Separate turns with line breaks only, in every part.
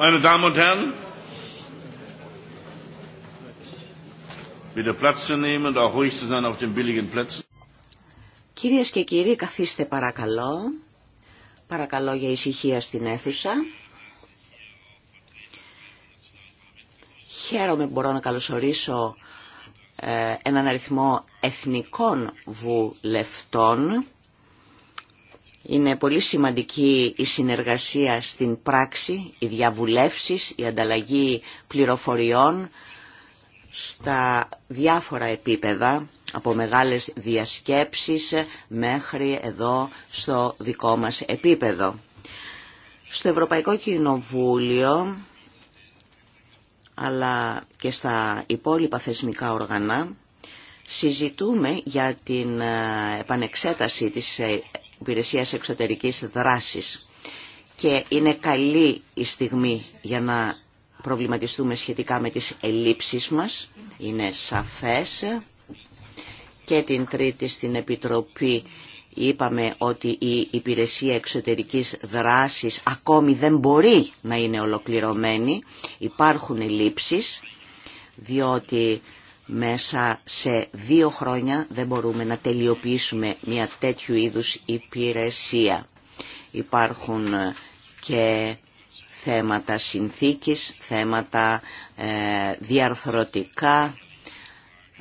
Meine Damen und Herren, bitte
Platz zu nehmen und auch ruhig zu sein auf den billigen Plätzen.
Κυρίες και κύριοι, καθίστε παρακαλώ. Παρακαλώ για ησυχία στην αίθουσα. Χαίρομαι που μπορώ να καλωσορίσω ε, έναν αριθμό εθνικών βουλευτών. Είναι πολύ σημαντική η συνεργασία στην πράξη, οι διαβουλεύσεις, η ανταλλαγή πληροφοριών στα διάφορα επίπεδα, από μεγάλες διασκέψεις μέχρι εδώ στο δικό μας επίπεδο. Στο Ευρωπαϊκό Κοινοβούλιο, αλλά και στα υπόλοιπα θεσμικά οργανά, συζητούμε για την ε, επανεξέταση της ε, υπηρεσίας εξωτερικής δράσης. Και είναι καλή η στιγμή για να προβληματιστούμε σχετικά με τις ελλείψεις μας. Είναι σαφές. Και την τρίτη στην Επιτροπή είπαμε ότι η υπηρεσία εξωτερικής δράσης ακόμη δεν μπορεί να είναι ολοκληρωμένη. Υπάρχουν ελλείψεις, διότι μέσα σε δύο χρόνια δεν μπορούμε να τελειοποιήσουμε μια τέτοιου είδους υπηρεσία. Υπάρχουν ε, και θέματα συνθήκης, θέματα ε, διαρθρωτικά,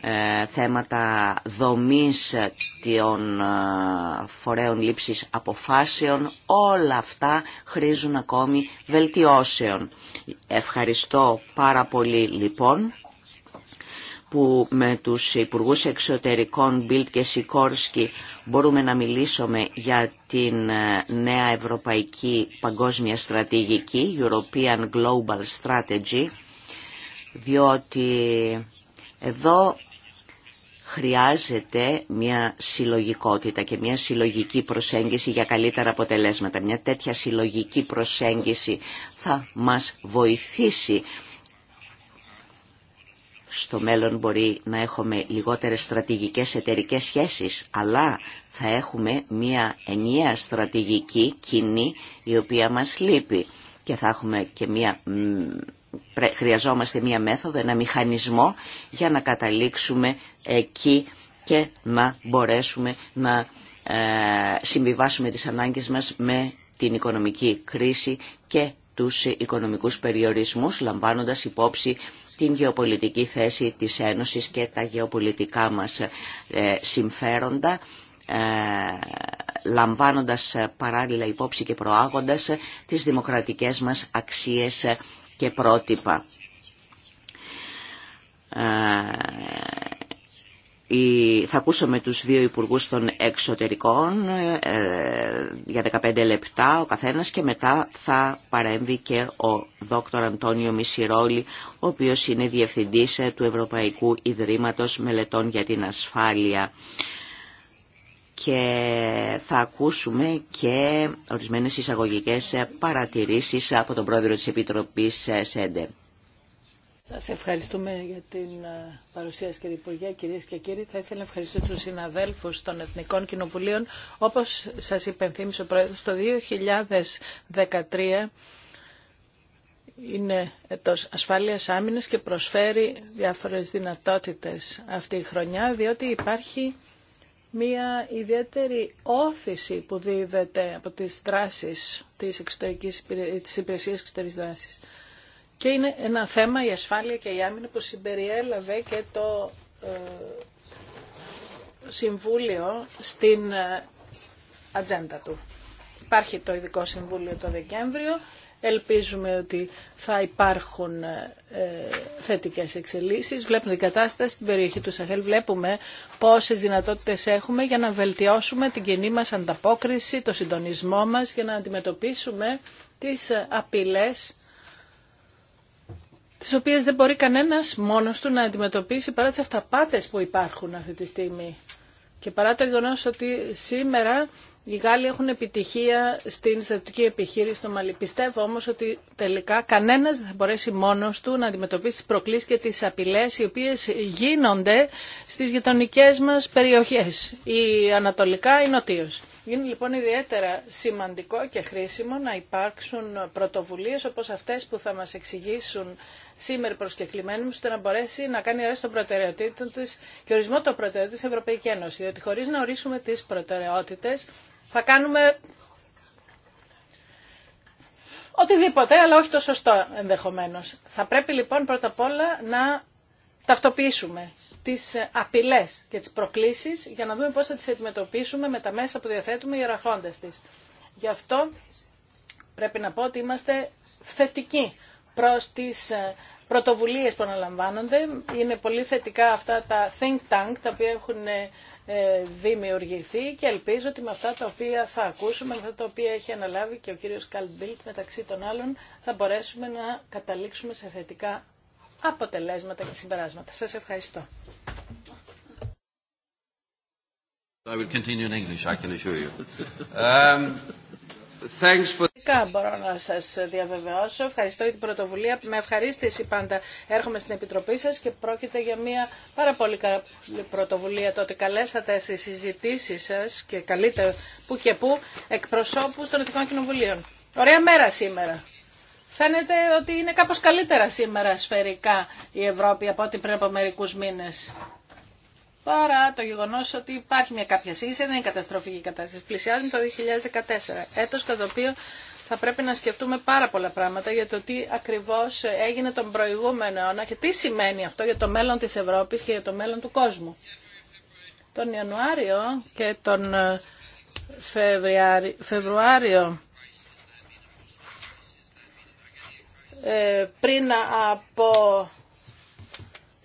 ε, θέματα δομής των φορέων λήψης αποφάσεων, όλα αυτά χρήζουν ακόμη βελτιώσεων. Ευχαριστώ πάρα πολύ λοιπόν που με τους Υπουργούς Εξωτερικών Μπίλτ και Σικόρσκι μπορούμε να μιλήσουμε για την ε, νέα Ευρωπαϊκή Παγκόσμια Στρατηγική, European Global Strategy, διότι εδώ χρειάζεται μια συλλογικότητα και μια συλλογική προσέγγιση για καλύτερα αποτελέσματα. Μια τέτοια συλλογική προσέγγιση θα μας βοηθήσει στο μέλλον μπορεί να έχουμε λιγότερες στρατηγικές εταιρικές σχέσεις, αλλά θα έχουμε μια ενιαία στρατηγική κοινή η οποία μας λείπει και θα έχουμε και μια χρειαζόμαστε μια μέθοδο, ένα μηχανισμό για να καταλήξουμε εκεί και να μπορέσουμε να ε, συμβιβάσουμε τις ανάγκες μας με την οικονομική κρίση και τους οικονομικούς περιορισμούς λαμβάνοντας υπόψη την γεωπολιτική θέση της Ένωσης και τα γεωπολιτικά μας ε, συμφέροντα ε, λαμβάνοντας ε, παράλληλα υπόψη και προάγοντας τις δημοκρατικές μας αξίες και πρότυπα. Θα ακούσουμε τους δύο υπουργούς των εξωτερικών ε, για 15 λεπτά ο καθένας και μετά θα παρέμβει και ο δόκτωρ Αντώνιο Μισιρόλη, ο οποίος είναι διευθυντής ε, του Ευρωπαϊκού Ιδρύματος Μελετών για την Ασφάλεια. Και θα ακούσουμε και ορισμένες εισαγωγικές παρατηρήσεις από τον πρόεδρο της Επιτροπής ε, ΣΕΝΤΕ.
Σας ευχαριστούμε για την ε, παρουσία σας κύριε Υπουργέ. Κυρίες και κύριοι, θα ήθελα να ευχαριστήσω τους συναδέλφους των Εθνικών Κοινοβουλίων. Όπως σας υπενθύμισε ο Πρόεδρος, το 2013 είναι έτος ασφάλειας άμυνας και προσφέρει διάφορες δυνατότητες αυτή η χρονιά, διότι υπάρχει μια ιδιαίτερη όθηση που δίδεται από τις δράσεις της, υπηρεσία της υπηρεσίας και είναι ένα θέμα η ασφάλεια και η άμυνα που συμπεριέλαβε και το ε, Συμβούλιο στην ε, ατζέντα του. Υπάρχει το Ειδικό Συμβούλιο το Δεκέμβριο. Ελπίζουμε ότι θα υπάρχουν ε, θετικές εξελίξεις. Βλέπουμε την κατάσταση στην περιοχή του Σαχέλ. Βλέπουμε πόσες δυνατότητες έχουμε για να βελτιώσουμε την κοινή μας ανταπόκριση, το συντονισμό μας, για να αντιμετωπίσουμε τις απειλές τις οποίες δεν μπορεί κανένας μόνος του να αντιμετωπίσει παρά τις αυταπάτες που υπάρχουν αυτή τη στιγμή. Και παρά το γεγονό ότι σήμερα οι Γάλλοι έχουν επιτυχία στην στρατιωτική επιχείρηση στο Μαλί. Πιστεύω όμως ότι τελικά κανένας δεν θα μπορέσει μόνος του να αντιμετωπίσει τις προκλήσεις και τις απειλές οι οποίες γίνονται στις γειτονικέ μας περιοχές, η Ανατολικά ή Νοτίως. Είναι λοιπόν ιδιαίτερα σημαντικό και χρήσιμο να υπάρξουν πρωτοβουλίες όπως αυτές που θα μας εξηγήσουν σήμερα προσκεκλημένου, ώστε να μπορέσει να κάνει αιρέση των προτεραιοτήτων τη και ορισμό των προτεραιοτήτων τη Ευρωπαϊκή Ένωση. Διότι χωρί να ορίσουμε τι προτεραιότητε, θα κάνουμε οτιδήποτε, αλλά όχι το σωστό ενδεχομένω. Θα πρέπει λοιπόν πρώτα απ' όλα να ταυτοποιήσουμε τι απειλέ και τι προκλήσει για να δούμε πώ θα τι αντιμετωπίσουμε με τα μέσα που διαθέτουμε οι εραχόντες τη. Γι' αυτό πρέπει να πω ότι είμαστε θετικοί προς τις ε, πρωτοβουλίες που αναλαμβάνονται. Είναι πολύ θετικά αυτά τα think tank τα οποία έχουν ε, ε, δημιουργηθεί και ελπίζω ότι με αυτά τα οποία θα ακούσουμε, με αυτά τα οποία έχει αναλάβει και ο κύριος Καλμπίλτ μεταξύ των άλλων, θα μπορέσουμε να καταλήξουμε σε θετικά αποτελέσματα και συμπεράσματα. Σας ευχαριστώ. I continue in English, I can assure you. Um, Μπορώ να σα διαβεβαιώσω. Ευχαριστώ για την πρωτοβουλία. Με ευχαρίστηση πάντα έρχομαι στην Επιτροπή σα και πρόκειται για μια πάρα πολύ καλή πρωτοβουλία το ότι καλέσατε στι συζητήσει σα και καλείτε που και που εκπροσώπους των Εθνικών Κοινοβουλίων. Ωραία μέρα σήμερα. Φαίνεται ότι είναι κάπως καλύτερα σήμερα σφαιρικά η Ευρώπη από ό,τι πριν από μερικούς μήνες παρά το γεγονό ότι υπάρχει μια κάποια σύγχυση, δεν είναι καταστροφική κατάσταση. Πλησιάζουμε το 2014, έτος κατά το οποίο θα πρέπει να σκεφτούμε πάρα πολλά πράγματα για το τι ακριβώς έγινε τον προηγούμενο αιώνα και τι σημαίνει αυτό για το μέλλον της Ευρώπης και για το μέλλον του κόσμου. Τον Ιανουάριο και τον ε, Φεβρουάριο ε, πριν από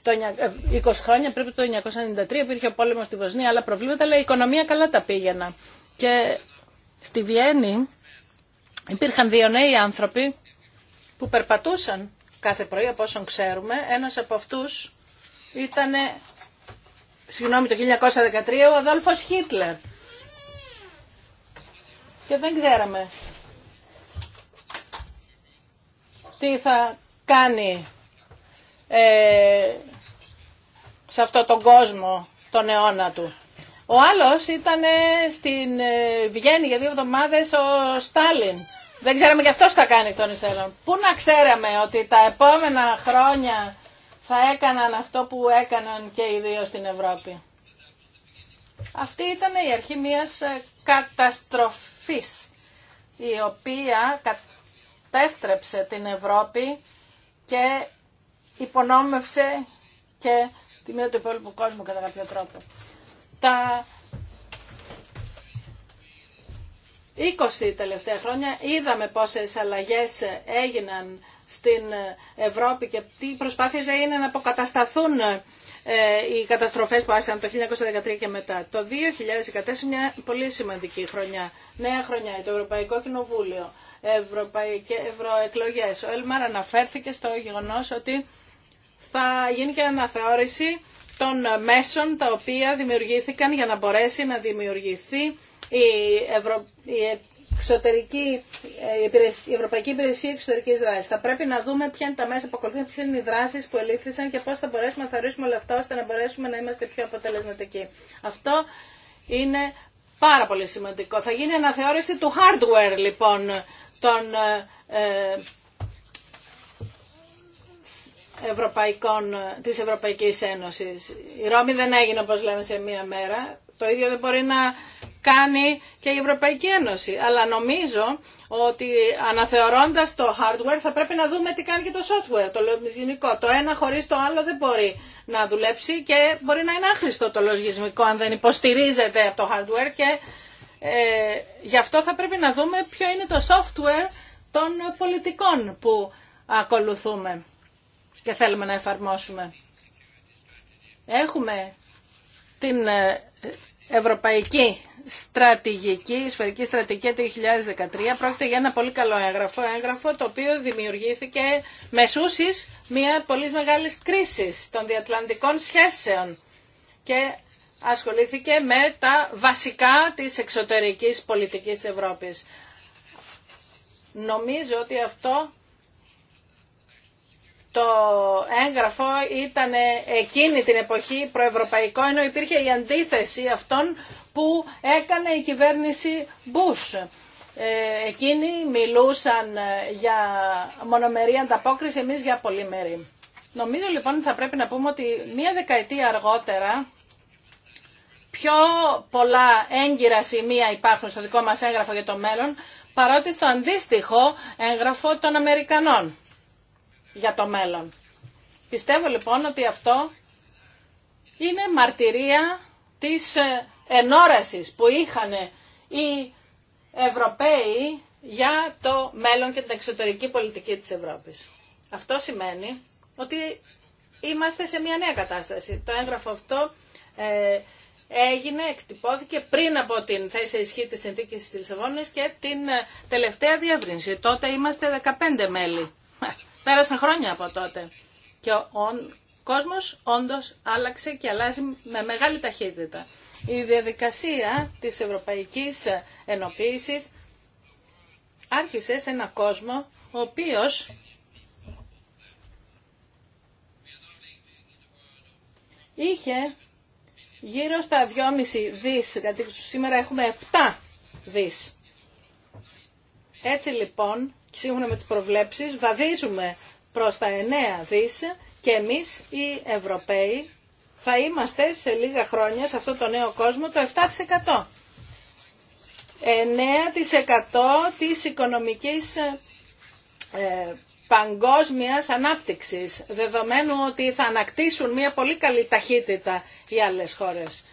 20 ε, χρόνια πριν το 1993 υπήρχε ο Πόλεμο στη Βοσνία, άλλα προβλήματα, αλλά η οικονομία καλά τα πήγαινα. Και στη Βιέννη υπήρχαν δύο νέοι άνθρωποι που περπατούσαν κάθε πρωί, από όσων ξέρουμε. Ένας από αυτούς ήταν, συγγνώμη, το 1913 ο Αδόλφο Χίτλερ. Και δεν ξέραμε τι θα κάνει ε, σε αυτόν τον κόσμο τον αιώνα του. Ο άλλος ήταν στην ε, Βιέννη για δύο εβδομάδες ο Στάλιν. Δεν ξέραμε και αυτός θα κάνει τον Ισραήλ. Πού να ξέραμε ότι τα επόμενα χρόνια θα έκαναν αυτό που έκαναν και οι δύο στην Ευρώπη. Αυτή ήταν η αρχή μιας ε, καταστροφής, η οποία κατέστρεψε την Ευρώπη και υπονόμευσε και τη μοίρα του υπόλοιπου κόσμου κατά κάποιο τρόπο. Τα 20 τελευταία χρόνια είδαμε πόσες αλλαγές έγιναν στην Ευρώπη και τι προσπάθειες έγιναν να αποκατασταθούν ε, οι καταστροφές που άρχισαν το 1913 και μετά. Το 2014 μια πολύ σημαντική χρονιά, νέα χρονιά, το Ευρωπαϊκό Κοινοβούλιο, ευρωπαϊκές ευρωεκλογές. Ο Έλμαρ αναφέρθηκε στο γεγονός ότι θα γίνει και αναθεώρηση των μέσων τα οποία δημιουργήθηκαν για να μπορέσει να δημιουργηθεί η, Ευρω... εξωτερική... η Ευρωπαϊκή Υπηρεσία Εξωτερική Δράση. Θα πρέπει να δούμε ποια είναι τα μέσα που ακολουθούν, ποιε είναι οι δράσει που ελήφθησαν και πώ θα μπορέσουμε να θεωρήσουμε όλα αυτά ώστε να μπορέσουμε να είμαστε πιο αποτελεσματικοί. Αυτό είναι πάρα πολύ σημαντικό. Θα γίνει αναθεώρηση του hardware λοιπόν των ε, Ευρωπαϊκών, της Ευρωπαϊκής Ένωσης. Η Ρώμη δεν έγινε όπως λέμε σε μία μέρα. Το ίδιο δεν μπορεί να κάνει και η Ευρωπαϊκή Ένωση. Αλλά νομίζω ότι αναθεωρώντας το hardware θα πρέπει να δούμε τι κάνει και το software, το λογισμικό. Το ένα χωρίς το άλλο δεν μπορεί να δουλέψει και μπορεί να είναι άχρηστο το λογισμικό αν δεν υποστηρίζεται από το hardware και ε, γι' αυτό θα πρέπει να δούμε ποιο είναι το software των πολιτικών που ακολουθούμε και θέλουμε να εφαρμόσουμε. Έχουμε την ε, Ευρωπαϊκή Στρατηγική, Σφαιρική Στρατηγική 2013. Πρόκειται για ένα πολύ καλό έγγραφο, έγγραφο το οποίο δημιουργήθηκε μεσούσης μια πολύ μεγάλη κρίση των διατλαντικών σχέσεων και ασχολήθηκε με τα βασικά της εξωτερικής πολιτικής της Ευρώπης. Νομίζω ότι αυτό το έγγραφο ήταν εκείνη την εποχή προευρωπαϊκό, ενώ υπήρχε η αντίθεση αυτών που έκανε η κυβέρνηση Μπούς. Ε, εκείνοι μιλούσαν για μονομερή ανταπόκριση, εμείς για πολυμερή. Νομίζω λοιπόν θα πρέπει να πούμε ότι μία δεκαετία αργότερα πιο πολλά έγκυρα σημεία υπάρχουν στο δικό μας έγγραφο για το μέλλον, παρότι στο αντίστοιχο έγγραφο των Αμερικανών για το μέλλον. Πιστεύω λοιπόν ότι αυτό είναι μαρτυρία της ε, ενόρασης που είχαν οι Ευρωπαίοι για το μέλλον και την εξωτερική πολιτική της Ευρώπης. Αυτό σημαίνει ότι είμαστε σε μια νέα κατάσταση. Το έγγραφο αυτό ε, έγινε, εκτυπώθηκε πριν από την θέση ισχύ της συνθήκης της Λισαβόνης και την ε, τελευταία διαβρύνση. Τότε είμαστε 15 μέλη. Πέρασαν χρόνια από τότε. Και ο κόσμος όντως άλλαξε και αλλάζει με μεγάλη ταχύτητα. Η διαδικασία της ευρωπαϊκής ενοποίησης άρχισε σε ένα κόσμο ο οποίος είχε γύρω στα 2,5 δις, γιατί σήμερα έχουμε 7 δις. Έτσι λοιπόν σύμφωνα με τις προβλέψεις βαδίζουμε προς τα 9 δις και εμείς οι Ευρωπαίοι θα είμαστε σε λίγα χρόνια σε αυτό το νέο κόσμο το 7%. 9% της οικονομικής ε, παγκόσμιας ανάπτυξης, δεδομένου ότι θα ανακτήσουν μια πολύ καλή ταχύτητα οι άλλες χώρες.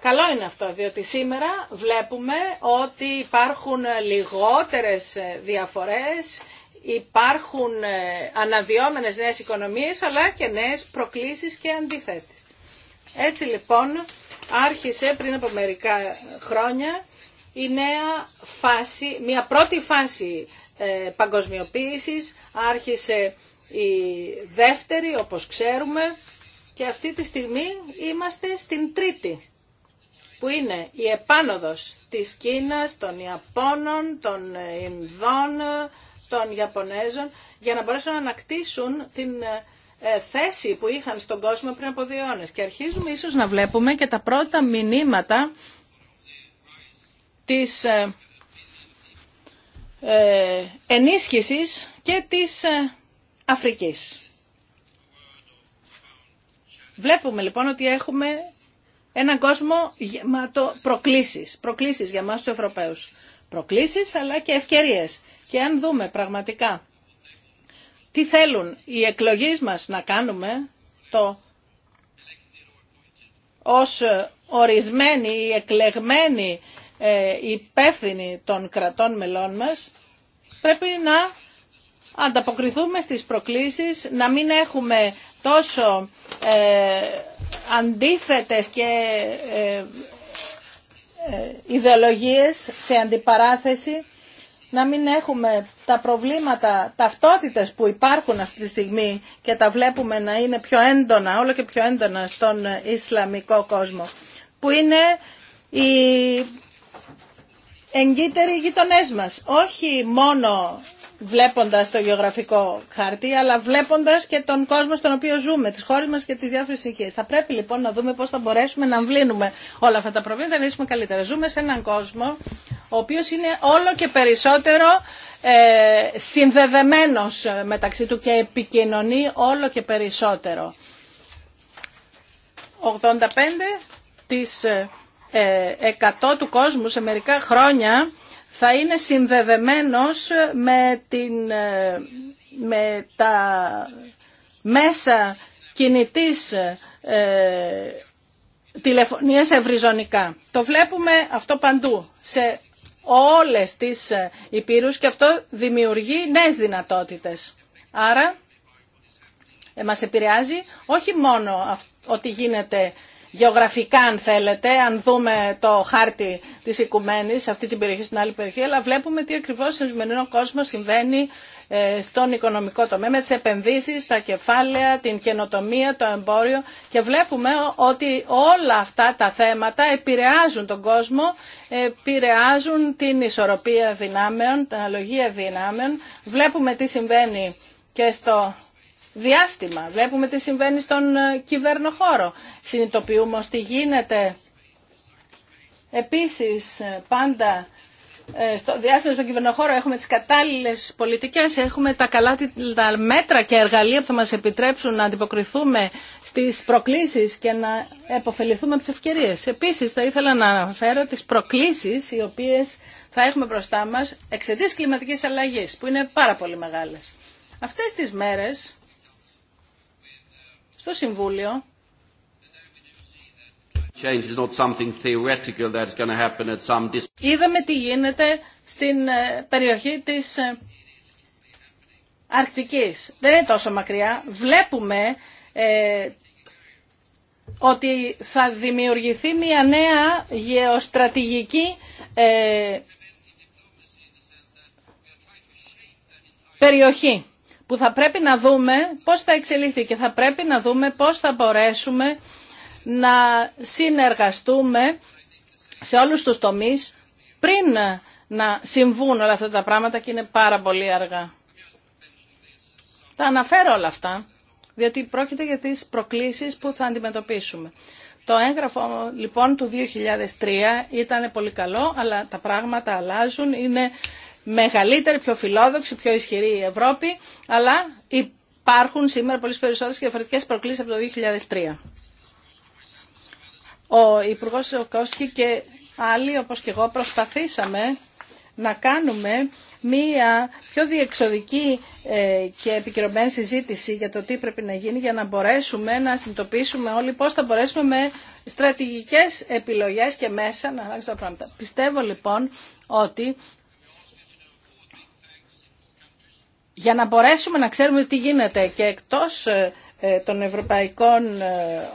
Καλό είναι αυτό, διότι σήμερα βλέπουμε ότι υπάρχουν λιγότερες διαφορές, υπάρχουν ε, αναδυόμενες νέες οικονομίες, αλλά και νέες προκλήσεις και αντιθέτεις. Έτσι λοιπόν άρχισε πριν από μερικά χρόνια η νέα φάση, μια πρώτη φάση ε, παγκοσμιοποίησης, άρχισε η δεύτερη όπως ξέρουμε και αυτή τη στιγμή είμαστε στην τρίτη που είναι η επάνωδος της Κίνας, των Ιαπώνων, των Ινδών, των Ιαπωνέζων, για να μπορέσουν να ανακτήσουν την ε, ε, θέση που είχαν στον κόσμο πριν από δύο αιώνες. Και αρχίζουμε ίσως να βλέπουμε και τα πρώτα μηνύματα της ε, ενίσχυσης και της Αφρικής. Βλέπουμε λοιπόν ότι έχουμε έναν κόσμο γεμάτο προκλήσεις. Προκλήσεις για μας τους Ευρωπαίους. Προκλήσεις αλλά και ευκαιρίες. Και αν δούμε πραγματικά τι θέλουν οι εκλογείς μας να κάνουμε, το ως ορισμένοι ή εκλεγμένοι ε, υπεύθυνοι των κρατών μελών μας, πρέπει να ανταποκριθούμε στις προκλήσεις, να μην έχουμε τόσο ε, αντίθετες και ε, ε, ιδεολογίες σε αντιπαράθεση, να μην έχουμε τα προβλήματα ταυτότητες που υπάρχουν αυτή τη στιγμή και τα βλέπουμε να είναι πιο έντονα, όλο και πιο έντονα στον Ισλαμικό κόσμο, που είναι οι εγκύτεροι γειτονέ μας, όχι μόνο βλέποντας το γεωγραφικό χάρτη, αλλά βλέποντας και τον κόσμο στον οποίο ζούμε, τις χώρες μας και τις διάφορες οικίες. Θα πρέπει λοιπόν να δούμε πώς θα μπορέσουμε να αμβλύνουμε όλα αυτά τα προβλήματα, να λύσουμε καλύτερα. Ζούμε σε έναν κόσμο ο οποίος είναι όλο και περισσότερο ε, συνδεδεμένος ε, μεταξύ του και επικοινωνεί όλο και περισσότερο. 85% 100 ε, ε, του κόσμου σε μερικά χρόνια θα είναι συνδεδεμένος με, την, ε, με τα μέσα κινητής ε, τηλεφωνίας ευρυζωνικά. Το βλέπουμε αυτό παντού, σε όλες τις ε, υπήρους και αυτό δημιουργεί νέες δυνατότητες. Άρα ε, μας επηρεάζει όχι μόνο ότι γίνεται γεωγραφικά αν θέλετε, αν δούμε το χάρτη της οικουμένης σε αυτή την περιοχή στην άλλη περιοχή, αλλά βλέπουμε τι ακριβώς στον σημερινό κόσμο συμβαίνει ε, στον οικονομικό τομέα, με τις επενδύσεις, τα κεφάλαια, την καινοτομία, το εμπόριο και βλέπουμε ότι όλα αυτά τα θέματα επηρεάζουν τον κόσμο, επηρεάζουν την ισορροπία δυνάμεων, την αλογία δυνάμεων. Βλέπουμε τι συμβαίνει και στο διάστημα. Βλέπουμε τι συμβαίνει στον ε, κυβέρνοχώρο. χώρο. Συνειδητοποιούμε ως τι γίνεται. Επίσης, ε, πάντα ε, στο διάστημα στον κυβερνοχώρο έχουμε τις κατάλληλες πολιτικές, έχουμε τα καλά τα μέτρα και εργαλεία που θα μας επιτρέψουν να αντιποκριθούμε στις προκλήσεις και να επωφεληθούμε από τις ευκαιρίες. Επίσης θα ήθελα να αναφέρω τις προκλήσεις οι οποίες θα έχουμε μπροστά μας εξαιτίας κλιματικής αλλαγής που είναι πάρα πολύ μεγάλες. Αυτές τις μέρες στο Συμβούλιο είδαμε τι γίνεται στην ε, περιοχή της ε, Αρκτικής. Δεν είναι τόσο μακριά. Βλέπουμε ε, ότι θα δημιουργηθεί μια νέα γεωστρατηγική ε, περιοχή που θα πρέπει να δούμε πώς θα εξελιχθεί και θα πρέπει να δούμε πώς θα μπορέσουμε να συνεργαστούμε σε όλους τους τομείς πριν να συμβούν όλα αυτά τα πράγματα και είναι πάρα πολύ αργά. Τα αναφέρω όλα αυτά, διότι πρόκειται για τις προκλήσεις που θα αντιμετωπίσουμε. Το έγγραφο λοιπόν του 2003 ήταν πολύ καλό, αλλά τα πράγματα αλλάζουν, είναι μεγαλύτερη, πιο φιλόδοξη, πιο ισχυρή η Ευρώπη, αλλά υπάρχουν σήμερα πολλές περισσότερες και διαφορετικές προκλήσεις από το 2003. Ο Υπουργό Κόσκι και άλλοι, όπως και εγώ, προσπαθήσαμε να κάνουμε μία πιο διεξοδική ε, και επικυρωμένη συζήτηση για το τι πρέπει να γίνει για να μπορέσουμε να συνειδητοποιήσουμε όλοι πώς θα μπορέσουμε με στρατηγικές επιλογές και μέσα να αλλάξουμε τα πράγματα. Πιστεύω λοιπόν ότι για να μπορέσουμε να ξέρουμε τι γίνεται και εκτός ε, ε, των ευρωπαϊκών ε,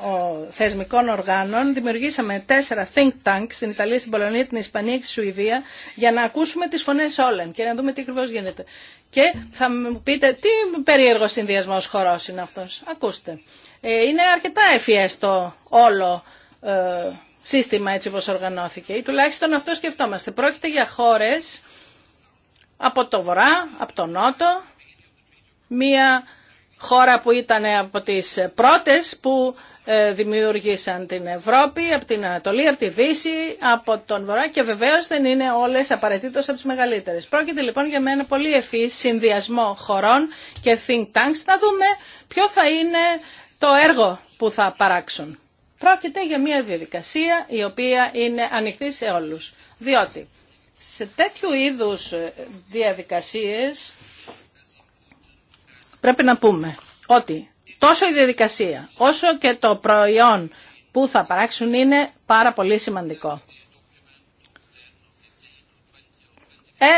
θεσμικών οργάνων δημιουργήσαμε τέσσερα think tanks στην Ιταλία, στην Πολωνία, την Ισπανία και τη Σουηδία για να ακούσουμε τις φωνές όλων και να δούμε τι ακριβώς γίνεται. Και θα μου πείτε τι περίεργο συνδυασμός χορός είναι αυτός. Ακούστε. Είναι αρκετά ευφιές το όλο σύστημα έτσι όπως οργανώθηκε ή τουλάχιστον αυτό σκεφτόμαστε. Πρόκειται για χώρες από το βορρά, από το νότο, μία χώρα που ήταν από τις πρώτες που ε, δημιούργησαν την Ευρώπη, από την Ανατολή, από τη Δύση, από τον Βορρά και βεβαίως δεν είναι όλες απαραίτητος από τις μεγαλύτερες. Πρόκειται λοιπόν για ένα πολύ ευφύ συνδυασμό χωρών και think tanks. Θα δούμε ποιο θα είναι το έργο που θα παράξουν. Πρόκειται για μια διαδικασία η οποία είναι ανοιχτή σε όλους. Διότι σε τέτοιου είδους ε, διαδικασίες πρέπει να πούμε ότι τόσο η διαδικασία όσο και το προϊόν που θα παράξουν είναι πάρα πολύ σημαντικό.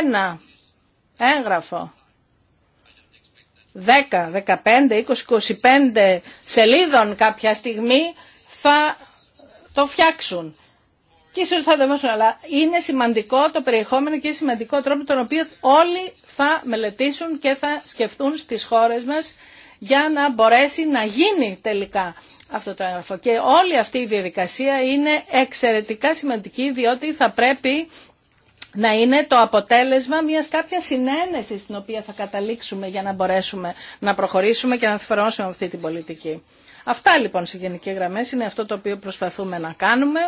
Ένα έγγραφο 10, 15, 20, 25 σελίδων κάποια στιγμή θα το φτιάξουν και ίσω θα δεμόσουν, αλλά είναι σημαντικό το περιεχόμενο και σημαντικό τρόπο τον οποίο όλοι θα μελετήσουν και θα σκεφτούν στις χώρες μας για να μπορέσει να γίνει τελικά αυτό το έγγραφο. Και όλη αυτή η διαδικασία είναι εξαιρετικά σημαντική διότι θα πρέπει να είναι το αποτέλεσμα μιας κάποια συνένεσης στην οποία θα καταλήξουμε για να μπορέσουμε να προχωρήσουμε και να εφαρμόσουμε αυτή την πολιτική. Αυτά λοιπόν σε γενική γραμμές είναι αυτό το οποίο προσπαθούμε να κάνουμε.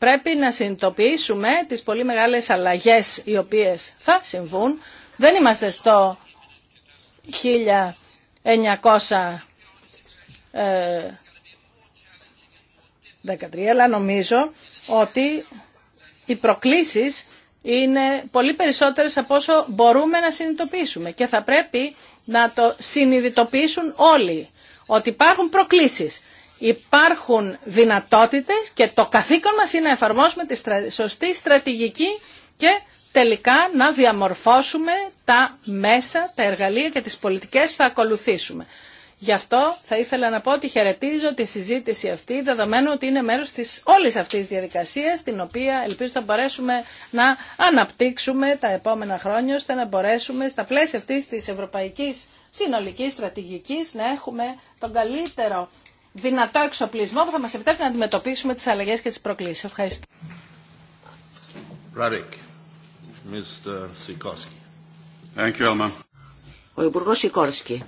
Πρέπει να συνειδητοποιήσουμε τις πολύ μεγάλες αλλαγές οι οποίες θα συμβούν. Δεν είμαστε στο 1913, ε, αλλά νομίζω ότι οι προκλήσεις είναι πολύ περισσότερες από όσο μπορούμε να συνειδητοποιήσουμε και θα πρέπει να το συνειδητοποιήσουν όλοι ότι υπάρχουν προκλήσεις υπάρχουν δυνατότητες και το καθήκον μας είναι να εφαρμόσουμε τη σωστή στρατηγική και τελικά να διαμορφώσουμε τα μέσα, τα εργαλεία και τις πολιτικές που θα ακολουθήσουμε. Γι' αυτό θα ήθελα να πω ότι χαιρετίζω τη συζήτηση αυτή, δεδομένου ότι είναι μέρος της όλης αυτής της διαδικασίας, την οποία ελπίζω θα μπορέσουμε να αναπτύξουμε τα επόμενα χρόνια, ώστε να μπορέσουμε στα πλαίσια αυτής της ευρωπαϊκής συνολικής στρατηγικής να έχουμε τον καλύτερο δυνατό εξοπλισμό που θα μας επιτρέπει να αντιμετωπίσουμε τις αλλαγές και τις προκλήσεις. Ευχαριστώ.
Ο Υπουργός Σικόρσκι.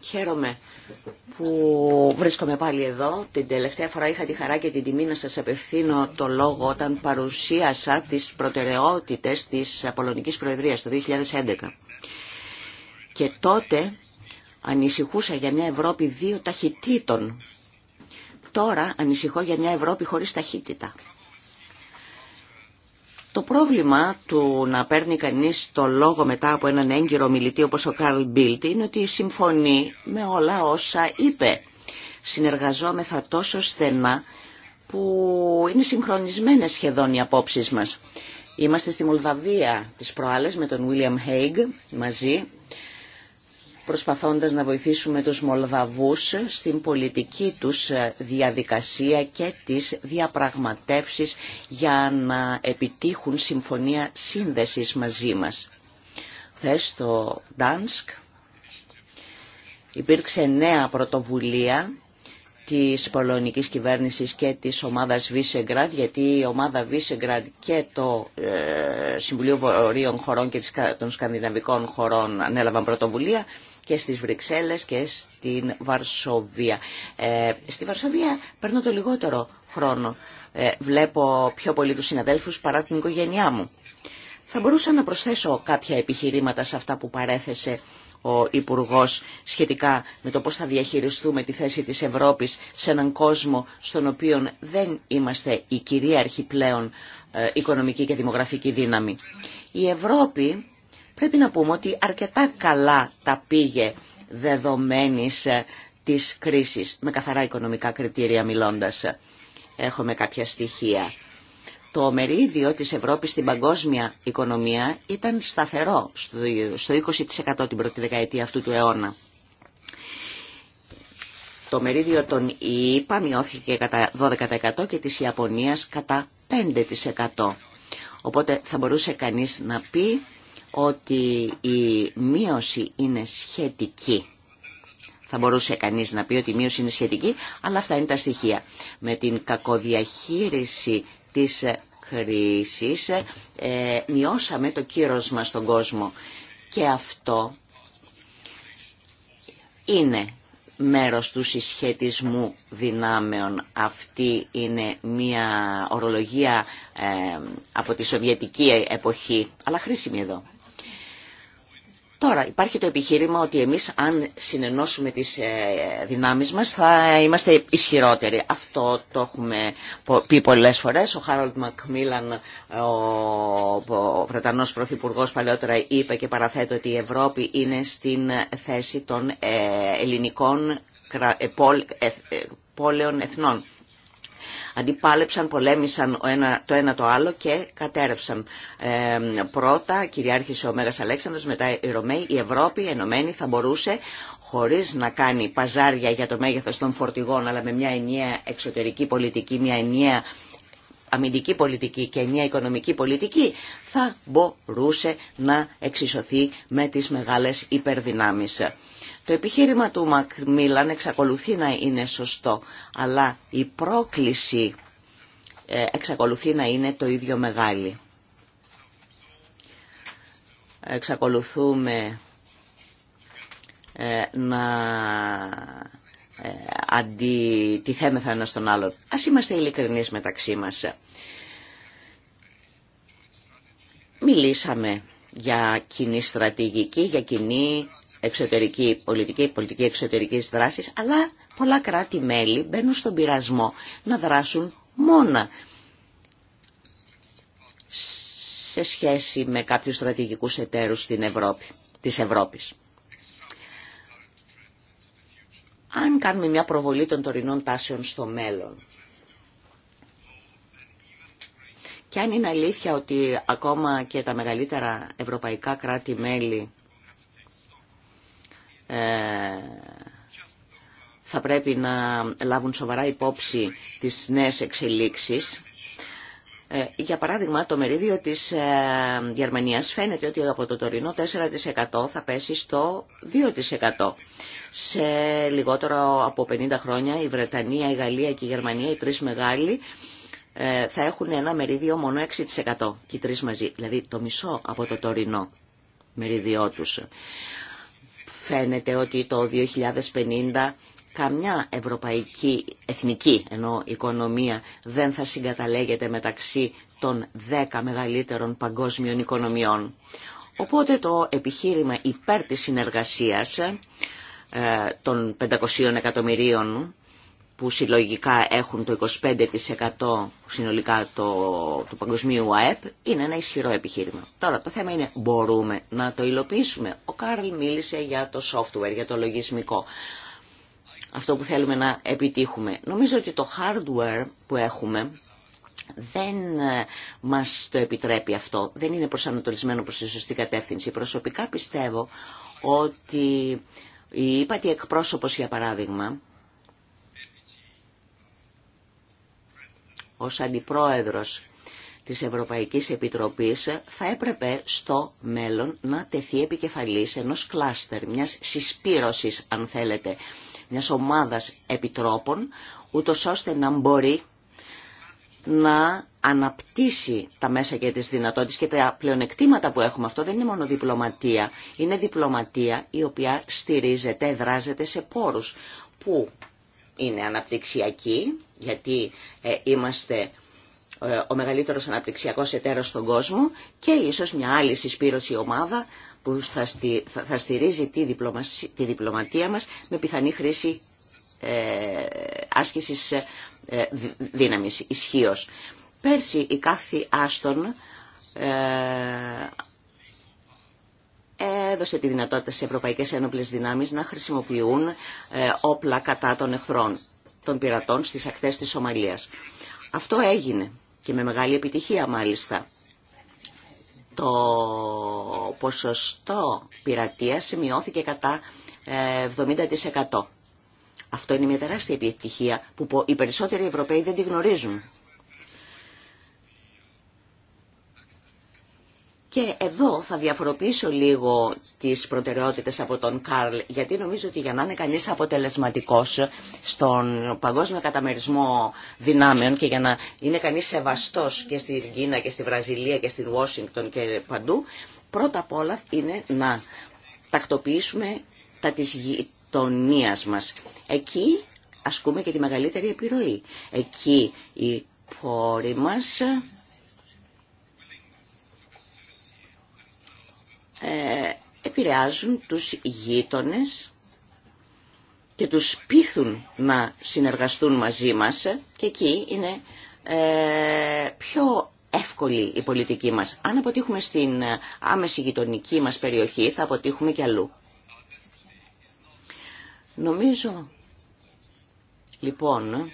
Χαίρομαι που βρίσκομαι πάλι εδώ. Την τελευταία φορά είχα τη χαρά και την τιμή να σας απευθύνω το λόγο όταν παρουσίασα τις προτεραιότητες της Απολωνικής Προεδρίας το 2011. Και τότε ανησυχούσα για μια Ευρώπη δύο ταχυτήτων. Τώρα ανησυχώ για μια Ευρώπη χωρίς ταχύτητα. Το πρόβλημα του να παίρνει κανείς το λόγο μετά από έναν έγκυρο μιλητή όπως ο Καρλ Μπίλτ είναι ότι συμφωνεί με όλα όσα είπε. Συνεργαζόμεθα τόσο στενά που είναι συγχρονισμένες σχεδόν οι απόψεις μας. Είμαστε στη Μολδαβία τις προάλλες με τον Βίλιαμ Hague μαζί προσπαθώντας να βοηθήσουμε τους Μολδαβούς στην πολιτική τους διαδικασία και τις διαπραγματεύσεις για να επιτύχουν συμφωνία σύνδεσης μαζί μας. Θες στο Ντάνσκ υπήρξε νέα πρωτοβουλία της πολωνικής κυβέρνησης και της ομάδας Βίσεγκραντ, γιατί η ομάδα Βίσεγκραντ και το ε, Συμβουλίο Βορείων Χωρών και των Σκανδιναβικών Χωρών ανέλαβαν πρωτοβουλία και στις Βρυξέλλες και στην Βαρσοβία. Ε, στη Βαρσοβία παίρνω το λιγότερο χρόνο. Ε, βλέπω πιο πολύ τους συναδέλφους παρά την οικογένειά μου. Θα μπορούσα να προσθέσω κάποια επιχειρήματα σε αυτά που παρέθεσε ο Υπουργό σχετικά με το πώς θα διαχειριστούμε τη θέση της Ευρώπης σε έναν κόσμο στον οποίο δεν είμαστε η κυρίαρχη πλέον ε, οικονομική και δημογραφική δύναμη. Η Ευρώπη πρέπει να πούμε ότι αρκετά καλά τα πήγε δεδομένης ε, της κρίσης, με καθαρά οικονομικά κριτήρια μιλώντας. Ε, έχουμε κάποια στοιχεία. Το μερίδιο της Ευρώπης στην παγκόσμια οικονομία ήταν σταθερό στο 20% την πρώτη δεκαετία αυτού του αιώνα. Το μερίδιο των ΙΠΑ μειώθηκε κατά 12% και της Ιαπωνίας κατά 5%. Οπότε θα μπορούσε κανείς να πει ότι η μείωση είναι σχετική. Θα μπορούσε κανείς να πει ότι η μείωση είναι σχετική, αλλά αυτά είναι τα στοιχεία. Με την κακοδιαχείριση της χρήσης ε, μειώσαμε το κύρος μας στον κόσμο. Και αυτό είναι μέρος του συσχετισμού δυνάμεων. Αυτή είναι μια ορολογία ε, από τη Σοβιετική εποχή, αλλά χρήσιμη εδώ. Τώρα υπάρχει το επιχείρημα ότι εμείς αν συνενώσουμε τις ε, δυνάμεις μας θα είμαστε ισχυρότεροι. Αυτό το έχουμε πει πολλές φορές. Ο Χάρολτ Μακμίλαν, ο Βρετανός Πρωθυπουργός παλαιότερα είπε και παραθέτω ότι η Ευρώπη είναι στην θέση των ε, ελληνικών ε, πόλεων εθνών αντιπάλεψαν, πολέμησαν το ένα το άλλο και κατέρευσαν. Ε, πρώτα κυριάρχησε ο Μέγας Αλέξανδρος, μετά οι Ρωμαίοι, η Ευρώπη ενωμένη θα μπορούσε χωρίς να κάνει παζάρια για το μέγεθος των φορτηγών, αλλά με μια ενιαία εξωτερική πολιτική, μια ενιαία αμυντική πολιτική και μια οικονομική πολιτική θα μπορούσε να εξισωθεί με τις μεγάλες υπερδυνάμεις. Το επιχείρημα του Μακμίλαν εξακολουθεί να είναι σωστό, αλλά η πρόκληση ε, εξακολουθεί να είναι το ίδιο μεγάλη. Εξακολουθούμε ε, να ε, αντιτιθέμεθα ένα στον άλλον. Ας είμαστε ειλικρινείς μεταξύ μας. Μιλήσαμε για κοινή στρατηγική, για κοινή εξωτερική πολιτική, πολιτική εξωτερικής δράσης, αλλά πολλά κράτη-μέλη μπαίνουν στον πειρασμό να δράσουν μόνα σε σχέση με κάποιους στρατηγικούς εταίρους στην Ευρώπη, της Ευρώπης αν κάνουμε μια προβολή των τωρινών τάσεων στο μέλλον. Και αν είναι αλήθεια ότι ακόμα και τα μεγαλύτερα ευρωπαϊκά κράτη-μέλη ε, θα πρέπει να λάβουν σοβαρά υπόψη τις νέες εξελίξεις. Ε, για παράδειγμα, το μερίδιο της ε, Γερμανίας φαίνεται ότι από το τωρινό 4% θα πέσει στο 2%. Σε λιγότερο από 50 χρόνια η Βρετανία, η Γαλλία και η Γερμανία, οι τρεις μεγάλοι, ε, θα έχουν ένα μερίδιο μόνο 6% και οι τρεις μαζί, δηλαδή το μισό από το τωρινό μεριδιό τους. Φαίνεται ότι το 2050 καμιά ευρωπαϊκή, εθνική ενώ οικονομία δεν θα συγκαταλέγεται μεταξύ των 10 μεγαλύτερων παγκόσμιων οικονομιών. Οπότε το επιχείρημα υπέρ της συνεργασίας ε, των 500 εκατομμυρίων που συλλογικά έχουν το 25% συνολικά του παγκοσμίου ΑΕΠ, είναι ένα ισχυρό επιχείρημα. Τώρα το θέμα είναι μπορούμε να το υλοποιήσουμε. Ο Κάρλ μίλησε για το software, για το λογισμικό. Αυτό που θέλουμε να επιτύχουμε. Νομίζω ότι το hardware που έχουμε δεν ε, μας το επιτρέπει αυτό. Δεν είναι προσανατολισμένο προς τη σωστή κατεύθυνση. Προσωπικά πιστεύω ότι η ύπατη εκπρόσωπος, για παράδειγμα, ως αντιπρόεδρος της Ευρωπαϊκής Επιτροπής θα έπρεπε στο μέλλον να τεθεί επικεφαλής ενός κλάστερ, μιας συσπήρωσης αν θέλετε, μιας ομάδας επιτρόπων, ούτως ώστε να μπορεί να αναπτύσσει τα μέσα και τις δυνατότητες και τα πλεονεκτήματα που έχουμε. Αυτό δεν είναι μόνο διπλωματία. Είναι διπλωματία η οποία στηρίζεται, δράζεται σε πόρους που είναι αναπτυξιακοί, γιατί ε, είμαστε ε, ο μεγαλύτερος αναπτυξιακός εταίρος στον κόσμο και ίσως μια άλλη συσπήρωση ομάδα που θα στηρίζει τη διπλωματία μας με πιθανή χρήση ε, άσκησης δύναμης, ισχύως. Πέρσι η κάθε Άστον ε, έδωσε τη δυνατότητα σε ευρωπαϊκές ένοπλες δυνάμεις να χρησιμοποιούν ε, όπλα κατά των εχθρών, των πειρατών στις ακτές της Σομαλίας. Αυτό έγινε και με μεγάλη επιτυχία μάλιστα. Το ποσοστό πειρατεία σημειώθηκε κατά 70%. Ε, Αυτό είναι μια τεράστια επιτυχία που οι περισσότεροι Ευρωπαίοι δεν τη γνωρίζουν. Και εδώ θα διαφοροποιήσω λίγο τις προτεραιότητες από τον Καρλ, γιατί νομίζω ότι για να είναι κανείς αποτελεσματικός στον παγκόσμιο καταμερισμό δυνάμεων και για να είναι κανείς σεβαστός και στην Κίνα και στη Βραζιλία και στην Ουάσιγκτον και παντού, πρώτα απ' όλα είναι να τακτοποιήσουμε τα της γειτονίας μας. Εκεί ασκούμε και τη μεγαλύτερη επιρροή. Εκεί οι πόροι μας Ε, επηρεάζουν τους γείτονες και τους πείθουν να συνεργαστούν μαζί μας και εκεί είναι ε, πιο εύκολη η πολιτική μας. Αν αποτύχουμε στην άμεση γειτονική μας περιοχή θα αποτύχουμε και αλλού. Νομίζω λοιπόν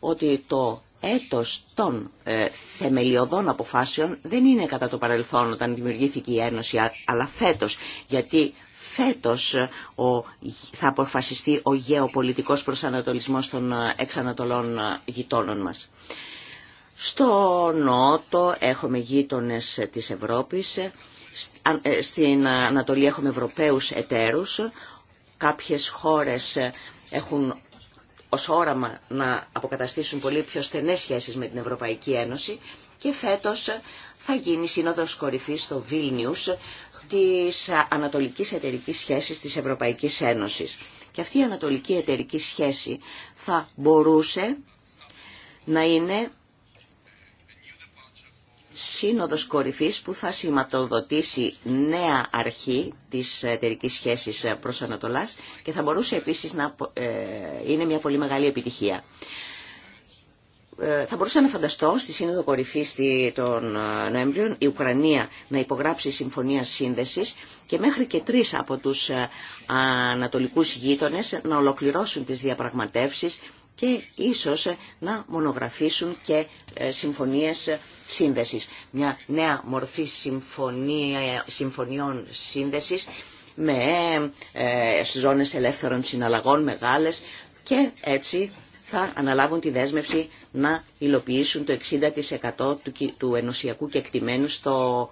ότι το έτος των ε, θεμελιωδών αποφάσεων δεν είναι κατά το παρελθόν όταν δημιουργήθηκε η Ένωση, αλλά φέτος, γιατί φέτος ε, ο, θα αποφασιστεί ο γεωπολιτικός προσανατολισμός των ε, εξανατολών γειτόνων μας. Στο Νότο έχουμε γείτονες της Ευρώπης, στην Ανατολή έχουμε Ευρωπαίους εταίρους, κάποιες χώρες έχουν ω όραμα να αποκαταστήσουν πολύ πιο στενέ σχέσεις με την Ευρωπαϊκή Ένωση και φέτος θα γίνει σύνοδος κορυφής στο Βίλνιου τη ανατολική εταιρική σχέση της Ευρωπαϊκής Ένωσης. Και αυτή η ανατολική εταιρική σχέση θα μπορούσε να είναι σύνοδος κορυφής που θα σηματοδοτήσει νέα αρχή της εταιρική σχέσης προς Ανατολάς και θα μπορούσε επίσης να ε, είναι μια πολύ μεγάλη επιτυχία. Ε, θα μπορούσα να φανταστώ στη Σύνοδο Κορυφή των ε, Νοέμβριων η Ουκρανία να υπογράψει συμφωνία σύνδεσης και μέχρι και τρεις από τους ανατολικούς γείτονες να ολοκληρώσουν τις διαπραγματεύσεις και ίσως να μονογραφήσουν και συμφωνίες σύνδεσης. Μια νέα μορφή συμφωνία, συμφωνιών σύνδεσης με ε, ζώνες ελεύθερων συναλλαγών μεγάλες και έτσι θα αναλάβουν τη δέσμευση να υλοποιήσουν το 60% του, του ενωσιακού κεκτημένου στο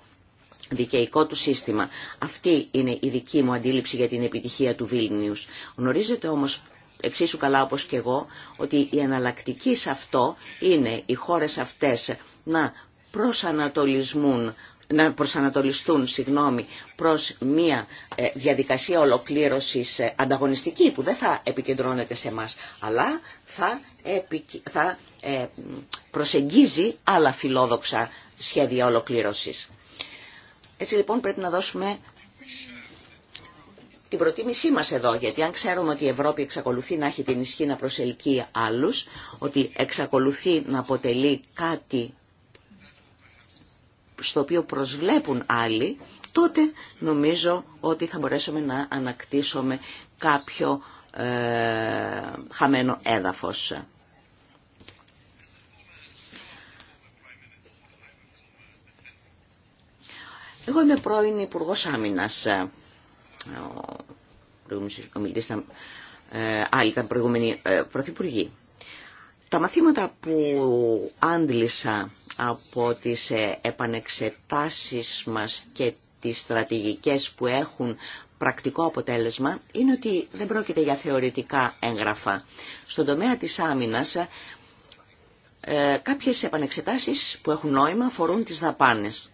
δικαιικό του σύστημα. Αυτή είναι η δική μου αντίληψη για την επιτυχία του Βίλνιους. Γνωρίζετε όμως εξίσου καλά όπως και εγώ ότι η εναλλακτική σε αυτό είναι οι χώρες αυτές να προσανατολισμούν να προσανατολιστούν συγγνώμη, προς μια ε, διαδικασία ολοκλήρωσης ε, ανταγωνιστική που δεν θα επικεντρώνεται σε μας, αλλά θα, θα ε, προσεγγίζει άλλα φιλόδοξα σχέδια ολοκλήρωσης. Έτσι λοιπόν πρέπει να δώσουμε την προτίμησή μας εδώ, γιατί αν ξέρουμε ότι η Ευρώπη εξακολουθεί να έχει την ισχύ να προσελκύει άλλους, ότι εξακολουθεί να αποτελεί κάτι στο οποίο προσβλέπουν άλλοι, τότε νομίζω ότι θα μπορέσουμε να ανακτήσουμε κάποιο ε, χαμένο έδαφος. Εγώ είμαι πρώην Υπουργός Άμυνας ο προηγούμενος ε, άλλοι ήταν ε, Τα μαθήματα που άντλησα από τις ε, επανεξετάσεις μας και τις στρατηγικές που έχουν πρακτικό αποτέλεσμα είναι ότι δεν πρόκειται για θεωρητικά έγγραφα. Στον τομέα της άμυνας ε, κάποιες επανεξετάσεις που έχουν νόημα αφορούν τις δαπάνες.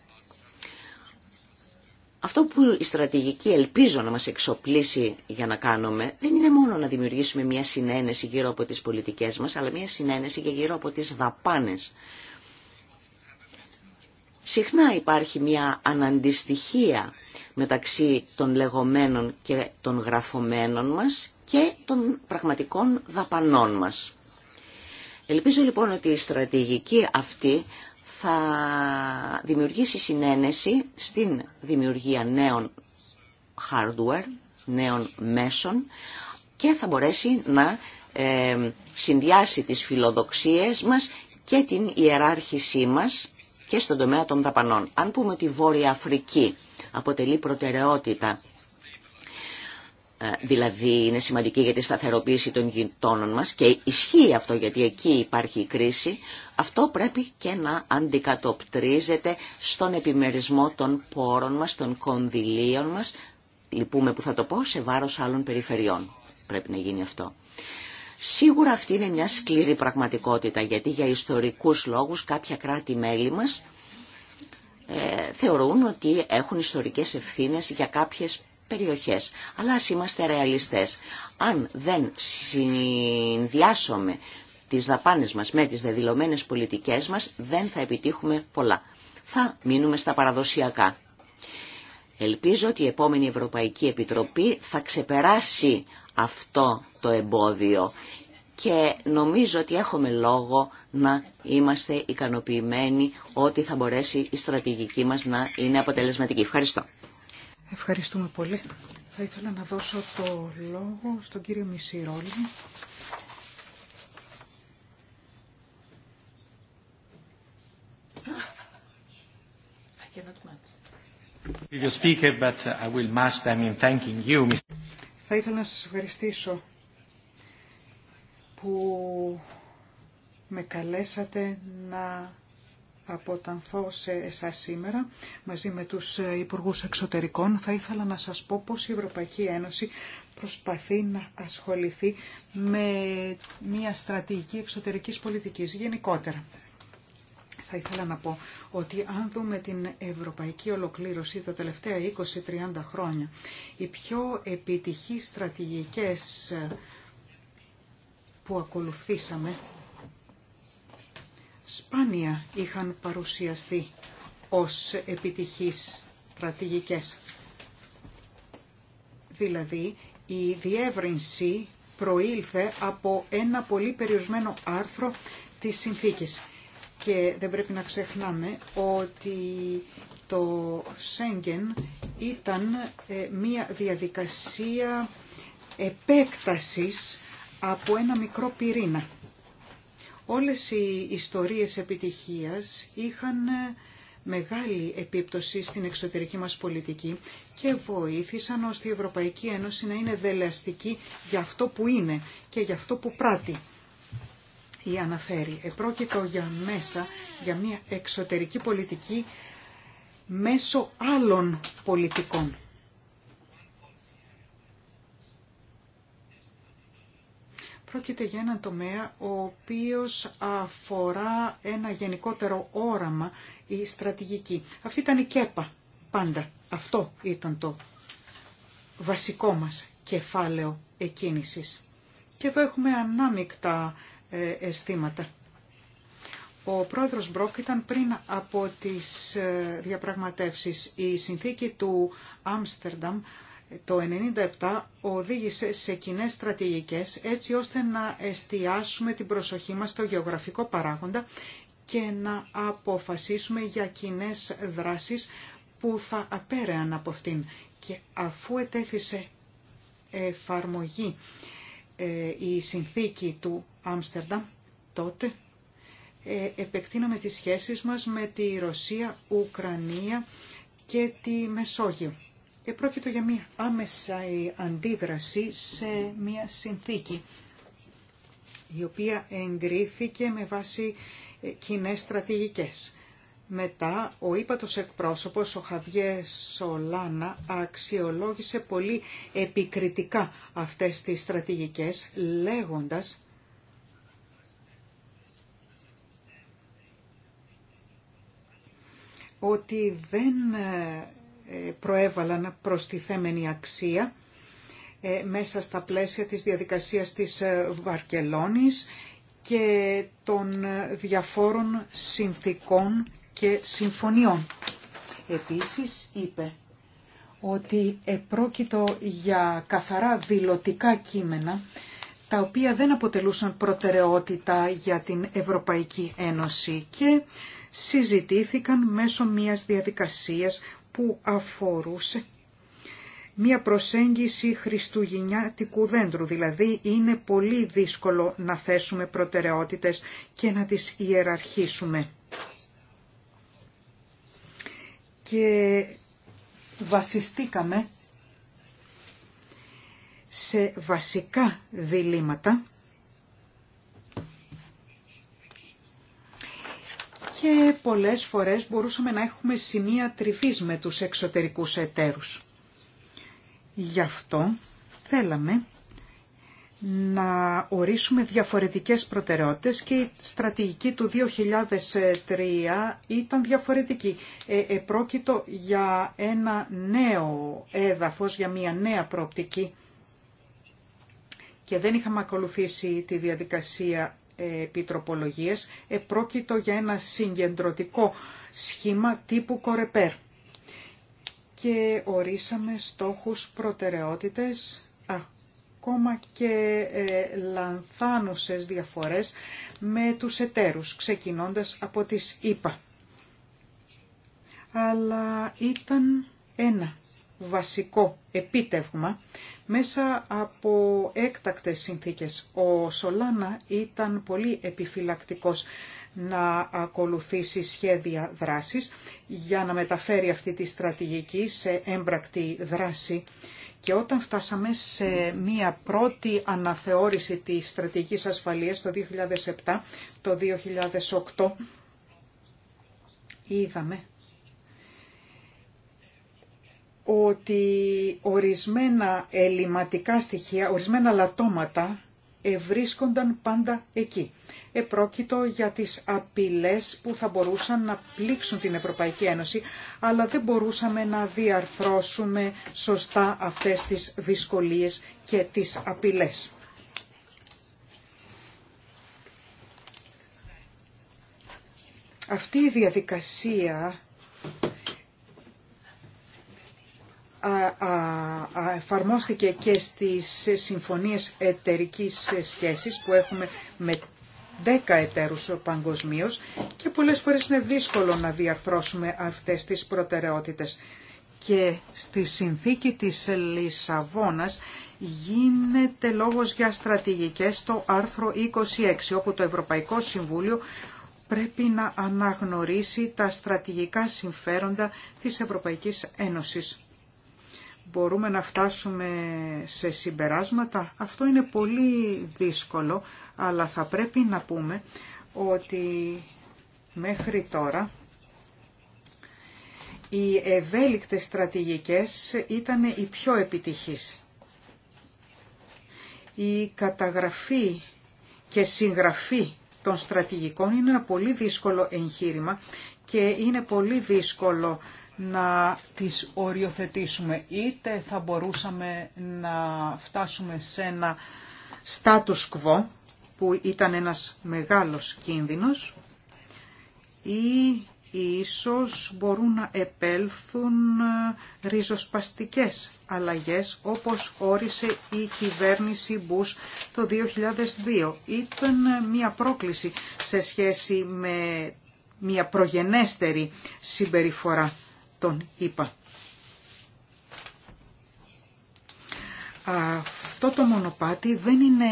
Αυτό που η στρατηγική ελπίζω να μας εξοπλίσει για να κάνουμε δεν είναι μόνο να δημιουργήσουμε μια συνένεση γύρω από τις πολιτικές μας, αλλά μια συνένεση και γύρω από τις δαπάνες. Συχνά υπάρχει μια αναντιστοιχία μεταξύ των λεγόμενων και των γραφωμένων μας και των πραγματικών δαπανών μας. Ελπίζω λοιπόν ότι η στρατηγική αυτή θα δημιουργήσει συνένεση στην δημιουργία νέων hardware, νέων μέσων και θα μπορέσει να ε, συνδυάσει τις φιλοδοξίες μας και την ιεράρχησή μας και στον τομέα των δαπανών. Αν πούμε ότι η Βόρεια Αφρική αποτελεί προτεραιότητα ε, δηλαδή είναι σημαντική για τη σταθεροποίηση των γειτόνων μας και ισχύει αυτό γιατί εκεί υπάρχει η κρίση, αυτό πρέπει και να αντικατοπτρίζεται στον επιμερισμό των πόρων μας, των κονδυλίων μας, λυπούμε που θα το πω, σε βάρος άλλων περιφερειών. Πρέπει να γίνει αυτό. Σίγουρα αυτή είναι μια σκληρή πραγματικότητα, γιατί για ιστορικούς λόγους κάποια κράτη-μέλη μας ε, θεωρούν ότι έχουν ιστορικές ευθύνες για κάποιες περιοχές. Αλλά ας είμαστε ρεαλιστές. Αν δεν συνδυάσουμε τις δαπάνες μας με τις δεδηλωμένες πολιτικές μας, δεν θα επιτύχουμε πολλά. Θα μείνουμε στα παραδοσιακά. Ελπίζω ότι η επόμενη Ευρωπαϊκή Επιτροπή θα ξεπεράσει αυτό το εμπόδιο και νομίζω ότι έχουμε λόγο να είμαστε ικανοποιημένοι ότι θα μπορέσει η στρατηγική μας να είναι αποτελεσματική. Ευχαριστώ.
Ευχαριστούμε πολύ. Θα ήθελα να δώσω το λόγο στον κύριο Μισηρόλη. Uh, Θα ήθελα να σας ευχαριστήσω που με καλέσατε να από αποτανθώ σε εσάς σήμερα μαζί με τους ε, Υπουργούς Εξωτερικών. Θα ήθελα να σας πω πώς η Ευρωπαϊκή Ένωση προσπαθεί να ασχοληθεί με μια στρατηγική εξωτερικής πολιτικής γενικότερα. Θα ήθελα να πω ότι αν δούμε την ευρωπαϊκή ολοκλήρωση τα τελευταία 20-30 χρόνια, οι πιο επιτυχείς στρατηγικές ε, που ακολουθήσαμε σπάνια είχαν παρουσιαστεί ως επιτυχείς στρατηγικές. Δηλαδή, η διεύρυνση προήλθε από ένα πολύ περιορισμένο άρθρο της συνθήκης. Και δεν πρέπει να ξεχνάμε ότι το Σέγγεν ήταν ε, μία διαδικασία επέκτασης από ένα μικρό πυρήνα. Όλες οι ιστορίες επιτυχίας είχαν ε, μεγάλη επίπτωση στην εξωτερική μας πολιτική και βοήθησαν ώστε η Ευρωπαϊκή Ένωση να είναι δελεαστική για αυτό που είναι και για αυτό που πράττει ή αναφέρει. Επρόκειτο για μέσα, για μια εξωτερική πολιτική μέσω άλλων πολιτικών. Πρόκειται για έναν τομέα ο οποίος αφορά ένα γενικότερο όραμα ή στρατηγική. Αυτή ήταν η ΚΕΠΑ πάντα. Αυτό ήταν το βασικό μας κεφάλαιο εκκίνησης. Και εδώ έχουμε ανάμεικτα ε, αισθήματα. Ο πρόεδρος Μπρόκ ήταν πριν από τις ε, διαπραγματεύσεις. Η συνθήκη του Άμστερνταμ το 1997 οδήγησε σε κοινέ στρατηγικές έτσι ώστε να εστιάσουμε την προσοχή μας στο γεωγραφικό παράγοντα και να αποφασίσουμε για κοινέ δράσεις που θα απέρεαν από αυτήν. Και αφού ετέθησε εφαρμογή ε, η συνθήκη του Άμστερνταμ, τότε ε, επεκτείναμε τις σχέσεις μας με τη Ρωσία, Ουκρανία και τη Μεσόγειο. Και ε, Πρόκειται για μια άμεσα αντίδραση σε μια συνθήκη η οποία εγκρίθηκε με βάση ε, κοινέ στρατηγικές. Μετά, ο ύπατος εκπρόσωπος, ο Χαβιέ Σολάνα, αξιολόγησε πολύ επικριτικά αυτές τις στρατηγικές, λέγοντας ότι δεν ε, ε, προέβαλαν προστιθέμενη αξία ε, μέσα στα πλαίσια της διαδικασίας της ε, Βαρκελόνης και των διαφόρων συνθήκων και συμφωνιών. Επίσης είπε ότι επρόκειτο για καθαρά δηλωτικά κείμενα τα οποία δεν αποτελούσαν προτεραιότητα για την Ευρωπαϊκή Ένωση και συζητήθηκαν μέσω μιας διαδικασίας που αφορούσε μία προσέγγιση χριστουγεννιάτικου δέντρου, δηλαδή είναι πολύ δύσκολο να θέσουμε προτεραιότητες και να τις ιεραρχήσουμε. Και βασιστήκαμε σε βασικά διλήμματα και πολλές φορές μπορούσαμε να έχουμε σημεία τριβής με τους εξωτερικούς εταίρους. Γι' αυτό θέλαμε να ορίσουμε διαφορετικές προτεραιότητες και η στρατηγική του 2003 ήταν διαφορετική. Ε, επρόκειτο για ένα νέο έδαφος, για μια νέα προοπτική και δεν είχαμε ακολουθήσει τη διαδικασία επιτροπολογίες, επρόκειτο για ένα συγκεντρωτικό σχήμα τύπου κορεπέρ. Και ορίσαμε στόχους προτεραιότητες, ακόμα και ε, λανθάνουσες διαφορές με τους εταίρους, ξεκινώντας από τις ΙΠΑ. Αλλά ήταν ένα βασικό επίτευγμα μέσα από έκτακτες συνθήκες. Ο Σολάνα ήταν πολύ επιφυλακτικός να ακολουθήσει σχέδια δράσης για να μεταφέρει αυτή τη στρατηγική σε έμπρακτη δράση. Και όταν φτάσαμε σε μία πρώτη αναθεώρηση της στρατηγικής ασφαλείας το 2007, το 2008, είδαμε ότι ορισμένα ελληματικά στοιχεία, ορισμένα λατώματα ευρίσκονταν πάντα εκεί. Επρόκειτο για τις απειλές που θα μπορούσαν να πλήξουν την Ευρωπαϊκή Ένωση, αλλά δεν μπορούσαμε να διαρθρώσουμε σωστά αυτές τις δυσκολίες και τις απειλές. Αυτή η διαδικασία εφαρμόστηκε και στις συμφωνίες εταιρικής σχέσης που έχουμε με 10 εταίρους παγκοσμίω και πολλές φορές είναι δύσκολο να διαρθρώσουμε αυτές τις προτεραιότητες. Και στη συνθήκη της Λισαβόνας γίνεται λόγος για στρατηγικές στο άρθρο 26, όπου το Ευρωπαϊκό Συμβούλιο πρέπει να αναγνωρίσει τα στρατηγικά συμφέροντα της Ευρωπαϊκής Ένωσης μπορούμε να φτάσουμε σε συμπεράσματα. Αυτό είναι πολύ δύσκολο, αλλά θα πρέπει να πούμε ότι μέχρι τώρα οι ευέλικτες στρατηγικές ήταν οι πιο επιτυχείς. Η καταγραφή και συγγραφή των στρατηγικών είναι ένα πολύ δύσκολο εγχείρημα και είναι πολύ δύσκολο να τις οριοθετήσουμε. Είτε θα μπορούσαμε να φτάσουμε σε ένα status quo που ήταν ένας μεγάλος κίνδυνος ή ίσως μπορούν να επέλθουν ε, ριζοσπαστικές αλλαγές όπως όρισε η κυβέρνηση Μπούς το 2002. Ήταν ε, μια πρόκληση σε σχέση με μια προγενέστερη συμπεριφορά τον είπα. Αυτό το μονοπάτι δεν είναι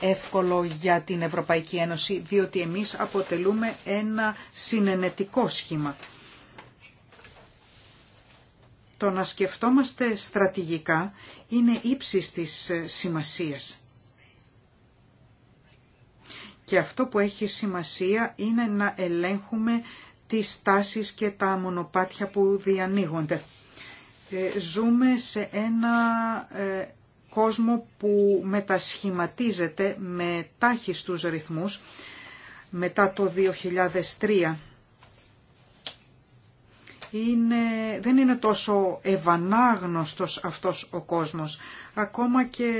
εύκολο για την Ευρωπαϊκή Ένωση, διότι εμείς αποτελούμε ένα συνενετικό σχήμα. Το να σκεφτόμαστε στρατηγικά είναι ύψης της σημασίας. Και αυτό που έχει σημασία είναι να ελέγχουμε τις στάσεις και τα μονοπάτια που διανοίγονται. Ε, ζούμε σε ένα ε, κόσμο που μετασχηματίζεται με τάχιστους ρυθμούς μετά το 2003. Είναι, δεν είναι τόσο ευανάγνωστος αυτός ο κόσμος, ακόμα και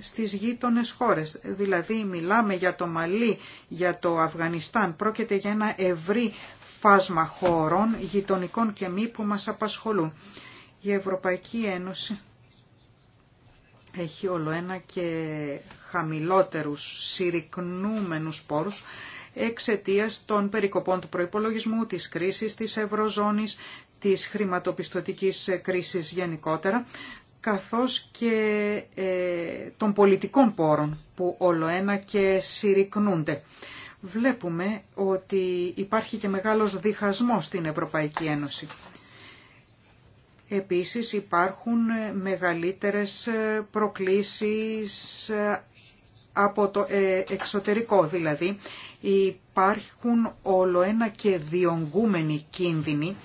στις γείτονες χώρες. Δηλαδή μιλάμε για το Μαλί, για το Αφγανιστάν, πρόκειται για ένα ευρύ φάσμα χώρων, γειτονικών και μη που μας απασχολούν. Η Ευρωπαϊκή Ένωση έχει όλο ένα και χαμηλότερους συρρυκνούμενους πόρους εξαιτίας των περικοπών του προϋπολογισμού, της κρίσης της Ευρωζώνης, της χρηματοπιστωτικής κρίσης γενικότερα, καθώς και ε, των πολιτικών πόρων που όλο ένα και συρρυκνούνται βλέπουμε ότι υπάρχει και μεγάλος διχασμός στην Ευρωπαϊκή Ένωση. Επίσης υπάρχουν μεγαλύτερες προκλήσεις από το ε, εξωτερικό, δηλαδή υπάρχουν όλο ένα και διονγκούμενοι κίνδυνοι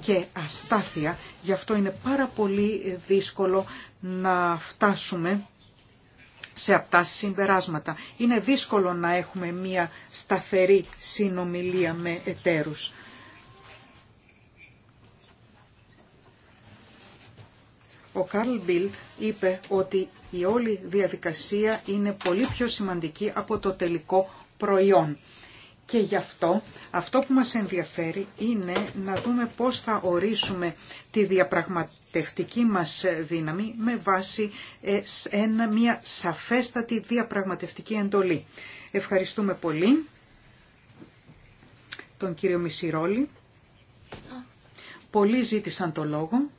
και αστάθεια, γι' αυτό είναι πάρα πολύ δύσκολο να φτάσουμε σε αυτά συμπεράσματα. Είναι δύσκολο να έχουμε μία σταθερή συνομιλία με εταίρους. Ο Καρλ Μπίλτ είπε ότι η όλη διαδικασία είναι πολύ πιο σημαντική από το τελικό προϊόν. Και γι' αυτό, αυτό που μας ενδιαφέρει είναι να δούμε πώς θα ορίσουμε τη διαπραγματευτική μας δύναμη με βάση ε, ένα, μια σαφέστατη διαπραγματευτική εντολή. Ευχαριστούμε πολύ τον κύριο Μισηρόλη. Πολλοί ζήτησαν το λόγο.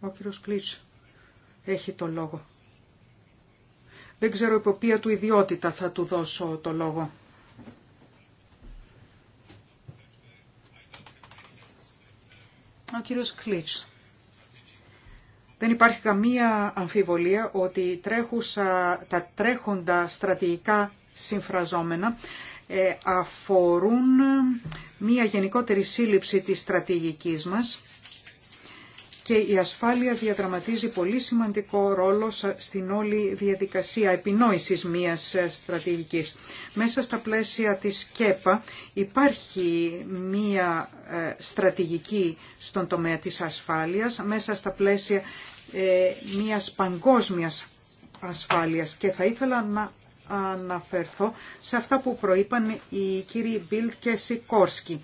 Ο κύριος Κλίτς έχει το λόγο. Δεν ξέρω υπό ποια του ιδιότητα θα του δώσω το λόγο. Ο κύριος Κλίτς. Δεν υπάρχει καμία αμφιβολία ότι τρέχουσα, τα τρέχοντα στρατηγικά συμφραζόμενα ε, αφορούν μία γενικότερη σύλληψη της στρατηγικής μας και η ασφάλεια διαδραματίζει πολύ σημαντικό ρόλο στην όλη διαδικασία επινόησης μιας ε, στρατηγικής. Μέσα στα πλαίσια της ΚΕΠΑ υπάρχει μια ε, στρατηγική στον τομέα της ασφάλειας, μέσα στα πλαίσια ε, μιας παγκόσμιας ασφάλειας και θα ήθελα να αναφερθώ σε αυτά που προείπαν οι κύριοι Μπίλτ και Σικόρσκι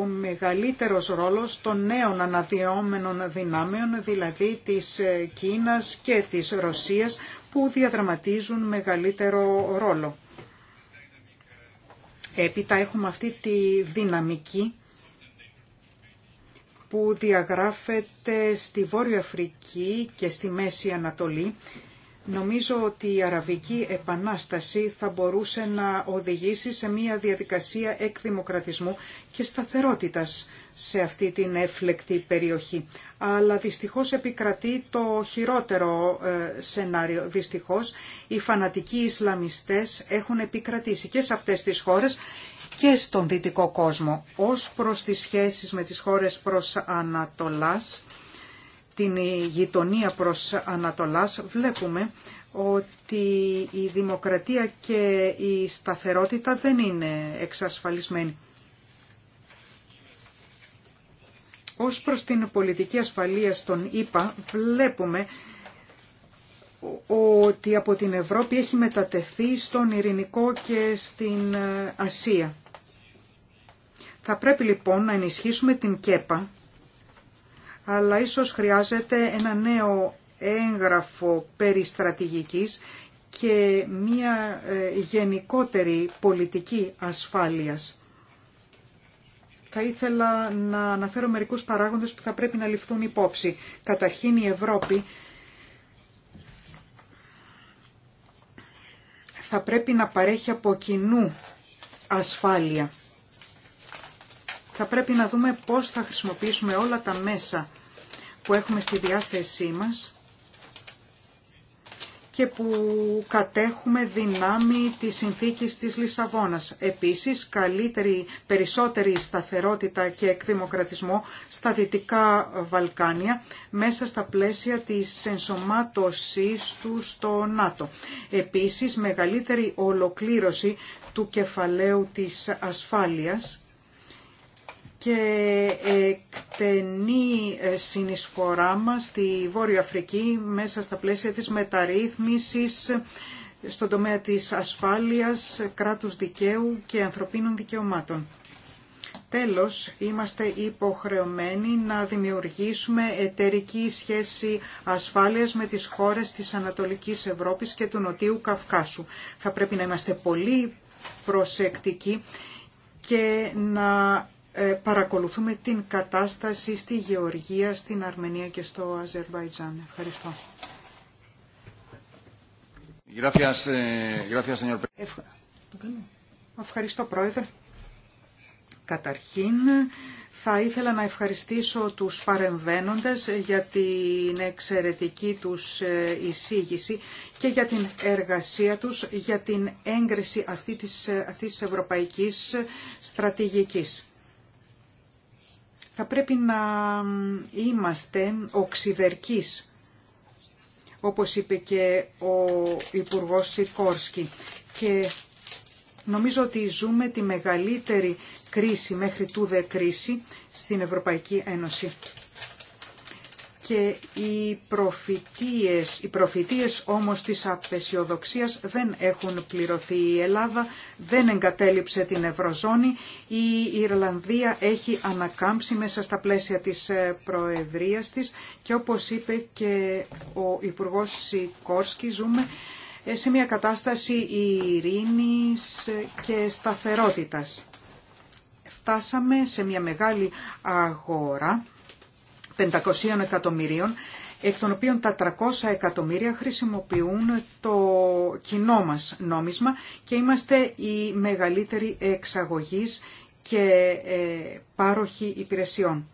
ο μεγαλύτερος ρόλος των νέων αναδυόμενων δυνάμεων, δηλαδή της ε, Κίνας και της Ρωσίας, που διαδραματίζουν μεγαλύτερο ρόλο. Έπειτα έχουμε αυτή τη δυναμική που διαγράφεται στη Βόρεια Αφρική και στη Μέση Ανατολή Νομίζω ότι η Αραβική Επανάσταση θα μπορούσε να οδηγήσει σε μια διαδικασία εκδημοκρατισμού και σταθερότητας σε αυτή την έφλεκτη περιοχή. Αλλά δυστυχώς επικρατεί το χειρότερο ε, σενάριο. Δυστυχώς οι φανατικοί Ισλαμιστές έχουν επικρατήσει και σε αυτές τις χώρες και στον δυτικό κόσμο. Ως προς τις σχέσεις με τις χώρες προς Ανατολάς, την γειτονία προς Ανατολάς βλέπουμε ότι η δημοκρατία και η σταθερότητα δεν είναι εξασφαλισμένη. Ως προς την πολιτική ασφαλεία στον ΙΠΑ βλέπουμε ότι από την Ευρώπη έχει μετατεθεί στον Ειρηνικό και στην Ασία. Θα πρέπει λοιπόν να ενισχύσουμε την ΚΕΠΑ αλλά ίσως χρειάζεται ένα νέο έγγραφο περί στρατηγικής και μια ε, γενικότερη πολιτική ασφάλειας. Θα ήθελα να αναφέρω μερικούς παράγοντες που θα πρέπει να ληφθούν υπόψη. Καταρχήν η Ευρώπη θα πρέπει να παρέχει από κοινού ασφάλεια. Θα πρέπει να δούμε πώς θα χρησιμοποιήσουμε όλα τα μέσα που έχουμε στη διάθεσή μας και που κατέχουμε δυνάμει της συνθήκη της Λισαβόνας. Επίσης, καλύτερη, περισσότερη σταθερότητα και εκδημοκρατισμό στα Δυτικά Βαλκάνια μέσα στα πλαίσια της ενσωμάτωσής του στο ΝΑΤΟ. Επίσης, μεγαλύτερη ολοκλήρωση του κεφαλαίου της ασφάλειας και εκτενή ε, συνεισφορά μας στη Βόρεια Αφρική μέσα στα πλαίσια της μεταρρύθμισης στον τομέα της ασφάλειας, κράτους δικαίου και ανθρωπίνων δικαιωμάτων. Τέλος, είμαστε υποχρεωμένοι να δημιουργήσουμε εταιρική σχέση ασφάλειας με τις χώρες της Ανατολικής Ευρώπης και του Νοτίου Καυκάσου. Θα πρέπει να είμαστε πολύ προσεκτικοί και να ε, παρακολουθούμε την κατάσταση στη Γεωργία, στην Αρμενία και στο Αζερβαϊτζάν. Ευχαριστώ. Eh, Ευχαριστώ Πρόεδρε. Καταρχήν θα ήθελα να ευχαριστήσω τους παρεμβαίνοντες για την εξαιρετική τους ε, εισήγηση και για την εργασία τους για την έγκριση αυτή της, ε, αυτής της ευρωπαϊκής στρατηγικής. Θα πρέπει να είμαστε οξυδερκείς, όπως είπε και ο Υπουργός Σικόρσκι. Και νομίζω ότι ζούμε τη μεγαλύτερη κρίση μέχρι τούδε κρίση στην Ευρωπαϊκή Ένωση και οι προφητείες, οι προφητείες όμως της απεσιοδοξίας δεν έχουν πληρωθεί. Η Ελλάδα δεν εγκατέλειψε την Ευρωζώνη, η Ιρλανδία έχει ανακάμψει μέσα στα πλαίσια της ε, Προεδρίας της και όπως είπε και ο Υπουργός Σικόρσκι ζούμε ε, σε μια κατάσταση ειρήνης ε, και σταθερότητας. Φτάσαμε σε μια μεγάλη αγορά 500 εκατομμυρίων, εκ των οποίων τα 300 εκατομμύρια χρησιμοποιούν το κοινό μας νόμισμα και είμαστε οι μεγαλύτεροι εξαγωγείς και ε, πάροχοι υπηρεσιών.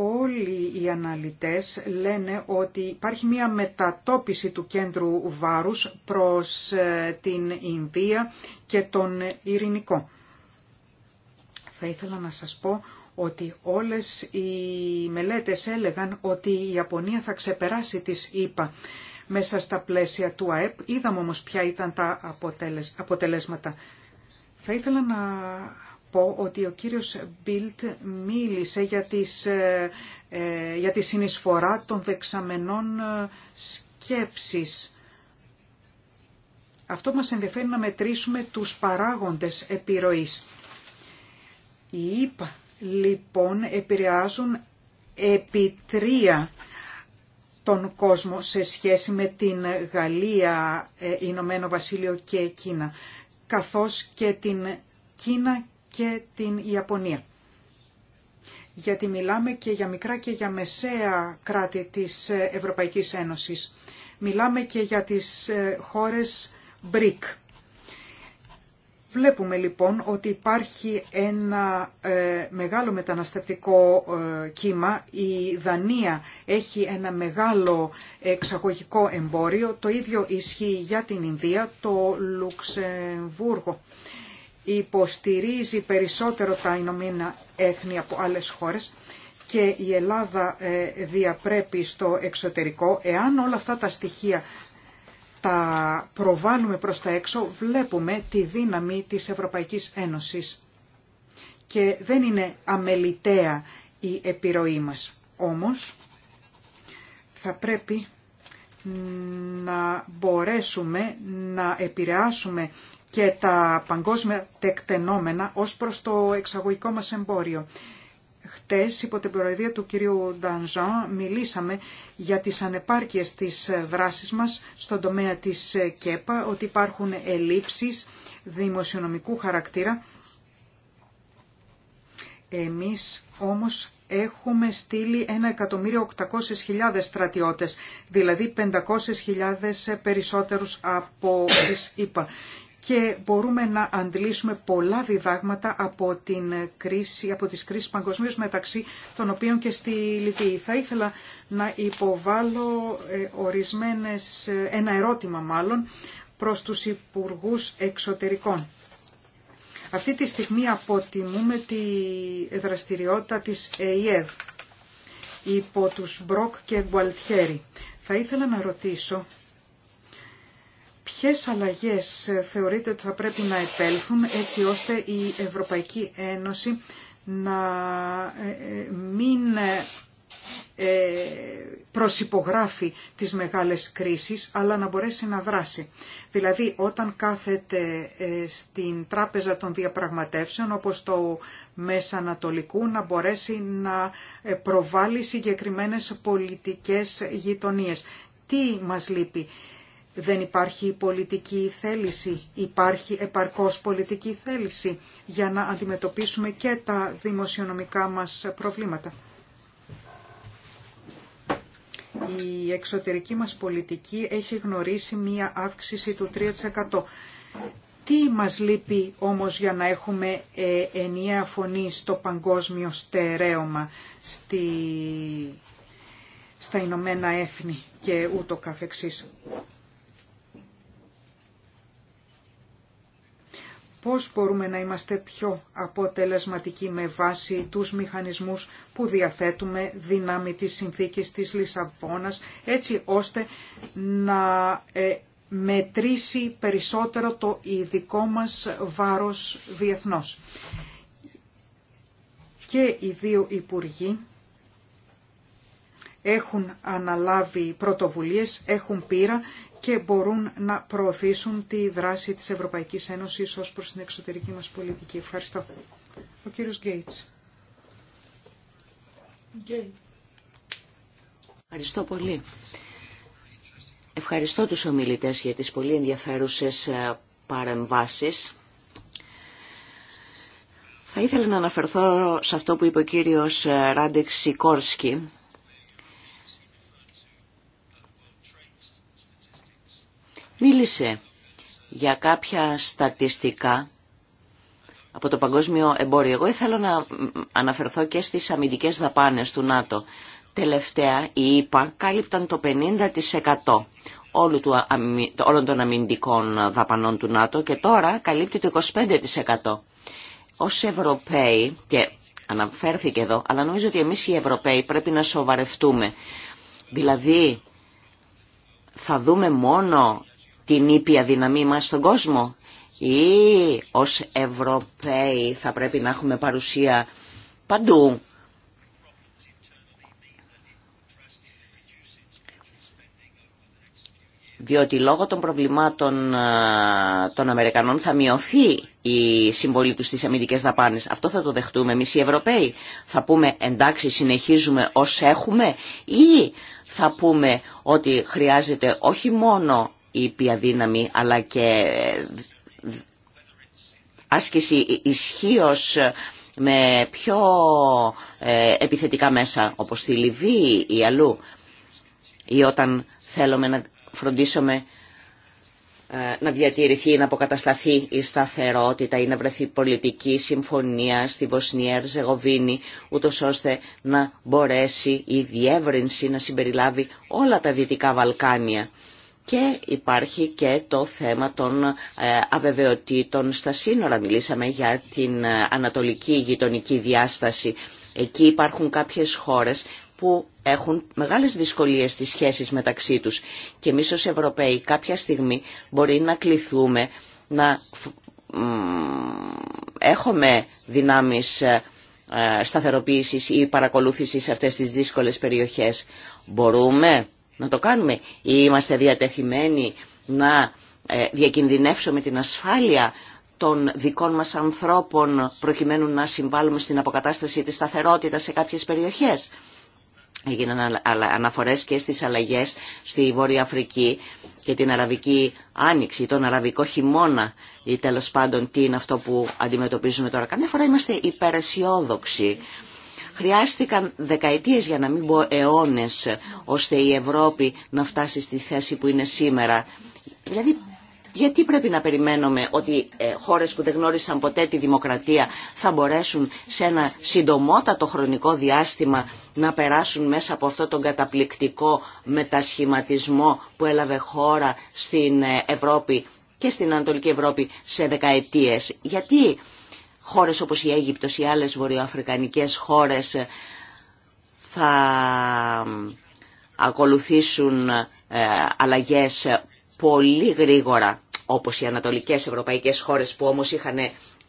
όλοι οι αναλυτές λένε ότι υπάρχει μια μετατόπιση του κέντρου βάρους προς ε, την Ινδία και τον Ειρηνικό. Θα ήθελα να σας πω ότι όλες οι μελέτες έλεγαν ότι η Ιαπωνία θα ξεπεράσει τις ΙΠΑ μέσα στα πλαίσια του ΑΕΠ. Είδαμε όμως ποια ήταν τα αποτελέσματα. Θα ήθελα να πω ότι ο κύριος Μπίλτ μίλησε για, τις, ε, ε, για τη συνεισφορά των δεξαμενών ε, σκέψης. Αυτό μας ενδιαφέρει να μετρήσουμε τους παράγοντες επιρροής. Οι ΙΠΑ λοιπόν επηρεάζουν επί τρία τον κόσμο σε σχέση με την Γαλλία, ε, Ηνωμένο Βασίλειο και Κίνα, καθώς και την Κίνα και την Ιαπωνία. Γιατί μιλάμε και για μικρά και για μεσαία κράτη της ε, Ευρωπαϊκής Ένωσης. Μιλάμε και για τις ε, χώρες BRIC. Βλέπουμε λοιπόν ότι υπάρχει ένα ε, μεγάλο μεταναστευτικό ε, κύμα. Η Δανία έχει ένα μεγάλο εξαγωγικό εμπόριο. Το ίδιο ισχύει για την Ινδία, το Λουξεμβούργο. Υποστηρίζει περισσότερο τα Ηνωμένα Έθνη από άλλες χώρες και η Ελλάδα ε, διαπρέπει στο εξωτερικό. Εάν όλα αυτά τα στοιχεία τα προβάλλουμε προς τα έξω βλέπουμε τη δύναμη της Ευρωπαϊκής Ένωσης και δεν είναι αμεληταία η επιρροή μας. Όμως θα πρέπει να μπορέσουμε να επηρεάσουμε και τα παγκόσμια τεκτενόμενα ως προς το εξαγωγικό μας εμπόριο. Χτες, υπό την προεδρία του κυρίου Ντανζάν, μιλήσαμε για τις ανεπάρκειες της δράσης μας στον τομέα της ΚΕΠΑ, ότι υπάρχουν ελλείψεις δημοσιονομικού χαρακτήρα. Εμείς όμως έχουμε στείλει 1.800.000 στρατιώτες, δηλαδή 500.000 περισσότερους από τις ΗΠΑ και μπορούμε να αντλήσουμε πολλά διδάγματα από, την κρίση, από τις κρίσεις παγκοσμίως μεταξύ των οποίων και στη Λιβύη. Θα ήθελα να υποβάλω ε, ορισμένες, ε, ένα ερώτημα μάλλον προς τους Υπουργούς Εξωτερικών. Αυτή τη στιγμή αποτιμούμε τη δραστηριότητα της ΕΙΕΔ υπό τους Μπροκ και Γκουαλτιέρη. Θα ήθελα να ρωτήσω Ποιες αλλαγές ε, θεωρείτε ότι θα πρέπει να επέλθουν έτσι ώστε η Ευρωπαϊκή Ένωση να ε, ε, μην προσυπογράφει τις μεγάλες κρίσεις, αλλά να μπορέσει να δράσει. Δηλαδή, όταν κάθεται στην τράπεζα των διαπραγματεύσεων, όπως το Μέσα Ανατολικού, να μπορέσει να προβάλλει συγκεκριμένες πολιτικές γειτονίες. Τι μας λείπει. Δεν υπάρχει πολιτική θέληση, υπάρχει επαρκώς πολιτική θέληση για να αντιμετωπίσουμε και τα δημοσιονομικά μας προβλήματα. Η εξωτερική μας πολιτική έχει γνωρίσει μία αύξηση του 3%. Τι μας λείπει όμως για να έχουμε ε, ενιαία φωνή στο παγκόσμιο στερέωμα, στη... στα Ηνωμένα Έθνη και ούτω καθεξής. πώς μπορούμε να είμαστε πιο αποτελεσματικοί με βάση τους μηχανισμούς που διαθέτουμε δυνάμει της συνθήκης της Λισαβόνας, έτσι ώστε να ε, μετρήσει περισσότερο το ειδικό μας βάρος διεθνώς. Και οι δύο Υπουργοί έχουν αναλάβει πρωτοβουλίες, έχουν πείρα και μπορούν να προωθήσουν τη δράση της Ευρωπαϊκής Ένωσης ως προς την εξωτερική μας πολιτική. Ευχαριστώ. Ο κύριος Γκέιτς.
Ευχαριστώ πολύ. Ευχαριστώ τους ομιλητές για τις πολύ ενδιαφέρουσες ε, παρεμβάσεις. Θα ήθελα να αναφερθώ σε αυτό που είπε ο κύριος ε, Ράντεξ Σικόρσκι μίλησε για κάποια στατιστικά από το παγκόσμιο εμπόριο. Εγώ ήθελα να αναφερθώ και στις αμυντικές δαπάνες του ΝΑΤΟ. Τελευταία, οι ΙΠΑ κάλυπταν το 50% όλου του, όλων των αμυντικών δαπανών του ΝΑΤΟ και τώρα καλύπτει το 25%. Ως Ευρωπαίοι, και αναφέρθηκε εδώ, αλλά νομίζω ότι εμείς οι Ευρωπαίοι πρέπει να σοβαρευτούμε. Δηλαδή, θα δούμε μόνο την ήπια δύναμή μας στον κόσμο ή ως Ευρωπαίοι θα πρέπει να έχουμε παρουσία παντού. Διότι λόγω των προβλημάτων των Αμερικανών θα μειωθεί η συμβολή τους στις αμυντικές δαπάνες. Αυτό θα το δεχτούμε εμείς οι Ευρωπαίοι. Θα πούμε εντάξει συνεχίζουμε ως έχουμε ή θα πούμε ότι χρειάζεται όχι μόνο ήπια δύναμη αλλά και άσκηση ισχύω με πιο ε, επιθετικά μέσα όπως στη Λιβύη ή αλλού ή όταν θέλουμε να φροντίσουμε ε, να διατηρηθεί ή να αποκατασταθεί η σταθερότητα ή να βρεθεί πολιτική συμφωνία στη Βοσνία Ερζεγοβίνη ούτως ώστε να μπορέσει η διεύρυνση να συμπεριλάβει στη βοσνια ζεγοβινη ουτως ωστε να μπορεσει η διευρυνση να συμπεριλαβει ολα τα Δυτικά Βαλκάνια. Και υπάρχει και το θέμα των ε, αβεβαιοτήτων στα σύνορα. Μιλήσαμε για την ε, ανατολική γειτονική διάσταση. Εκεί υπάρχουν κάποιες χώρες που έχουν μεγάλες δυσκολίες στις σχέσεις μεταξύ τους. Και εμείς ως Ευρωπαίοι κάποια στιγμή μπορεί να κληθούμε να έχουμε δυνάμεις ε, σταθεροποίησης ή παρακολούθησης σε αυτές τις δύσκολες περιοχές. Μπορούμε να το κάνουμε ή είμαστε διατεθειμένοι να ε, διακινδυνεύσουμε την ασφάλεια των δικών μας ανθρώπων προκειμένου να συμβάλλουμε στην αποκατάσταση της σταθερότητας σε κάποιες περιοχές. Έγιναν αναφορές και στις αλλαγές στη Βόρεια Αφρική και την Αραβική Άνοιξη, τον Αραβικό χειμώνα ή τέλος πάντων τι είναι αυτό που αντιμετωπίζουμε τώρα. Καμιά φορά είμαστε υπεραισιόδοξοι Χρειάστηκαν δεκαετίες για να μην πω αιώνες ώστε η Ευρώπη να φτάσει στη θέση που είναι σήμερα. Δηλαδή γιατί πρέπει να περιμένουμε ότι ε, χώρες που δεν γνώρισαν ποτέ τη δημοκρατία θα μπορέσουν σε ένα συντομότατο χρονικό διάστημα να περάσουν μέσα από αυτό τον καταπληκτικό μετασχηματισμό που έλαβε χώρα στην ε, Ευρώπη και στην Ανατολική Ευρώπη σε δεκαετίες. Γιατί χώρες όπως η Αίγυπτος ή άλλες βορειοαφρικανικές χώρες ε, θα ακολουθήσουν ε, αλλαγές πολύ γρήγορα όπως οι ανατολικές ευρωπαϊκές χώρες που όμως είχαν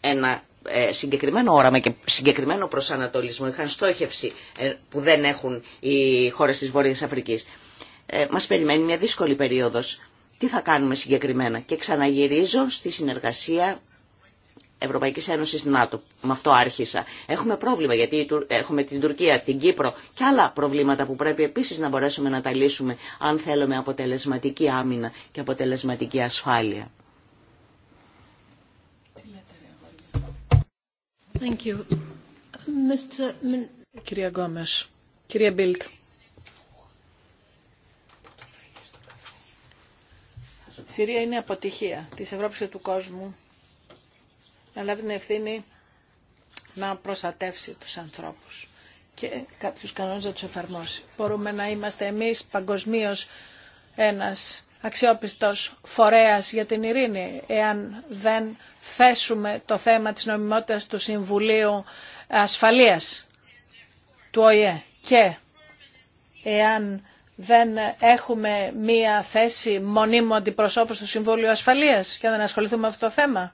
ένα ε, συγκεκριμένο όραμα και συγκεκριμένο προσανατολισμό, είχαν στόχευση που δεν έχουν οι χώρες της Βόρειας Αφρικής. Μας περιμένει μια δύσκολη περίοδος. Τι θα κάνουμε συγκεκριμένα. Και ξαναγυρίζω στη συνεργασία Ευρωπαϊκής Ένωσης ΝΑΤΟ. Με αυτό άρχισα. Έχουμε πρόβλημα γιατί έχουμε την Τουρκία, την Κύπρο και άλλα προβλήματα που πρέπει επίσης να μπορέσουμε να τα λύσουμε αν θέλουμε αποτελεσματική άμυνα και αποτελεσματική ασφάλεια.
Thank you. Mr. Κυρία Γκόμες, κυρία Μπίλτ. Συρία είναι αποτυχία της Ευρώπης και του κόσμου να λάβει την ευθύνη να προστατεύσει τους ανθρώπους και κάποιους κανόνες να τους εφαρμόσει. Μπορούμε να είμαστε εμείς παγκοσμίω ένας αξιόπιστος φορέας για την ειρήνη, εάν δεν θέσουμε το θέμα της νομιμότητας του Συμβουλίου Ασφαλείας του ΟΗΕ και εάν δεν έχουμε μία θέση μονίμου αντιπροσώπου του Συμβουλίου Ασφαλείας και δεν ασχοληθούμε με αυτό το θέμα.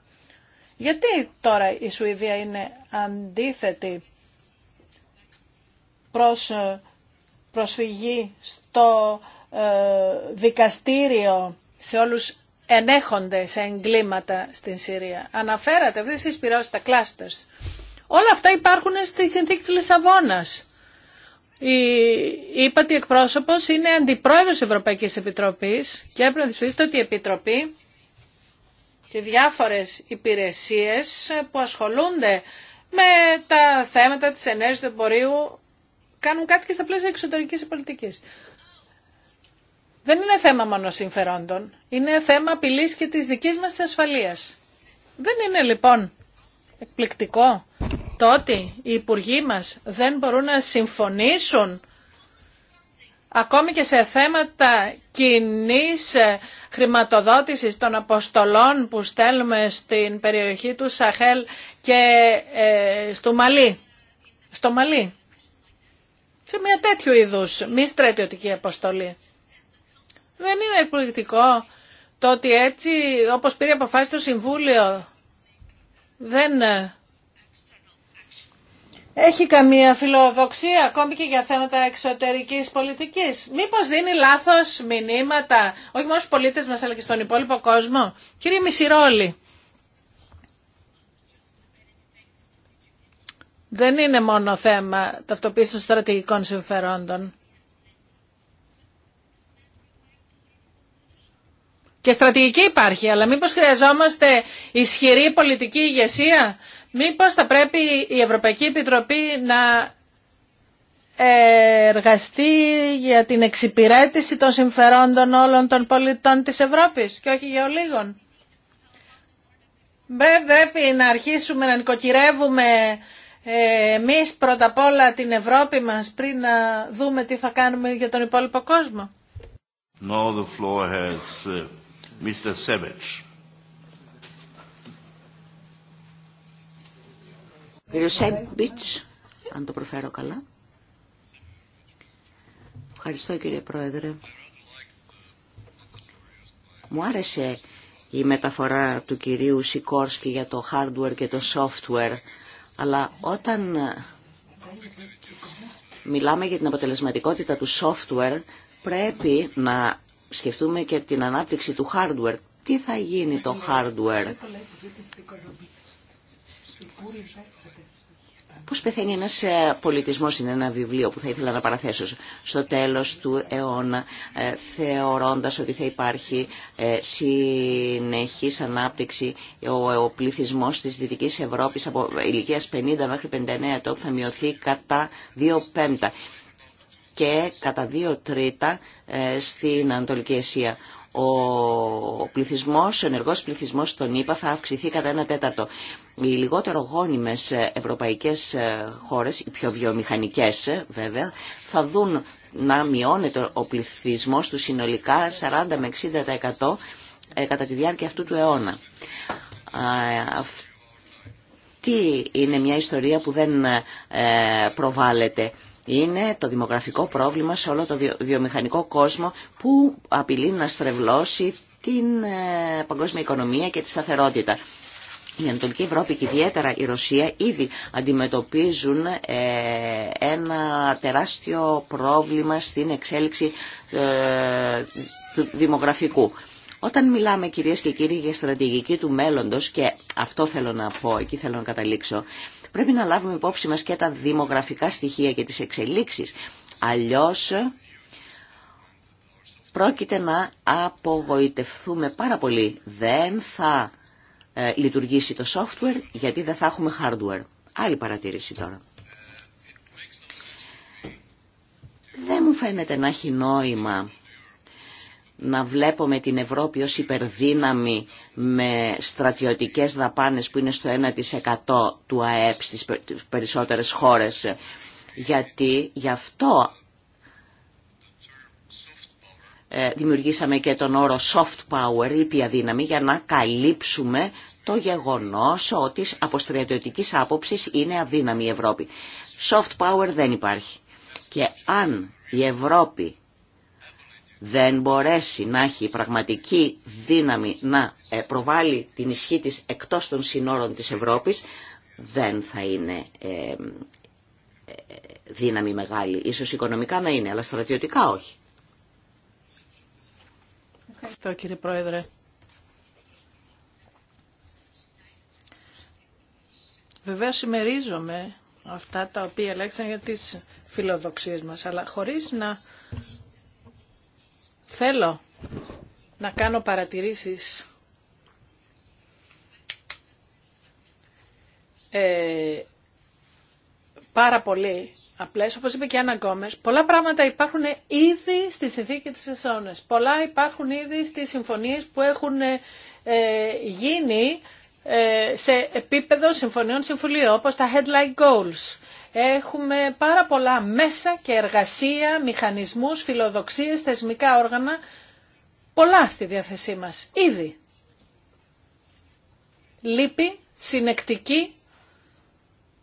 Γιατί τώρα η Σουηδία είναι αντίθετη προς ε, προσφυγή στο ε, δικαστήριο σε όλους ενέχονται σε εγκλήματα στην Συρία. Αναφέρατε δεν τις πυρώσεις, τα Όλα αυτά υπάρχουν στη συνθήκη της Λισαβόνας. Η ύπατη εκπρόσωπος είναι αντιπρόεδρος Ευρωπαϊκής Επιτροπής και έπρεπε να ότι η Επιτροπή και διάφορες υπηρεσίες που ασχολούνται με τα θέματα της ενέργειας του εμπορίου κάνουν κάτι και στα πλαίσια εξωτερικής πολιτικής. Δεν είναι θέμα μόνο συμφερόντων, είναι θέμα απειλής και της δικής μας ασφαλείας. Δεν είναι λοιπόν εκπληκτικό το ότι οι υπουργοί μας δεν μπορούν να συμφωνήσουν ακόμη και σε θέματα κοινή ε, χρηματοδότησης των αποστολών που στέλνουμε στην περιοχή του Σαχέλ και ε, στο Μαλί. Στο Μαλί. Σε μια τέτοιου είδους μη στρατιωτική αποστολή. Δεν είναι εκπληκτικό το ότι έτσι όπως πήρε αποφάσει το Συμβούλιο δεν ε, έχει καμία φιλοδοξία ακόμη και για θέματα εξωτερικής πολιτικής. Μήπως δίνει λάθος μηνύματα, όχι μόνο στους πολίτες μας αλλά και στον υπόλοιπο κόσμο. Κύριε Μισηρόλη, δεν είναι μόνο θέμα ταυτοποίηση των στρατηγικών συμφερόντων. Και στρατηγική υπάρχει, αλλά μήπως χρειαζόμαστε ισχυρή πολιτική ηγεσία Μήπως θα πρέπει η Ευρωπαϊκή Επιτροπή να εργαστεί για την εξυπηρέτηση των συμφερόντων όλων των πολιτών της Ευρώπης και όχι για ολίγων. Δεν πρέπει να αρχίσουμε να νοικοκυρεύουμε ε, εμείς πρώτα απ' όλα την Ευρώπη μας πριν να δούμε τι θα κάνουμε για τον υπόλοιπο κόσμο.
the floor has, uh, Mr.
Κύριε Σέμπιτ, αν το προφέρω καλά. Ευχαριστώ κύριε Πρόεδρε. Μου άρεσε η μεταφορά του κυρίου Σικόρσκι για το hardware και το software, αλλά όταν μιλάμε για την αποτελεσματικότητα του software, πρέπει να σκεφτούμε και την ανάπτυξη του hardware. Τι θα γίνει το hardware. Πώς πεθαίνει ένας ε, πολιτισμός είναι ένα βιβλίο που θα ήθελα να παραθέσω στο τέλος του αιώνα ε, θεωρώντας ότι θα υπάρχει ε, συνεχής ανάπτυξη ο πληθυσμός της Δυτικής Ευρώπης από ηλικία 50 μέχρι 59 ετών θα μειωθεί κατά 2,5 και κατά 2 τρίτα στην Ανατολική Ασία ο πληθυσμός, ο ενεργός πληθυσμός στον ΗΠΑ θα αυξηθεί κατά ένα τέταρτο. Οι λιγότερο γόνιμες ευρωπαϊκές χώρες, οι πιο βιομηχανικές βέβαια, θα δουν να μειώνεται ο πληθυσμός του συνολικά 40 με 60% ε, κατά τη διάρκεια αυτού του αιώνα. Αυτή είναι μια ιστορία που δεν ε, προβάλλεται είναι το δημογραφικό πρόβλημα σε όλο το βιομηχανικό κόσμο που απειλεί να στρεβλώσει την ε, παγκόσμια οικονομία και τη σταθερότητα. Η Ανατολική Ευρώπη και ιδιαίτερα η Ρωσία ήδη αντιμετωπίζουν ε, ένα τεράστιο πρόβλημα στην εξέλιξη ε, του δημογραφικού. Όταν μιλάμε κυρίες και κύριοι για στρατηγική του μέλλοντος και αυτό θέλω να πω, εκεί θέλω να καταλήξω, πρέπει να λάβουμε υπόψη μας και τα δημογραφικά στοιχεία και τις εξελίξεις. Αλλιώς πρόκειται να απογοητευθούμε πάρα πολύ. Δεν θα ε, λειτουργήσει το software γιατί δεν θα έχουμε hardware. Άλλη παρατήρηση τώρα. Δεν μου φαίνεται να έχει νόημα να βλέπουμε την Ευρώπη ως υπερδύναμη με στρατιωτικές δαπάνες που είναι στο 1% του ΑΕΠ στις περισσότερες χώρες. Γιατί γι' αυτό ε, δημιουργήσαμε και τον όρο soft power, πια δύναμη, για να καλύψουμε το γεγονός ότι από στρατιωτικής άποψης είναι αδύναμη η Ευρώπη. Soft power δεν υπάρχει. Και αν η Ευρώπη δεν μπορέσει να έχει πραγματική δύναμη να ε, προβάλλει την ισχύ της εκτός των συνόρων της Ευρώπης, δεν θα είναι ε, ε, δύναμη μεγάλη. Ίσως οικονομικά να είναι, αλλά στρατιωτικά όχι.
Ευχαριστώ κύριε Πρόεδρε. Βεβαίω συμμερίζομαι αυτά τα οποία λέξαν για τις φιλοδοξίες μας, αλλά χωρίς να Θέλω να κάνω παρατηρήσεις ε, πάρα πολύ απλές. Όπως είπε και η Άννα Γκόμες, πολλά πράγματα υπάρχουν ήδη στη συνθήκη της Εσόνες. Πολλά υπάρχουν ήδη στις συμφωνίες που έχουν ε, γίνει ε, σε επίπεδο συμφωνιών συμβουλίου, όπως τα headline goals Έχουμε πάρα πολλά μέσα και εργασία, μηχανισμούς, φιλοδοξίες, θεσμικά όργανα, πολλά στη διάθεσή μας, ήδη. Λείπει συνεκτική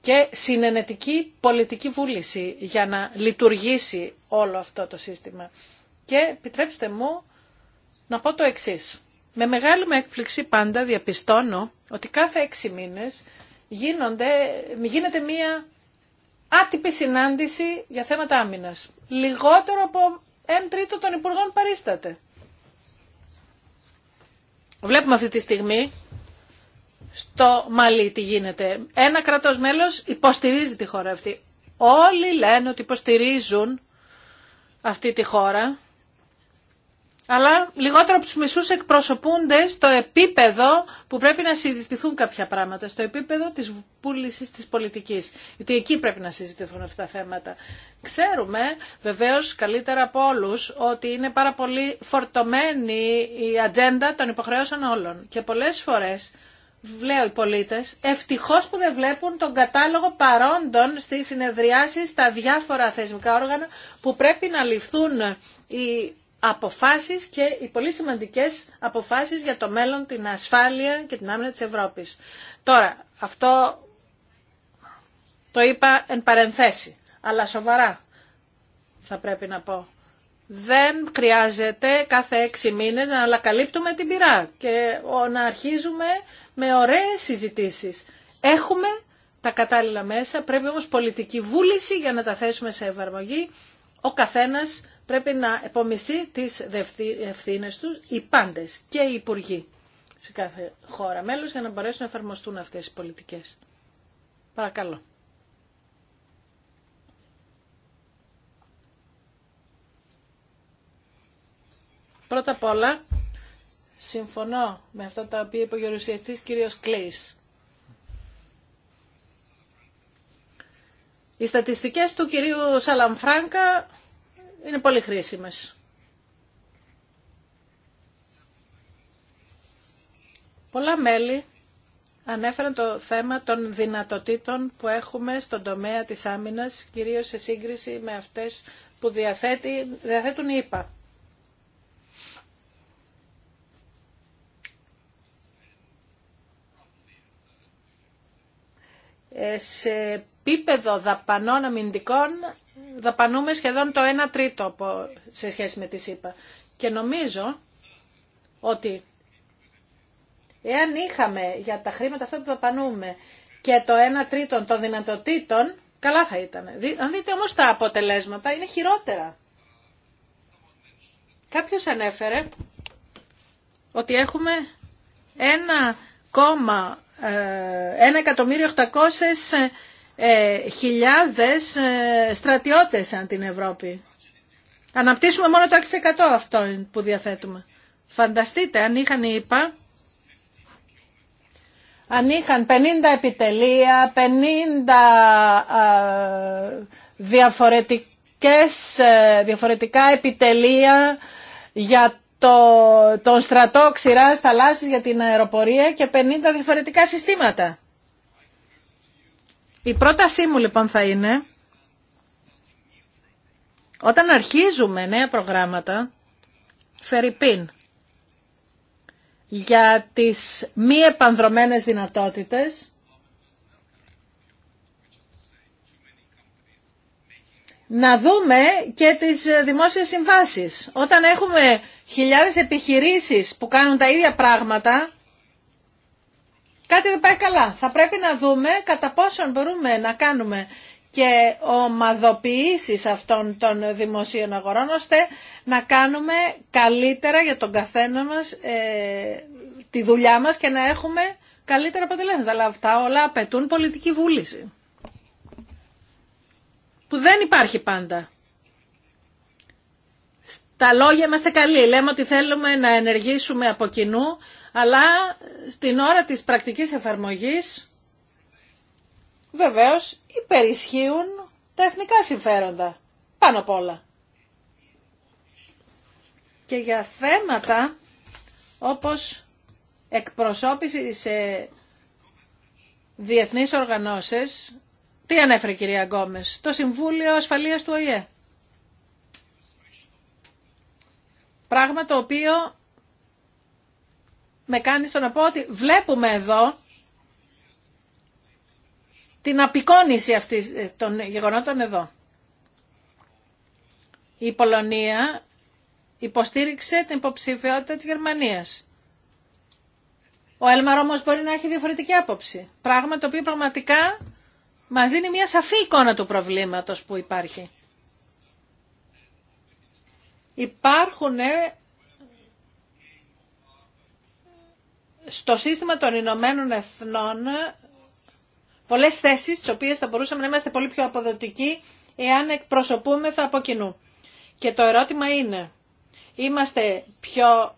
και συνενετική πολιτική βούληση για να λειτουργήσει όλο αυτό το σύστημα. Και επιτρέψτε μου να πω το εξής. Με μεγάλη μου έκπληξη πάντα διαπιστώνω ότι κάθε έξι μήνες γίνονται, γίνεται μία άτυπη συνάντηση για θέματα άμυνας. Λιγότερο από 1 τρίτο των υπουργών παρίσταται. Βλέπουμε αυτή τη στιγμή στο Μαλί τι γίνεται. Ένα κρατός μέλος υποστηρίζει τη χώρα αυτή. Όλοι λένε ότι υποστηρίζουν αυτή τη χώρα αλλά λιγότερο από τους μισούς εκπροσωπούνται στο επίπεδο που πρέπει να συζητηθούν κάποια πράγματα, στο επίπεδο της πούληση της πολιτικής. Γιατί εκεί πρέπει να συζητηθούν αυτά τα θέματα. Ξέρουμε βεβαίως καλύτερα από όλους ότι είναι πάρα πολύ φορτωμένη η ατζέντα των υποχρεώσεων όλων. Και πολλές φορές βλέπω οι πολίτε, ευτυχώ που δεν βλέπουν τον κατάλογο παρόντων στι συνεδριάσει στα διάφορα θεσμικά όργανα που πρέπει να ληφθούν οι αποφάσεις και οι πολύ σημαντικές αποφάσεις για το μέλλον, την ασφάλεια και την άμυνα της Ευρώπης. Τώρα, αυτό το είπα εν παρενθέσει, αλλά σοβαρά θα πρέπει να πω. Δεν χρειάζεται κάθε έξι μήνες να ανακαλύπτουμε την πυρά και να αρχίζουμε με ωραίες συζητήσεις. Έχουμε τα κατάλληλα μέσα, πρέπει όμως πολιτική βούληση για να τα θέσουμε σε εφαρμογή ο καθένας πρέπει να επομιστεί τις ευθύνε τους οι πάντες και οι υπουργοί σε κάθε χώρα μέλος για να μπορέσουν να εφαρμοστούν αυτές οι πολιτικές. Παρακαλώ. Πρώτα απ' όλα, συμφωνώ με αυτά τα οποία είπε ο γερουσιαστής κύριος Κλής. Οι στατιστικές του κυρίου Σαλαμφράγκα είναι πολύ χρήσιμες. Πολλά μέλη ανέφεραν το θέμα των δυνατοτήτων που έχουμε στον τομέα της άμυνας, κυρίως σε σύγκριση με αυτές που διαθέτει, διαθέτουν οι ΙΠΑ. Ε, σε επίπεδο δαπανών αμυντικών δαπανούμε σχεδόν το 1 τρίτο σε σχέση με τη ΣΥΠΑ. Και νομίζω ότι εάν είχαμε για τα χρήματα αυτά που δαπανούμε και το 1 τρίτο των δυνατοτήτων, καλά θα ήταν. Αν δείτε όμως τα αποτελέσματα είναι χειρότερα. Κάποιος ανέφερε ότι έχουμε ένα κόμμα, ε, ένα εκατομμύριο ε, χιλιάδες ε, στρατιώτες αν την Ευρώπη. Αναπτύσσουμε μόνο το 6% αυτό που διαθέτουμε. Φανταστείτε αν είχαν οι ΙΠΑ, αν είχαν 50 επιτελεία, 50 διαφορετικές, ε, διαφορετικά επιτελεία για το, τον στρατό ξηρά θαλάσσης για την αεροπορία και 50 διαφορετικά συστήματα. Η πρότασή μου λοιπόν θα είναι, όταν αρχίζουμε νέα προγράμματα, φερρυπίν, για τις μη επανδρομένες δυνατότητες, να δούμε και τις δημόσιες συμβάσεις. Όταν έχουμε χιλιάδες επιχειρήσεις που κάνουν τα ίδια πράγματα, κάτι δεν πάει καλά. Θα πρέπει να δούμε κατά πόσον μπορούμε να κάνουμε και ομαδοποιήσεις αυτών των δημοσίων αγορών, ώστε να κάνουμε καλύτερα για τον καθένα μας ε, τη δουλειά μας και να έχουμε καλύτερα αποτελέσματα. Αλλά αυτά όλα απαιτούν πολιτική βούληση, που δεν υπάρχει πάντα. Στα λόγια είμαστε καλοί. Λέμε ότι θέλουμε να ενεργήσουμε από κοινού, αλλά στην ώρα της πρακτικής εφαρμογής βεβαίως υπερισχύουν τα εθνικά συμφέροντα πάνω απ' όλα. Και για θέματα όπως εκπροσώπηση σε διεθνείς οργανώσεις, τι ανέφερε κυρία Γκόμες, το Συμβούλιο Ασφαλείας του ΟΗΕ. Πράγμα το οποίο με κάνει στο να πω ότι βλέπουμε εδώ την απεικόνηση αυτής ε, των γεγονότων εδώ. Η Πολωνία υποστήριξε την υποψηφιότητα της Γερμανίας. Ο Έλμαρ όμως μπορεί να έχει διαφορετική άποψη. Πράγμα το οποίο πραγματικά μας δίνει μια σαφή εικόνα του προβλήματος που υπάρχει. Υπάρχουν στο σύστημα των Ηνωμένων Εθνών πολλές θέσεις τις οποίες θα μπορούσαμε να είμαστε πολύ πιο αποδοτικοί εάν εκπροσωπούμεθα από κοινού. Και το ερώτημα είναι, είμαστε πιο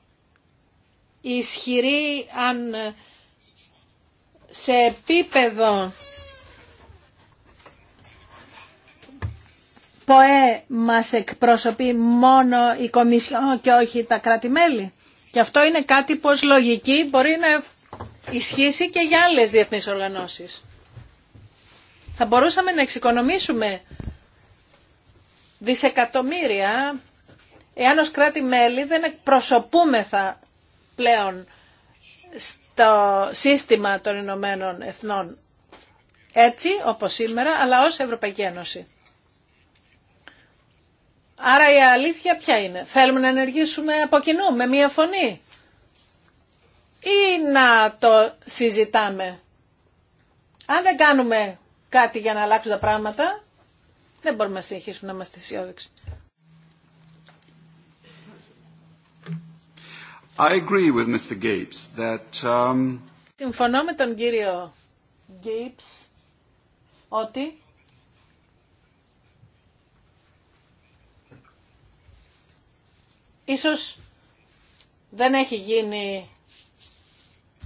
ισχυροί αν σε επίπεδο ΠΟΕ μας εκπροσωπεί μόνο η Κομισιόν και όχι τα κράτη-μέλη. Και αυτό είναι κάτι πως λογική μπορεί να ισχύσει και για άλλες διεθνείς οργανώσεις. Θα μπορούσαμε να εξοικονομήσουμε δισεκατομμύρια εάν ως κράτη-μέλη δεν εκπροσωπούμεθα πλέον στο σύστημα των Ηνωμένων Εθνών. Έτσι, όπως σήμερα, αλλά ως Ευρωπαϊκή Ένωση. Άρα η αλήθεια ποια είναι. Θέλουμε να ενεργήσουμε από κοινού, με μία φωνή. Ή να το συζητάμε. Αν δεν κάνουμε κάτι για να αλλάξουν τα πράγματα, δεν μπορούμε να συνεχίσουμε να είμαστε αισιόδοξοι. I agree with Mr. Gapes that, um... Συμφωνώ με τον κύριο Γκέιπς ότι Ίσως δεν έχει γίνει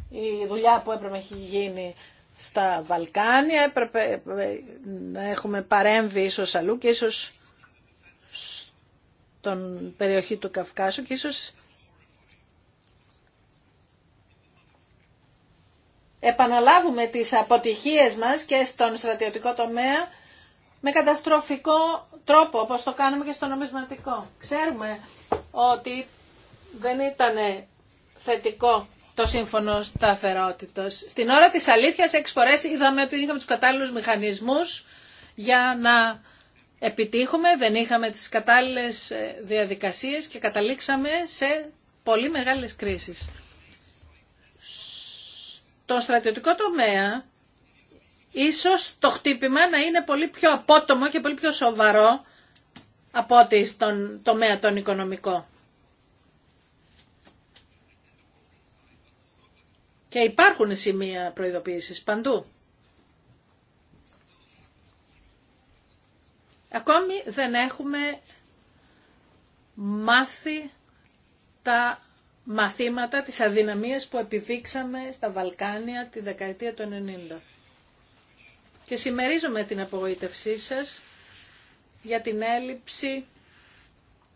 η δουλειά που έπρεπε να έχει γίνει στα Βαλκάνια, έπρεπε να έχουμε παρέμβει ίσως αλλού και ίσως στον περιοχή του Καυκάσου και ίσως επαναλάβουμε τις αποτυχίες μας και στον στρατιωτικό τομέα με καταστροφικό τρόπο, όπως το κάνουμε και στο νομισματικό. Ξέρουμε ότι δεν ήταν θετικό το σύμφωνο σταθερότητος. Στην ώρα της αλήθειας, έξι φορές είδαμε ότι είχαμε τους κατάλληλους μηχανισμούς για να επιτύχουμε, δεν είχαμε τις κατάλληλες ε, διαδικασίες και καταλήξαμε σε πολύ μεγάλες κρίσεις. Στο στρατιωτικό τομέα ίσως το χτύπημα να είναι πολύ πιο απότομο και πολύ πιο σοβαρό από ό,τι στον τομέα τον οικονομικό. Και υπάρχουν σημεία προειδοποίησης παντού. Ακόμη δεν έχουμε μάθει τα μαθήματα, τις αδυναμίες που επιδείξαμε στα Βαλκάνια τη δεκαετία των 90 και συμμερίζομαι την απογοήτευσή σας για την έλλειψη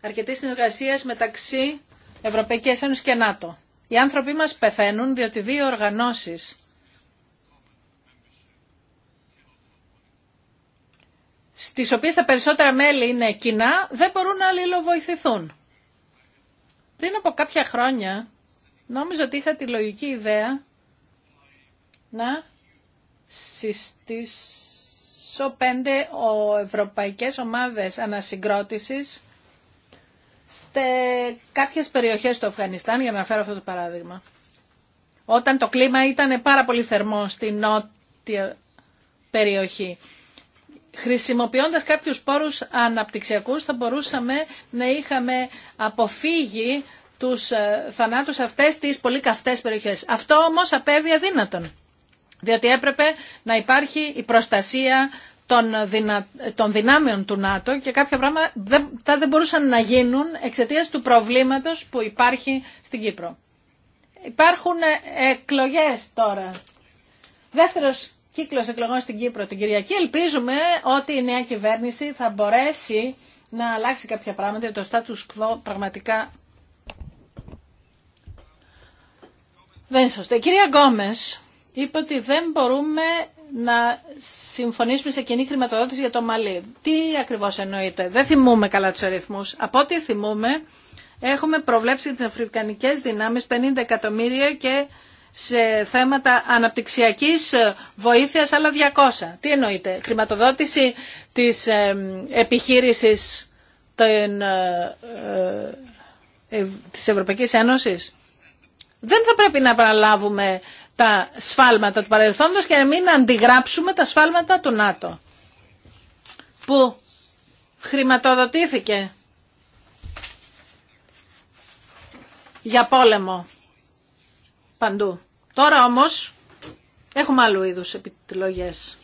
αρκετής συνεργασία μεταξύ Ευρωπαϊκής Ένωσης και ΝΑΤΟ. Οι άνθρωποι μας πεθαίνουν διότι δύο οργανώσεις στις οποίες τα περισσότερα μέλη είναι κοινά, δεν μπορούν να αλληλοβοηθηθούν. Πριν από κάποια χρόνια, νόμιζα ότι είχα τη λογική ιδέα να συστήσω πέντε ο ευρωπαϊκές ομάδες ανασυγκρότησης σε κάποιες περιοχές του Αφγανιστάν, για να φέρω αυτό το παράδειγμα. Όταν το κλίμα ήταν πάρα πολύ θερμό στη νότια περιοχή. Χρησιμοποιώντας κάποιους πόρους αναπτυξιακούς θα μπορούσαμε να είχαμε αποφύγει τους ε, θανάτους αυτές τις πολύ καυτές περιοχές. Αυτό όμως απέβει αδύνατον διότι έπρεπε να υπάρχει η προστασία των, δυνα... δυνάμεων του ΝΑΤΟ και κάποια πράγματα δεν... τα μπορούσαν να γίνουν εξαιτία του προβλήματος που υπάρχει στην Κύπρο. Υπάρχουν ε, εκλογές τώρα. Δεύτερος κύκλος εκλογών στην Κύπρο την Κυριακή. Ελπίζουμε ότι η νέα κυβέρνηση θα μπορέσει να αλλάξει κάποια πράγματα το status quo πραγματικά δεν είναι σωστό. κυρία Γκόμες είπε ότι δεν μπορούμε να συμφωνήσουμε σε κοινή χρηματοδότηση για το Μαλί. Τι ακριβώς εννοείται. Δεν θυμούμε καλά τους αριθμούς. Από ό,τι θυμούμε έχουμε προβλέψει τις αφρικανικές δυνάμεις 50 εκατομμύρια και σε θέματα αναπτυξιακής βοήθειας άλλα 200. Τι εννοείται. Χρηματοδότηση της ε, επιχείρησης ε, ε, της Ευρωπαϊκής Ένωσης. Δεν θα πρέπει να παραλάβουμε τα σφάλματα του παρελθόντος και να μην αντιγράψουμε τα σφάλματα του ΝΑΤΟ που χρηματοδοτήθηκε για πόλεμο παντού. Τώρα όμως έχουμε άλλου είδους επιλογές.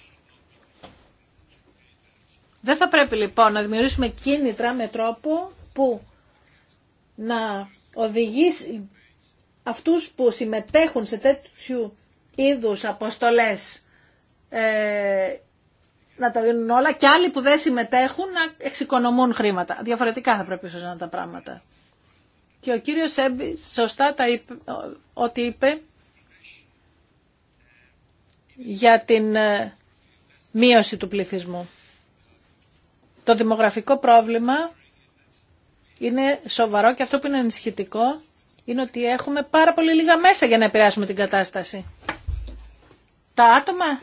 Δεν θα πρέπει λοιπόν να δημιουργήσουμε κίνητρα με τρόπο που να οδηγήσει αυτούς που συμμετέχουν σε τέτοιου είδους αποστολές ε, να τα δίνουν όλα και άλλοι που δεν συμμετέχουν να εξοικονομούν χρήματα. Διαφορετικά θα πρέπει να τα πράγματα. Και ο κύριος Σέμπη σωστά τα ότι είπε για την ε, μείωση του πληθυσμού. Το δημογραφικό πρόβλημα είναι σοβαρό και αυτό που είναι ενισχυτικό είναι ότι έχουμε πάρα πολύ λίγα μέσα για να επηρεάσουμε την κατάσταση. Τα άτομα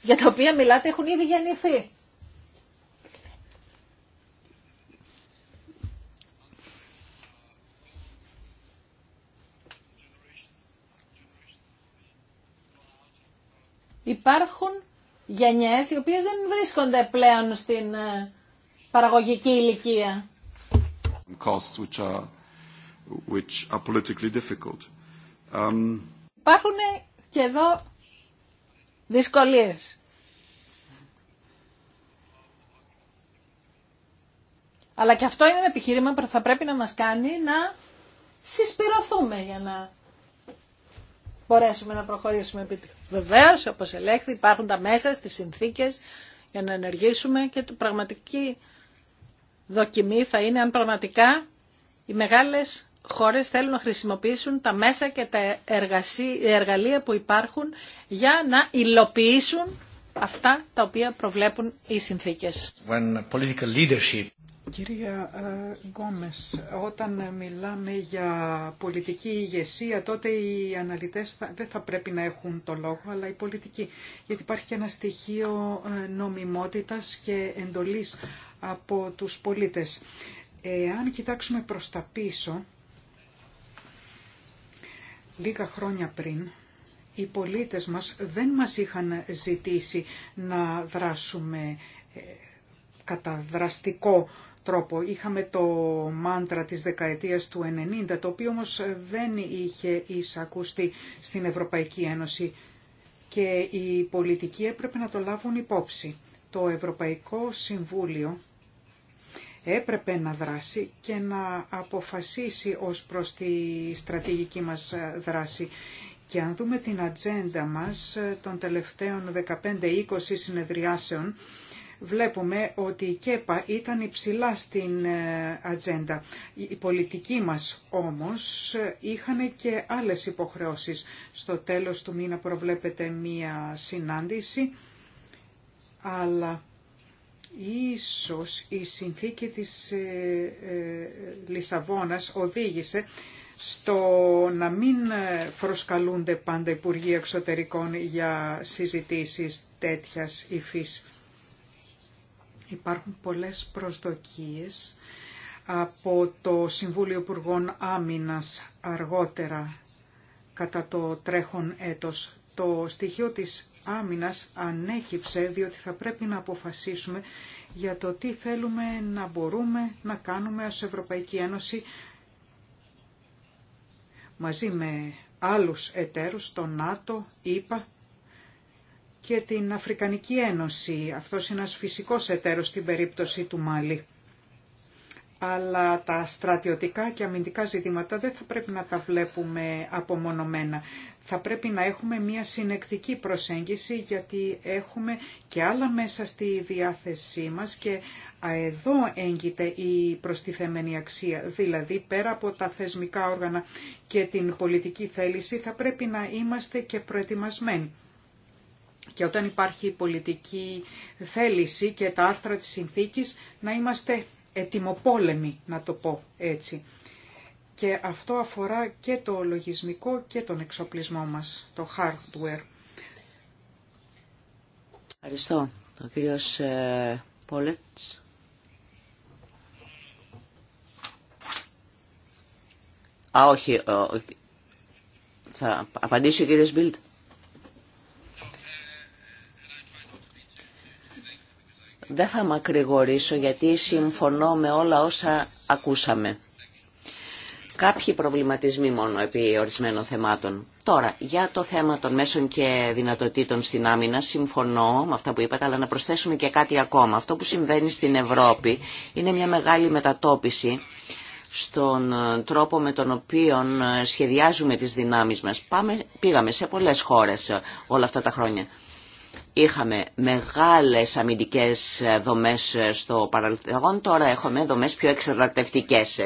για τα οποία μιλάτε έχουν ήδη γεννηθεί. Υπάρχουν γενιές οι οποίες δεν βρίσκονται πλέον στην ε, παραγωγική ηλικία
which are politically difficult. Um,
υπάρχουν και εδώ δυσκολίες. Αλλά και αυτό είναι ένα επιχείρημα που θα πρέπει να μας κάνει να συσπηρωθούμε για να μπορέσουμε να προχωρήσουμε επίτηδες. Βεβαίως, όπως ελέγχθη, υπάρχουν τα μέσα στις συνθήκες για να ενεργήσουμε και το πραγματική δοκιμή θα είναι αν πραγματικά οι μεγάλες χώρες θέλουν να χρησιμοποιήσουν τα μέσα και τα εργαλεία που υπάρχουν για να υλοποιήσουν αυτά τα οποία προβλέπουν οι συνθήκες. leadership... Κυρία ε, Γκόμες,
όταν μιλάμε για πολιτική ηγεσία, τότε οι αναλυτές δεν θα πρέπει να έχουν το λόγο, αλλά οι πολιτικοί. Γιατί υπάρχει και ένα στοιχείο ε, νομιμότητας και εντολής από τους πολίτες. Εάν κοιτάξουμε προς τα πίσω, Λίγα χρόνια πριν, οι πολίτες μας δεν μας είχαν ζητήσει να δράσουμε ε, κατά δραστικό τρόπο. Είχαμε το μάντρα της δεκαετίας του 90, το οποίο όμως δεν είχε εισακούστη στην Ευρωπαϊκή Ένωση και οι πολιτικοί έπρεπε να το λάβουν υπόψη. Το Ευρωπαϊκό Συμβούλιο έπρεπε να δράσει και να αποφασίσει ως προς τη στρατηγική μας δράση. Και αν δούμε την ατζέντα μας των τελευταίων 15-20 συνεδριάσεων, βλέπουμε ότι η ΚΕΠΑ ήταν υψηλά στην ε, ατζέντα. η πολιτική μας όμως είχαν και άλλες υποχρεώσεις. Στο τέλος του μήνα προβλέπεται μία συνάντηση, αλλά Ίσως η συνθήκη της ε, ε, Λισαβόνας οδήγησε στο να μην ε, προσκαλούνται πάντα Υπουργοί Εξωτερικών για συζητήσεις τέτοιας υφής. Υπάρχουν πολλές προσδοκίες από το Συμβούλιο Υπουργών Άμυνας αργότερα κατά το τρέχον έτος. Το στοιχείο της άμυνας ανέκυψε διότι θα πρέπει να αποφασίσουμε για το τι θέλουμε να μπορούμε να κάνουμε ως Ευρωπαϊκή Ένωση μαζί με άλλους εταίρους, το ΝΑΤΟ, ΙΠΑ και την Αφρικανική Ένωση. Αυτός είναι ένας φυσικός εταίρος στην περίπτωση του Μάλι αλλά τα στρατιωτικά και αμυντικά ζητήματα δεν θα πρέπει να τα βλέπουμε απομονωμένα. Θα πρέπει να έχουμε μια συνεκτική προσέγγιση γιατί έχουμε και άλλα μέσα στη διάθεσή μας και εδώ έγκυται η προστιθέμενη αξία. Δηλαδή πέρα από τα θεσμικά όργανα και την πολιτική θέληση θα πρέπει να είμαστε και προετοιμασμένοι. Και όταν υπάρχει πολιτική θέληση και τα άρθρα της συνθήκης να είμαστε ετοιμοπόλεμη, να το πω έτσι. Και αυτό αφορά και το λογισμικό και τον εξοπλισμό μας, το hardware.
Ευχαριστώ. Ο κύριος ε, Πόλετς. Α, όχι. Θα απαντήσει ο κύριος Μπίλτ. Δεν θα μακρηγορήσω γιατί συμφωνώ με όλα όσα ακούσαμε. Κάποιοι προβληματισμοί μόνο επί ορισμένων θεμάτων. Τώρα, για το θέμα των μέσων και δυνατοτήτων στην άμυνα, συμφωνώ με αυτά που είπατε, αλλά να προσθέσουμε και κάτι ακόμα. Αυτό που συμβαίνει στην Ευρώπη είναι μια μεγάλη μετατόπιση στον ε, τρόπο με τον οποίο ε, σχεδιάζουμε τις δυνάμεις μας. Πάμε, πήγαμε σε πολλές χώρες ε, όλα αυτά τα χρόνια. Είχαμε μεγάλες αμυντικές δομές στο παρελθόν, τώρα έχουμε δομές πιο εξαρτευτικές,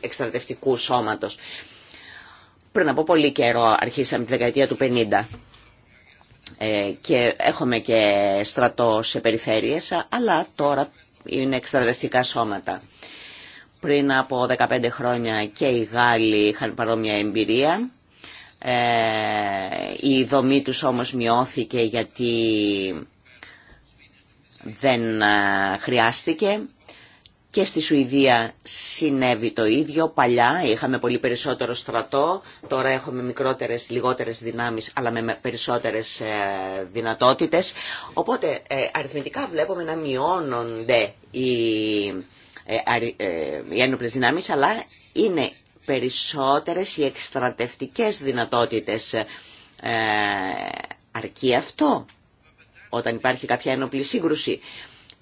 εξαρτευτικού σώματος. Πριν από πολύ καιρό αρχίσαμε τη δεκαετία του 50 ε, και έχουμε και στρατό σε περιφέρειες, αλλά τώρα είναι εξτρατευτικά σώματα. Πριν από 15 χρόνια και οι Γάλλοι είχαν παρόμοια εμπειρία ε, η δομή τους όμως μειώθηκε γιατί δεν ε, χρειάστηκε. Και στη Σουηδία συνέβη το ίδιο. Παλιά είχαμε πολύ περισσότερο στρατό, τώρα έχουμε μικρότερες, λιγότερες δυνάμεις, αλλά με περισσότερες ε, δυνατότητες. Οπότε αριθμητικά βλέπουμε να μειώνονται οι, οι ένοπλες δυνάμεις, αλλά είναι περισσότερες οι εκστρατευτικές δυνατότητες. Ε, αρκεί αυτό όταν υπάρχει κάποια ένοπλη σύγκρουση.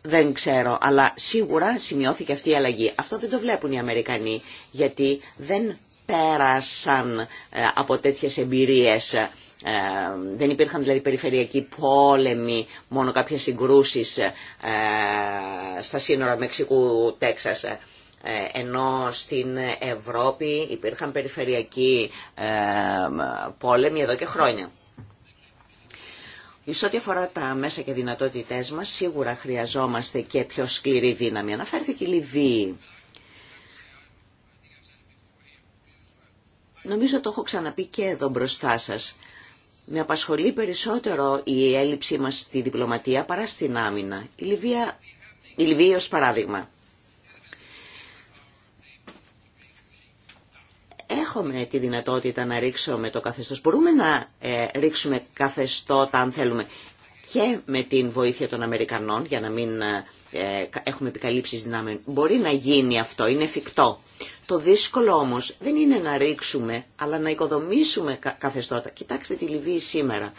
Δεν ξέρω, αλλά σίγουρα σημειώθηκε αυτή η αλλαγή. Αυτό δεν το βλέπουν οι Αμερικανοί, γιατί δεν πέρασαν ε, από τέτοιες εμπειρίες. Ε, δεν υπήρχαν δηλαδή περιφερειακοί πόλεμοι, μόνο κάποιες συγκρούσεις ε, στα σύνορα Μεξικού-Τέξας. Ε, ενώ στην Ευρώπη υπήρχαν περιφερειακοί ε, πόλεμοι εδώ και χρόνια. Σε ό,τι αφορά τα μέσα και δυνατότητές μας, σίγουρα χρειαζόμαστε και πιο σκληρή δύναμη. Αναφέρθηκε η Λιβύη. Νομίζω το έχω ξαναπεί και εδώ μπροστά σας. Με απασχολεί περισσότερο η έλλειψή μας στη διπλωματία παρά στην άμυνα. Η Λιβύη, η Λιβύη ως παράδειγμα. έχουμε τη δυνατότητα να ρίξουμε το καθεστώς. Μπορούμε να ε, ρίξουμε καθεστώτα αν θέλουμε και με την βοήθεια των Αμερικανών για να μην ε, ε, έχουμε επικαλύψεις δυνάμεων. Μπορεί να γίνει αυτό, είναι εφικτό. Το δύσκολο όμως δεν είναι να ρίξουμε αλλά να οικοδομήσουμε καθεστώτα. Κοιτάξτε τη Λιβύη σήμερα.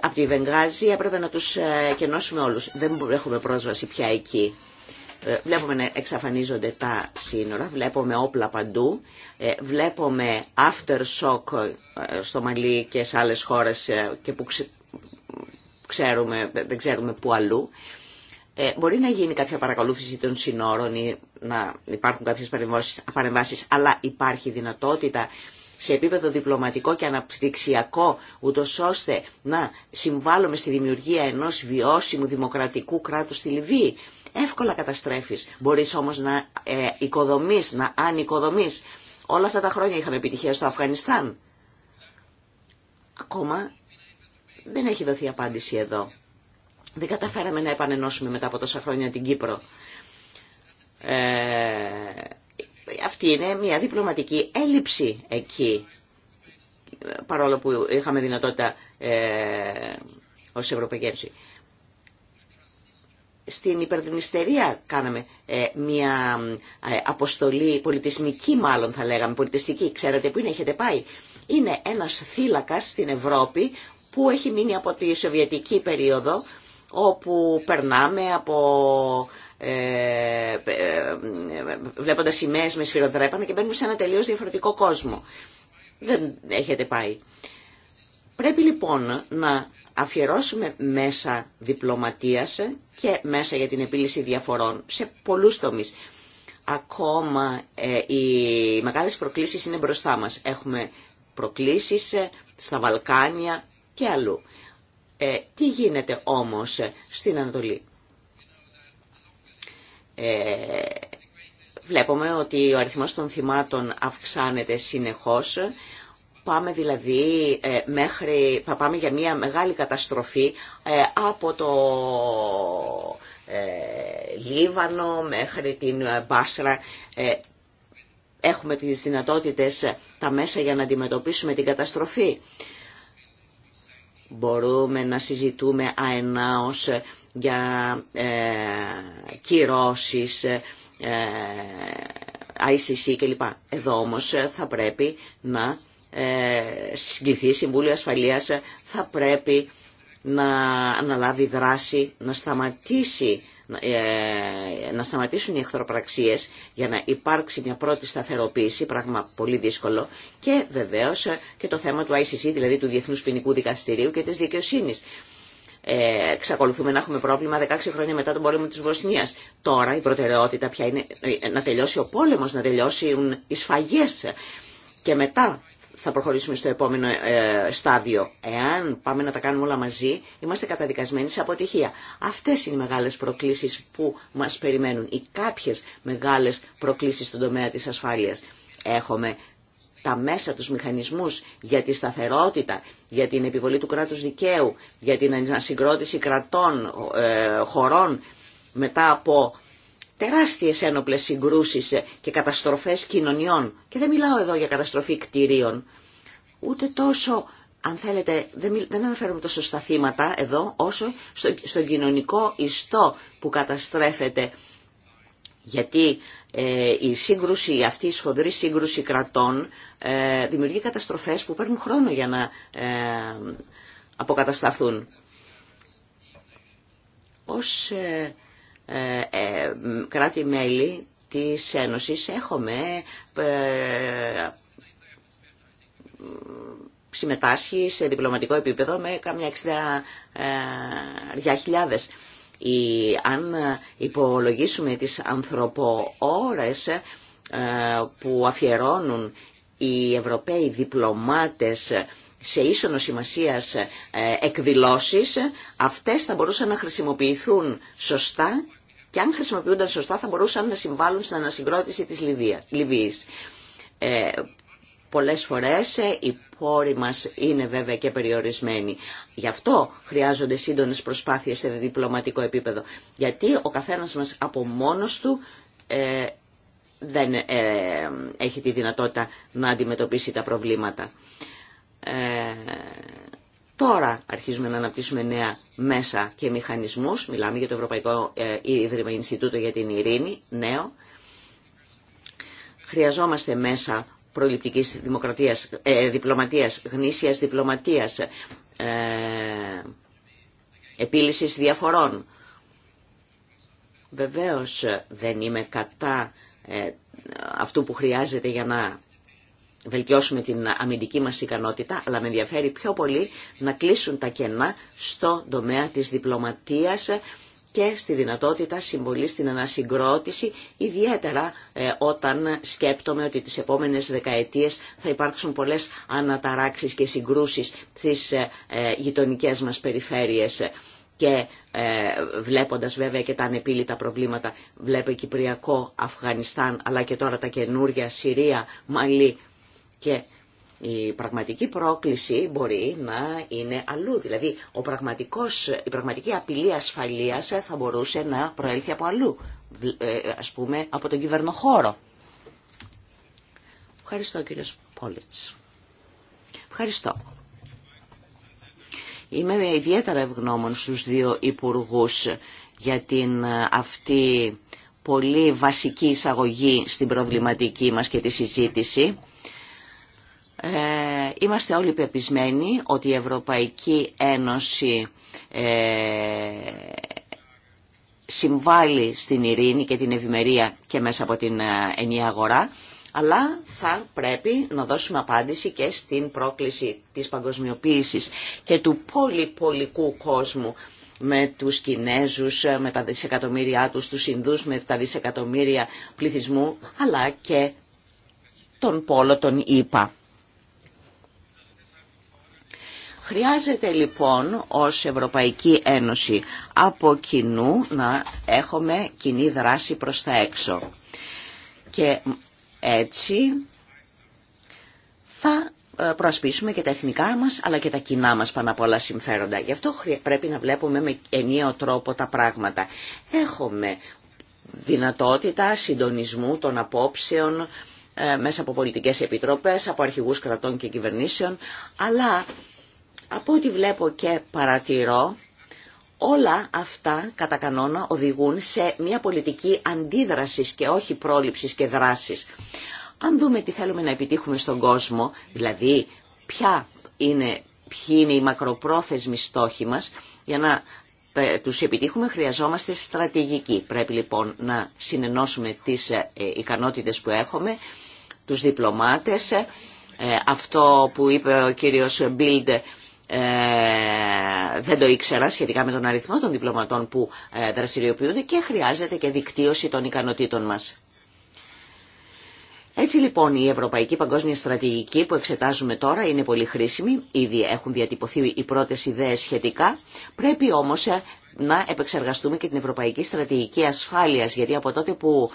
Από τη Βενγάζη έπρεπε να τους κενώσουμε όλους. Δεν έχουμε πρόσβαση πια εκεί. Ε, βλέπουμε να εξαφανίζονται τα σύνορα, βλέπουμε όπλα παντού, ε, βλέπουμε aftershock ε, στο Μαλί και σε άλλες χώρες και που ξέρουμε, δεν ξέρουμε πού αλλού. μπορεί να γίνει κάποια παρακολούθηση των συνόρων ή να υπάρχουν κάποιες παρεμβάσεις, αλλά υπάρχει δυνατότητα σε επίπεδο διπλωματικό και αναπτυξιακό, ούτω ώστε να συμβάλλουμε στη δημιουργία ενός βιώσιμου δημοκρατικού κράτους στη Λιβύη εύκολα καταστρέφεις. Μπορείς όμως να ε, οικοδομείς, να ανοικοδομείς. Όλα αυτά τα χρόνια είχαμε επιτυχία στο Αφγανιστάν. Ακόμα δεν έχει δοθεί απάντηση εδώ. Δεν καταφέραμε να επανενώσουμε μετά από τόσα χρόνια την Κύπρο. Ε, αυτή είναι μια διπλωματική έλλειψη εκεί, παρόλο που είχαμε δυνατότητα ε, ως Ευρωπαϊκή Ένωση στην υπερδινιστερία κάναμε ε, μια ε, αποστολή πολιτισμική μάλλον θα λέγαμε, πολιτιστική. Ξέρετε πού είναι, έχετε πάει. Είναι ένας θύλακας στην Ευρώπη που έχει μείνει από τη Σοβιετική περίοδο όπου περνάμε από ε, ε βλέποντας σημαίες με σφυροδρέπανα και μπαίνουμε σε ένα τελείως διαφορετικό κόσμο. Δεν έχετε πάει. Πρέπει λοιπόν να αφιερώσουμε μέσα διπλωματίας και μέσα για την επίλυση διαφορών σε πολλούς τομείς. Ακόμα ε, οι μεγάλες προκλήσεις είναι μπροστά μας. Έχουμε προκλήσεις ε, στα Βαλκάνια και αλλού. Ε, τι γίνεται όμως στην Ανατολή. βλέπουμε ότι ο αριθμός των θυμάτων αυξάνεται συνεχώς. Πάμε δηλαδή ε, μέχρι, πάμε για μια μεγάλη καταστροφή ε, από το ε, Λίβανο μέχρι την Μπάσρα. Έχουμε τις δυνατότητες, τα μέσα για να αντιμετωπίσουμε την καταστροφή. Μπορούμε να συζητούμε αενάως για ε, κυρώσεις, ICC κλπ. Εδώ όμως θα πρέπει να ε, συγκληθεί Συμβούλιο Ασφαλείας θα πρέπει να αναλάβει δράση, να σταματήσει ε, να σταματήσουν οι εχθροπραξίες για να υπάρξει μια πρώτη σταθεροποίηση, πράγμα πολύ δύσκολο, και βεβαίως ε, και το θέμα του ICC, δηλαδή του Διεθνούς Ποινικού Δικαστηρίου και της δικαιοσύνης. Ε, να έχουμε πρόβλημα 16 χρόνια μετά τον πόλεμο της Βοσνίας. Τώρα η προτεραιότητα πια είναι να τελειώσει ο πόλεμος, να τελειώσουν οι σφαγές και μετά θα προχωρήσουμε στο επόμενο ε, στάδιο. Εάν πάμε να τα κάνουμε όλα μαζί, είμαστε καταδικασμένοι σε αποτυχία. Αυτές είναι οι μεγάλες προκλήσεις που μας περιμένουν ή κάποιες μεγάλες προκλήσεις στον τομέα της ασφάλειας. Έχουμε τα μέσα, τους μηχανισμούς για τη σταθερότητα, για την επιβολή του κράτους δικαίου, για την ανασυγκρότηση κρατών, ε, χωρών μετά από τεράστιες ένοπλες συγκρούσεις και καταστροφές κοινωνιών. Και δεν μιλάω εδώ για καταστροφή κτηρίων. Ούτε τόσο, αν θέλετε, δεν, δεν αναφέρομαι τόσο στα θύματα εδώ, όσο στο, στον κοινωνικό ιστό που καταστρέφεται. Γιατί ε, η σύγκρουση, αυτή η σφοδρή σύγκρουση κρατών ε, δημιουργεί καταστροφές που παίρνουν χρόνο για να ε, αποκατασταθούν. Ε, ε, κράτη-μέλη της Ένωσης έχουμε ε, συμμετάσχει σε διπλωματικό επίπεδο με κάμια 60 χιλιάδες. Αν υπολογίσουμε τις ανθρωποώρες που αφιερώνουν οι Ευρωπαίοι διπλωμάτες σε ίσονο σημασία εκδηλώσεις, αυτές θα μπορούσαν να χρησιμοποιηθούν σωστά και αν χρησιμοποιούνταν σωστά θα μπορούσαν να συμβάλλουν στην ανασυγκρότηση της Λιβύης. Ε, πολλές φορές ε, οι πόροι μας είναι βέβαια και περιορισμένοι. Γι' αυτό χρειάζονται σύντονες προσπάθειες σε διπλωματικό επίπεδο. Γιατί ο καθένας μας από μόνος του ε, δεν ε, έχει τη δυνατότητα να αντιμετωπίσει τα προβλήματα. Ε, Τώρα αρχίζουμε να αναπτύσσουμε νέα μέσα και μηχανισμούς. Μιλάμε για το Ευρωπαϊκό ε, Ίδρυμα Ινστιτούτο για την Ειρήνη, νέο. Χρειαζόμαστε μέσα προληπτικής δημοκρατίας, ε, διπλωματίας, γνήσιας διπλωματίας, ε, επίλυσης διαφορών. Βεβαίως ε, δεν είμαι κατά ε, αυτού που χρειάζεται για να βελτιώσουμε την αμυντική μας ικανότητα, αλλά με ενδιαφέρει πιο πολύ να κλείσουν τα κενά στο τομέα της διπλωματίας και στη δυνατότητα συμβολής στην ανασυγκρότηση, ιδιαίτερα ε, όταν σκέπτομαι ότι τις επόμενες δεκαετίες θα υπάρξουν πολλές αναταράξεις και συγκρούσεις στις ε, ε, γειτονικές μας περιφέρειες και ε, βλέποντας βέβαια και τα ανεπίλητα προβλήματα, βλέπω Κυπριακό, Αφγανιστάν, αλλά και τώρα τα καινούρια Συρία, Μαλή, και η πραγματική πρόκληση μπορεί να είναι αλλού. Δηλαδή, ο πραγματικός, η πραγματική απειλή ασφαλείας θα μπορούσε να προέλθει από αλλού. Ε, ας πούμε, από τον κυβερνοχώρο. Ευχαριστώ, κύριε Πόλιτ. Ευχαριστώ. Είμαι ιδιαίτερα ευγνώμων στους δύο υπουργούς για την ε, αυτή πολύ βασική εισαγωγή στην προβληματική μας και τη συζήτηση. Ε, είμαστε όλοι πεπισμένοι ότι η Ευρωπαϊκή Ένωση ε, συμβάλλει στην ειρήνη και την ευημερία και μέσα από την ε, ενιαία αγορά, αλλά θα πρέπει να δώσουμε απάντηση και στην πρόκληση της παγκοσμιοποίησης και του πολυπολικού κόσμου με τους Κινέζους, με τα δισεκατομμύρια τους, τους Ινδούς, με τα δισεκατομμύρια πληθυσμού, αλλά και τον Πόλο, των Ήπα. Χρειάζεται λοιπόν ως Ευρωπαϊκή Ένωση από κοινού να έχουμε κοινή δράση προς τα έξω. Και έτσι θα ε, προασπίσουμε και τα εθνικά μας αλλά και τα κοινά μας πάνω απ' όλα συμφέροντα. Γι' αυτό πρέπει να βλέπουμε με ενιαίο τρόπο τα πράγματα. Έχουμε δυνατότητα συντονισμού των απόψεων ε, μέσα από πολιτικές επιτροπές, από αρχηγούς κρατών και κυβερνήσεων, αλλά από ό,τι βλέπω και παρατηρώ, όλα αυτά κατά κανόνα οδηγούν σε μια πολιτική αντίδρασης και όχι πρόληψης και δράσης. Αν δούμε τι θέλουμε να επιτύχουμε στον κόσμο, δηλαδή ποια είναι, ποιοι είναι οι μακροπρόθεσμοι στόχοι μας, για να ε, τους επιτύχουμε χρειαζόμαστε στρατηγική. Πρέπει λοιπόν να συνενώσουμε τις ε, ικανότητες που έχουμε, τους διπλωμάτες, ε, αυτό που είπε ο κύριος Μπίλντε ε, δεν το ήξερα σχετικά με τον αριθμό των διπλωματών που ε, δραστηριοποιούνται και χρειάζεται και δικτύωση των ικανοτήτων μας. Έτσι λοιπόν η Ευρωπαϊκή Παγκόσμια Στρατηγική που εξετάζουμε τώρα είναι πολύ χρήσιμη, ήδη έχουν διατυπωθεί οι πρώτες ιδέες σχετικά, πρέπει όμως ε, να επεξεργαστούμε και την Ευρωπαϊκή Στρατηγική Ασφάλειας, γιατί από τότε που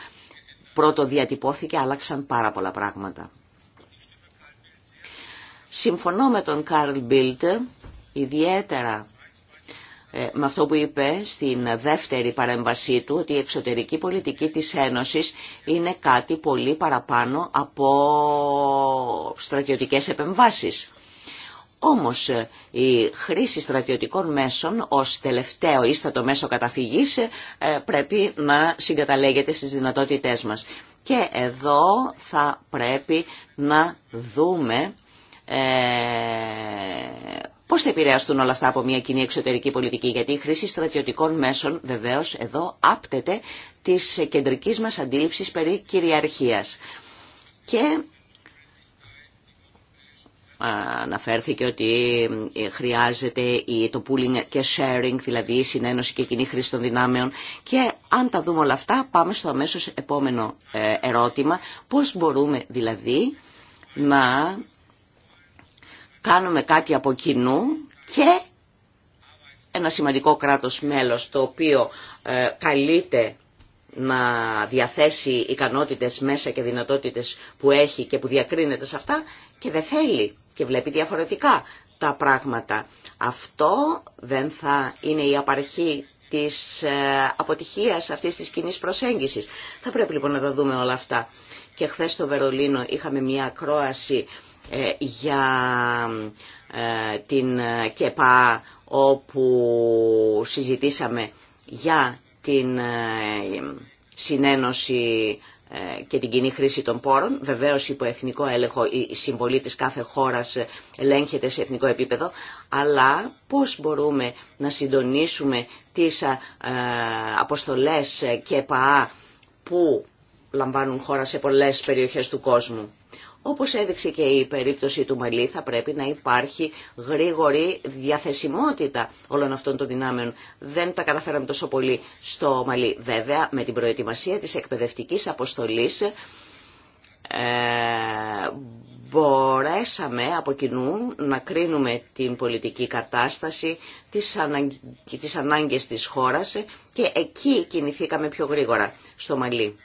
πρώτο διατυπώθηκε άλλαξαν πάρα πολλά πράγματα. Συμφωνώ με τον Κάρλ Μπίλτ, ιδιαίτερα ε, με αυτό που είπε στην δεύτερη παρέμβασή του, ότι η εξωτερική πολιτική της Ένωσης είναι κάτι πολύ παραπάνω από στρατιωτικές επεμβάσεις. Όμως ε, η χρήση στρατιωτικών μέσων ως τελευταίο ίστατο μέσο καταφυγής ε, πρέπει να συγκαταλέγεται στις δυνατότητές μας. Και εδώ θα πρέπει να δούμε ε, πώς θα επηρεαστούν όλα αυτά από μια κοινή εξωτερική πολιτική, γιατί η χρήση στρατιωτικών μέσων βεβαίως εδώ άπτεται της κεντρικής μας αντίληψης περί κυριαρχίας. Και αναφέρθηκε ότι ε, χρειάζεται το pooling και sharing, δηλαδή η συνένωση και κοινή χρήση των δυνάμεων. Και αν τα δούμε όλα αυτά, πάμε στο αμέσως επόμενο ε, ερώτημα. Πώς μπορούμε δηλαδή να κάνουμε κάτι από κοινού και ένα σημαντικό κράτος μέλος το οποίο ε, καλείται να διαθέσει ικανότητες μέσα και δυνατότητες που έχει και που διακρίνεται σε αυτά και δεν θέλει και βλέπει διαφορετικά τα πράγματα. Αυτό δεν θα είναι η απαρχή της ε, αποτυχίας αυτής της κοινή προσέγγισης. Θα πρέπει λοιπόν να τα δούμε όλα αυτά. Και χθε στο Βερολίνο είχαμε μια ακρόαση ε, για ε, την ΚΕΠΑ όπου συζητήσαμε για την ε, συνένωση και την κοινή χρήση των πόρων. Βεβαίω υπό εθνικό έλεγχο η συμβολή της κάθε χώρας ελέγχεται σε εθνικό επίπεδο, αλλά πώς μπορούμε να συντονίσουμε τις αποστολές και που λαμβάνουν χώρα σε πολλές περιοχές του κόσμου. Όπως έδειξε και η περίπτωση του Μαλή, θα πρέπει να υπάρχει γρήγορη διαθεσιμότητα όλων αυτών των δυνάμεων. Δεν τα καταφέραμε τόσο πολύ στο Μαλή. Βέβαια, με την προετοιμασία της εκπαιδευτικής αποστολής ε, μπορέσαμε από κοινού να κρίνουμε την πολιτική κατάσταση, τις, τις ανάγκες της χώρας και εκεί κινηθήκαμε πιο γρήγορα στο Μαλή.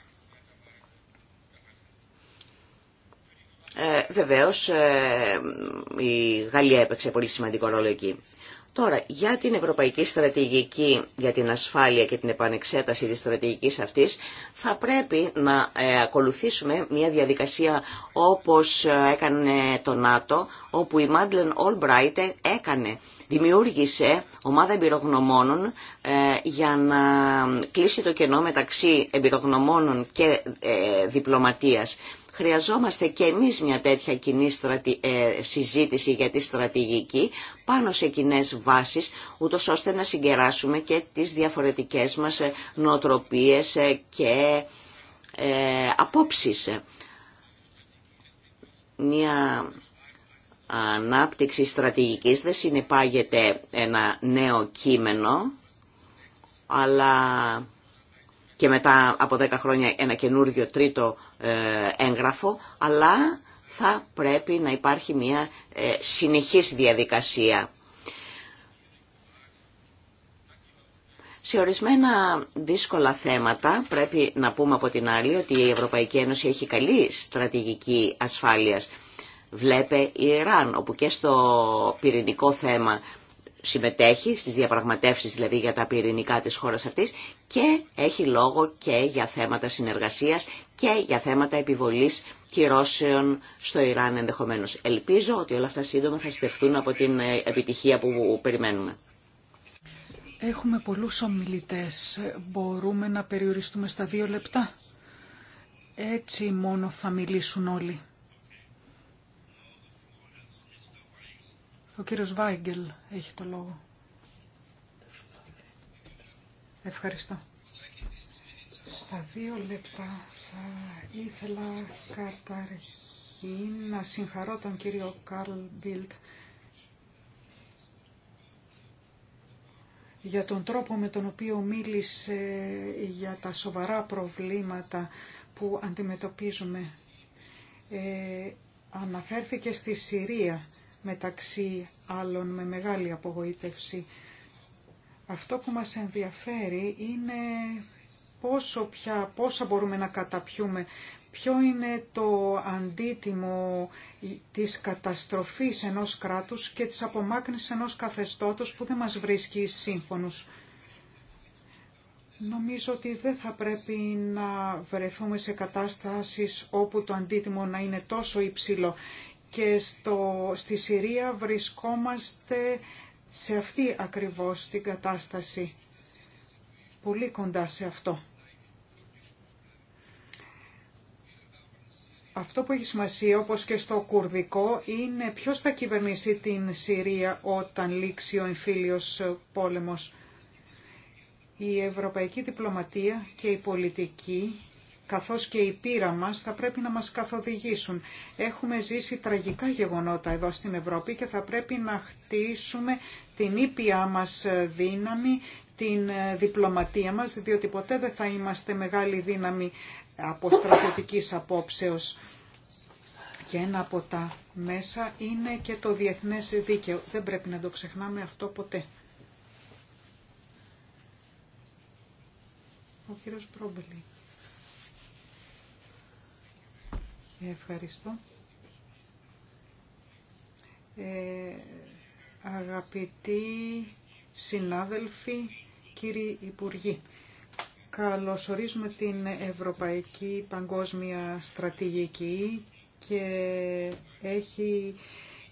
Ε, βεβαίως ε, η Γαλλία έπαιξε πολύ σημαντικό ρόλο εκεί. Τώρα, για την ευρωπαϊκή στρατηγική για την ασφάλεια και την επανεξέταση της στρατηγικής αυτής, θα πρέπει να ε, ακολουθήσουμε μια διαδικασία όπως έκανε το ΝΑΤΟ, όπου η Μάντλεν Ολμπράιτε έκανε, δημιούργησε ομάδα εμπειρογνωμόνων για να κλείσει το κενό μεταξύ εμπειρογνωμόνων και διπλωματίας. Χρειαζόμαστε και εμείς μια τέτοια κοινή ε, συζήτηση για τη στρατηγική πάνω σε κοινέ βάσεις, ούτως ώστε να συγκεράσουμε και τις διαφορετικές μας ε, νοοτροπίες ε, και ε, απόψεις. Μια ανάπτυξη στρατηγικής δεν συνεπάγεται ένα νέο κείμενο, αλλά και μετά από 10 χρόνια ένα καινούργιο τρίτο ε, έγγραφο, αλλά θα πρέπει να υπάρχει μια ε, συνεχής διαδικασία. Σε ορισμένα δύσκολα θέματα πρέπει να πούμε από την άλλη ότι η Ευρωπαϊκή Ένωση έχει καλή στρατηγική ασφάλειας. Βλέπε η Ιράν, όπου και στο πυρηνικό θέμα συμμετέχει στις διαπραγματεύσεις δηλαδή για τα πυρηνικά της χώρας αυτής και έχει λόγο και για θέματα συνεργασίας και για θέματα επιβολής κυρώσεων στο Ιράν ενδεχομένως. Ελπίζω ότι όλα αυτά σύντομα θα στεφθούν από την ε, επιτυχία που περιμένουμε.
Έχουμε πολλούς ομιλητές. Μπορούμε να περιοριστούμε στα δύο λεπτά. Έτσι μόνο θα μιλήσουν όλοι. Ο κύριος Βάιγκελ έχει το λόγο. Ευχαριστώ. Στα δύο λεπτά θα ήθελα καταρχήν να συγχαρώ τον κύριο Καρλ Μπίλτ για τον τρόπο με τον οποίο μίλησε για τα σοβαρά προβλήματα που αντιμετωπίζουμε. Ε, αναφέρθηκε στη Συρία μεταξύ άλλων με μεγάλη απογοήτευση. Αυτό που μας ενδιαφέρει είναι πόσο πια, πόσα μπορούμε να καταπιούμε, ποιο είναι το αντίτιμο της καταστροφής ενός κράτους και της απομάκρυνσης ενός καθεστώτος που δεν μας βρίσκει σύμφωνος. Νομίζω ότι δεν θα πρέπει να βρεθούμε σε κατάστασεις όπου το αντίτιμο να είναι τόσο υψηλό και στο, στη Συρία βρισκόμαστε σε αυτή ακριβώς την κατάσταση, πολύ κοντά σε αυτό. Αυτό που έχει σημασία, όπως και στο κουρδικό, είναι ποιος θα κυβερνήσει την Συρία όταν λήξει ο εμφύλιος πόλεμος. Η ευρωπαϊκή διπλωματία και η πολιτική καθώς και η πείρα μας θα πρέπει να μας καθοδηγήσουν. Έχουμε ζήσει τραγικά γεγονότα εδώ στην Ευρώπη και θα πρέπει να χτίσουμε την ήπια μας δύναμη, την διπλωματία μας, διότι ποτέ δεν θα είμαστε μεγάλη δύναμη από στρατιωτικής απόψεως. Και ένα από τα μέσα είναι και το διεθνές δίκαιο. Δεν πρέπει να το ξεχνάμε αυτό ποτέ. Ο κύριος Ευχαριστώ. Ε, αγαπητοί συνάδελφοι, κύριοι Υπουργοί, καλωσορίζουμε την Ευρωπαϊκή Παγκόσμια Στρατηγική και έχει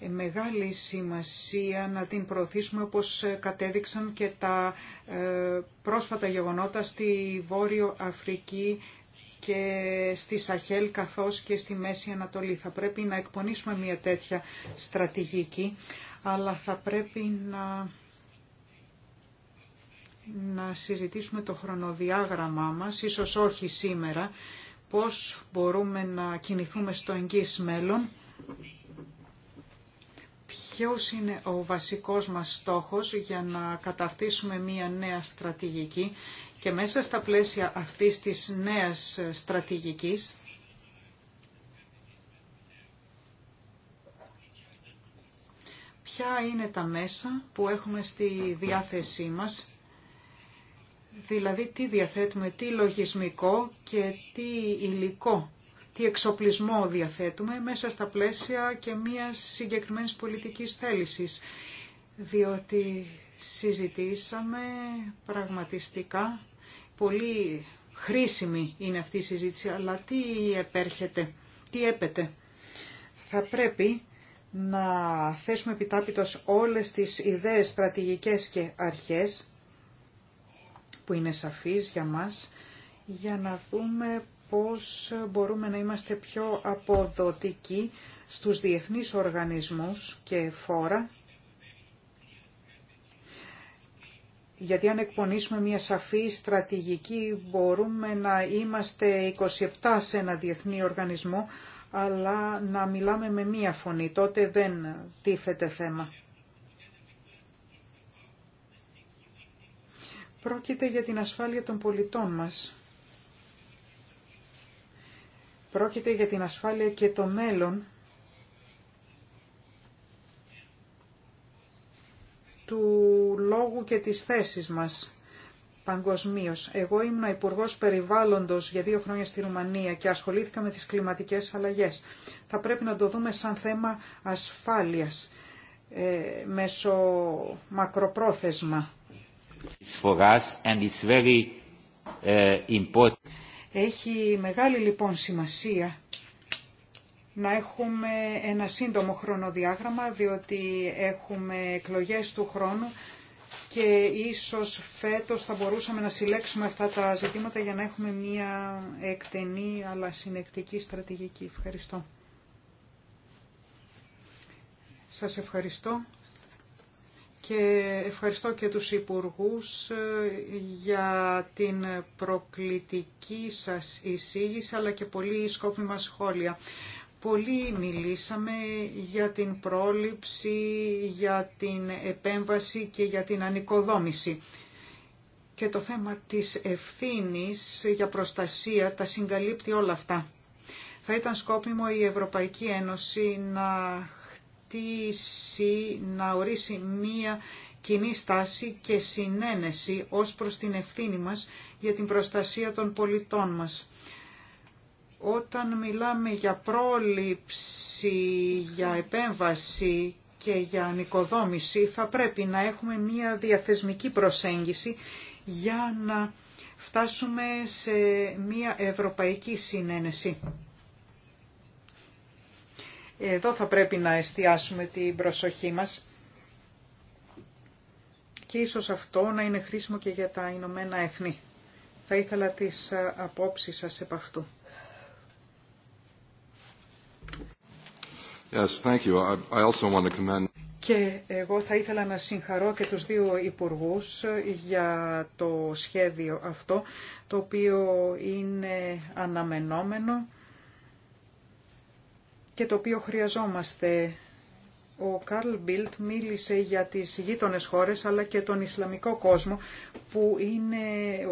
μεγάλη σημασία να την προωθήσουμε όπως κατέδειξαν και τα ε, πρόσφατα γεγονότα στη Βόρειο Αφρική και στη Σαχέλ καθώς και στη Μέση Ανατολή. Θα πρέπει να εκπονήσουμε μια τέτοια στρατηγική, αλλά θα πρέπει να, να συζητήσουμε το χρονοδιάγραμμά μας, ίσως όχι σήμερα, πώς μπορούμε να κινηθούμε στο εγγύς μέλλον. Ποιος είναι ο βασικός μας στόχος για να καταρτήσουμε μία νέα στρατηγική και μέσα στα πλαίσια αυτής της νέας στρατηγικής, ποια είναι τα μέσα που έχουμε στη διάθεσή μας, δηλαδή τι διαθέτουμε, τι λογισμικό και τι υλικό, τι εξοπλισμό διαθέτουμε μέσα στα πλαίσια και μια συγκεκριμένης πολιτικής θέλησης, διότι συζητήσαμε πραγματιστικά Πολύ χρήσιμη είναι αυτή η συζήτηση, αλλά τι επέρχεται, τι έπεται. Θα πρέπει να θέσουμε επιτάπητος όλες τις ιδέες, στρατηγικές και αρχές που είναι σαφείς για μας, για να δούμε πώς μπορούμε να είμαστε πιο αποδοτικοί στους διεθνείς οργανισμούς και φόρα Γιατί αν εκπονήσουμε μια σαφή στρατηγική μπορούμε να είμαστε 27 σε ένα διεθνή οργανισμό, αλλά να μιλάμε με μία φωνή. Τότε δεν τίθεται θέμα. Πρόκειται για την ασφάλεια των πολιτών μας. Πρόκειται για την ασφάλεια και το μέλλον του λόγου και της θέσης μας παγκοσμίω. Εγώ ήμουν υπουργό περιβάλλοντο για δύο χρόνια στη Ρουμανία και ασχολήθηκα με τι κλιματικέ αλλαγέ. Θα πρέπει να το δούμε σαν θέμα ασφάλεια ε, μέσω μακροπρόθεσμα. Ε, Έχει μεγάλη λοιπόν σημασία να έχουμε ένα σύντομο χρονοδιάγραμμα, διότι έχουμε εκλογές του χρόνου και ίσως φέτος θα μπορούσαμε να συλλέξουμε αυτά τα ζητήματα για να έχουμε μια εκτενή αλλά συνεκτική στρατηγική. Ευχαριστώ. Σας ευχαριστώ και ευχαριστώ και τους Υπουργούς ε, για την προκλητική σας εισήγηση αλλά και πολύ σκόπιμα σχόλια. Πολύ μιλήσαμε για την πρόληψη, για την επέμβαση και για την ανοικοδόμηση. Και το θέμα της ευθύνης για προστασία τα συγκαλύπτει όλα αυτά. Θα ήταν σκόπιμο η Ευρωπαϊκή Ένωση να χτίσει, να ορίσει μία κοινή στάση και συνένεση ως προς την ευθύνη μας για την προστασία των πολιτών μας. Όταν μιλάμε για πρόληψη, για επέμβαση και για νοικοδόμηση θα πρέπει να έχουμε μία διαθεσμική προσέγγιση για να φτάσουμε σε μία ευρωπαϊκή συνένεση. Εδώ θα πρέπει να εστιάσουμε την προσοχή μας και ίσως αυτό να είναι χρήσιμο και για τα Ηνωμένα Έθνη. Θα ήθελα τις απόψεις σας επ' αυτού. Και εγώ θα ήθελα να συγχαρώ και τους δύο υπουργούς για το σχέδιο αυτό, το οποίο είναι αναμενόμενο και το οποίο χρειαζόμαστε ο Καρλ Μπίλτ μίλησε για τις γείτονες χώρες αλλά και τον Ισλαμικό κόσμο που είναι,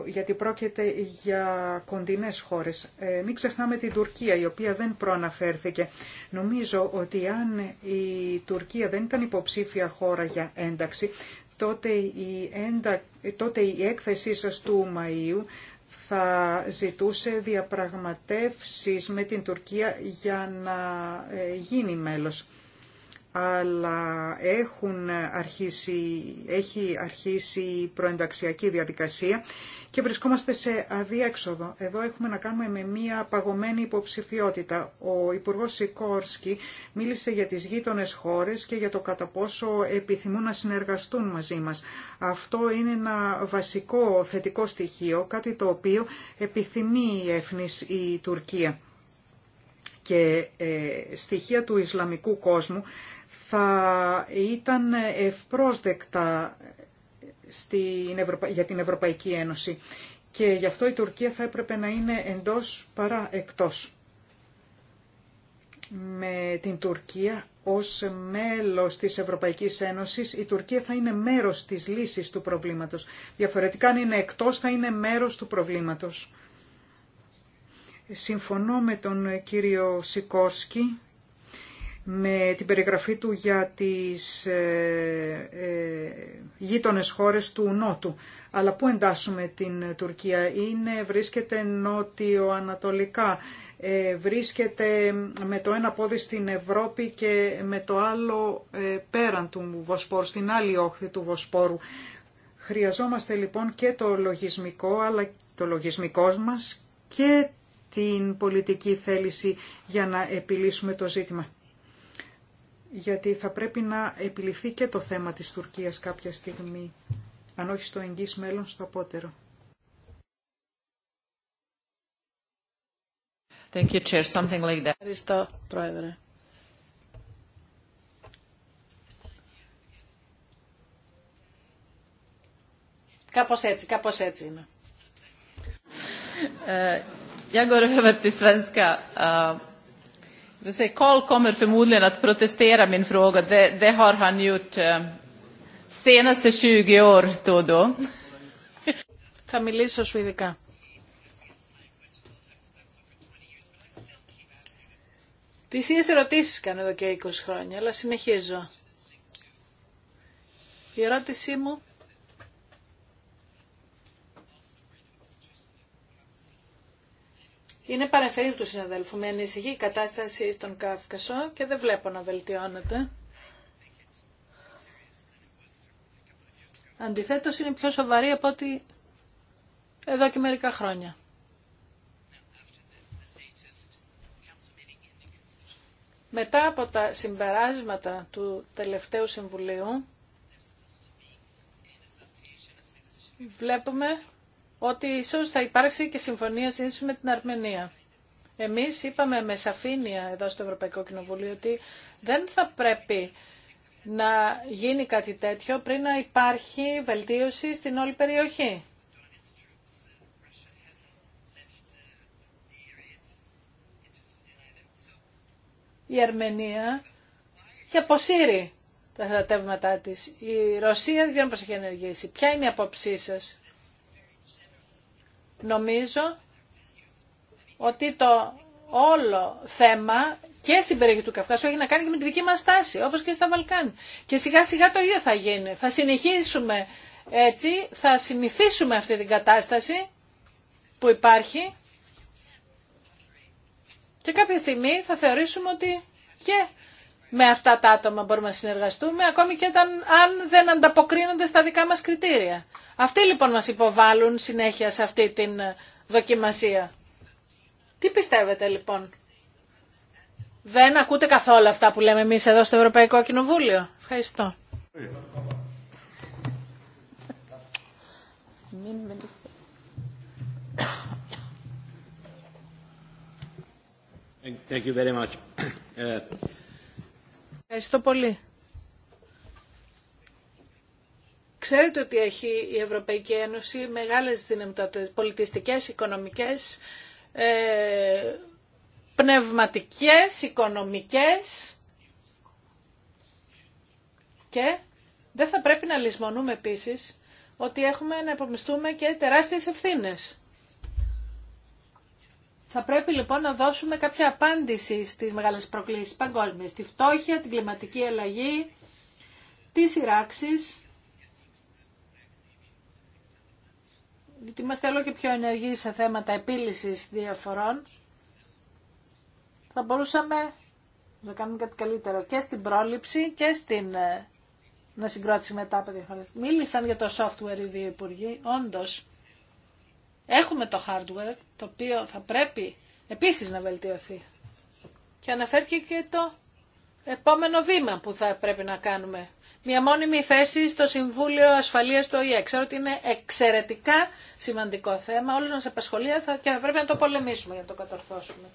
γιατί πρόκειται για κοντινές χώρες. Ε, μην ξεχνάμε την Τουρκία η οποία δεν προαναφέρθηκε. Νομίζω ότι αν η Τουρκία δεν ήταν υποψήφια χώρα για ένταξη τότε η, τότε η έκθεσή σας του Μαΐου θα ζητούσε διαπραγματεύσεις με την Τουρκία για να ε, γίνει μέλος αλλά έχουν αρχίσει, έχει αρχίσει η προενταξιακή διαδικασία και βρισκόμαστε σε αδίέξοδο. Εδώ έχουμε να κάνουμε με μία παγωμένη υποψηφιότητα. Ο Υπουργός Σικόρσκι μίλησε για τις γείτονες χώρες και για το κατά πόσο επιθυμούν να συνεργαστούν μαζί μας. Αυτό είναι ένα βασικό θετικό στοιχείο, κάτι το οποίο επιθυμεί η Έφνης η Τουρκία και ε, στοιχεία του Ισλαμικού κόσμου θα ήταν ευπρόσδεκτα στην για την Ευρωπαϊκή Ένωση και γι' αυτό η Τουρκία θα έπρεπε να είναι εντός παρά εκτός. Με την Τουρκία ως μέλος της Ευρωπαϊκής Ένωσης η Τουρκία θα είναι μέρος της λύσης του προβλήματος. Διαφορετικά αν είναι εκτός θα είναι μέρος του προβλήματος. Συμφωνώ με τον κύριο Σικόρσκι με την περιγραφή του για τις ε, ε, γείτονες χώρες του Νότου. Αλλά πού εντάσσουμε την Τουρκία. Είναι, βρίσκεται νότιο-ανατολικά, ε, βρίσκεται με το ένα πόδι στην Ευρώπη και με το άλλο ε, πέραν του Βοσπόρου, στην άλλη όχθη του Βοσπόρου. Χρειαζόμαστε λοιπόν και το λογισμικό, αλλά το λογισμικό μας και την πολιτική θέληση για να επιλύσουμε το ζήτημα γιατί θα πρέπει να επιληθεί και το θέμα της Τουρκίας κάποια στιγμή, αν όχι στο εγγύς μέλλον, στο απότερο.
Ευχαριστώ, Πρόεδρε. Κάπως έτσι, κάπως έτσι είναι. Ε, Jag går Carl kommer förmodligen att protestera min fråga. Det, det har han gjort senaste 20 år då och då. Θα μιλήσω σουηδικά. Τι ίδιες ερωτήσεις κάνω εδώ και 20 χρόνια, αλλά συνεχίζω. Η ερώτησή μου Είναι παραφερή του συναδέλφου. Με ανησυχεί η κατάσταση στον Κάφκασο και δεν βλέπω να βελτιώνεται. Αντιθέτω είναι πιο σοβαρή από ότι εδώ και μερικά χρόνια. Μετά από τα συμπεράσματα του τελευταίου Συμβουλίου, βλέπουμε ότι ίσως θα υπάρξει και συμφωνία σύνδεση με την Αρμενία. Εμείς είπαμε με σαφήνεια εδώ στο Ευρωπαϊκό Κοινοβούλιο ότι δεν θα πρέπει να γίνει κάτι τέτοιο πριν να υπάρχει βελτίωση στην όλη περιοχή. Η Αρμενία και αποσύρει τα στρατεύματά της. Η Ρωσία δεν ξέρω πώς έχει ενεργήσει. Ποια είναι η απόψή σας. Νομίζω ότι το όλο θέμα και στην περιοχή του Καυκάσου έχει να κάνει και με τη δική μας στάση, όπως και στα Βαλκάν. Και σιγά σιγά το ίδιο θα γίνει. Θα συνεχίσουμε έτσι, θα συνηθίσουμε αυτή την κατάσταση που υπάρχει και κάποια στιγμή θα θεωρήσουμε ότι και με αυτά τα άτομα μπορούμε να συνεργαστούμε, ακόμη και αν δεν ανταποκρίνονται στα δικά μας κριτήρια. Αυτοί λοιπόν μας υποβάλλουν συνέχεια σε αυτή την δοκιμασία. Τι πιστεύετε λοιπόν. Δεν ακούτε καθόλου αυτά που λέμε εμείς εδώ στο Ευρωπαϊκό Κοινοβούλιο. Ευχαριστώ. Uh, Ευχαριστώ πολύ. Ξέρετε ότι έχει η Ευρωπαϊκή Ένωση μεγάλες δυνατότητες πολιτιστικές, οικονομικές, ε, πνευματικές, οικονομικές και δεν θα πρέπει να λησμονούμε επίσης ότι έχουμε να υπομιστούμε και τεράστιες ευθύνες. Θα πρέπει λοιπόν να δώσουμε κάποια απάντηση στις μεγάλες προκλήσεις παγκόσμιες, τη φτώχεια, την κλιματική αλλαγή, τις σειράξεις διότι είμαστε όλο και πιο ενεργοί σε θέματα επίλυσης διαφορών, θα μπορούσαμε να κάνουμε κάτι καλύτερο και στην πρόληψη και στην ε, να συγκρότηση μετά από διαφορές. Μίλησαν για το software οι δύο υπουργοί. Όντως, έχουμε το hardware, το οποίο θα πρέπει επίσης να βελτιωθεί. Και αναφέρθηκε και το επόμενο βήμα που θα πρέπει να κάνουμε μια μόνιμη θέση στο Συμβούλιο ασφαλεία του ΟΗΕ. Ξέρω ότι είναι εξαιρετικά σημαντικό θέμα, όλους μα απασχολεί και θα πρέπει να το πολεμήσουμε για να το κατορθώσουμε.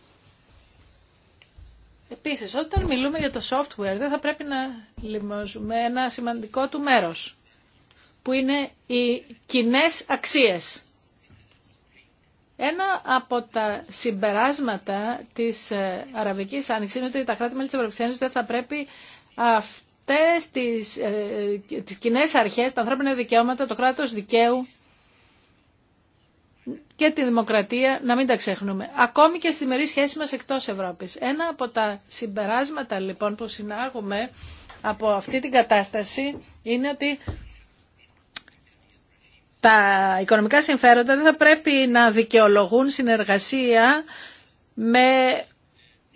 Επίση, όταν μιλούμε για το software, δεν θα πρέπει να λιμώζουμε ένα σημαντικό του μέρο. που είναι οι κοινέ αξίε. Ένα από τα συμπεράσματα της ε, Αραβικής Άνοιξης είναι ότι τα κράτη-μέλη της Ευρωπαϊκής Ένωσης δεν θα πρέπει αυτή αυτέ τις, ε, ε, κοινέ αρχές, τα ανθρώπινα δικαιώματα, το κράτος δικαίου και τη δημοκρατία, να μην τα ξεχνούμε. Ακόμη και στη μερή σχέση μας εκτός Ευρώπης. Ένα από τα συμπεράσματα λοιπόν που συνάγουμε από αυτή την κατάσταση είναι ότι τα οικονομικά συμφέροντα δεν θα πρέπει να δικαιολογούν συνεργασία με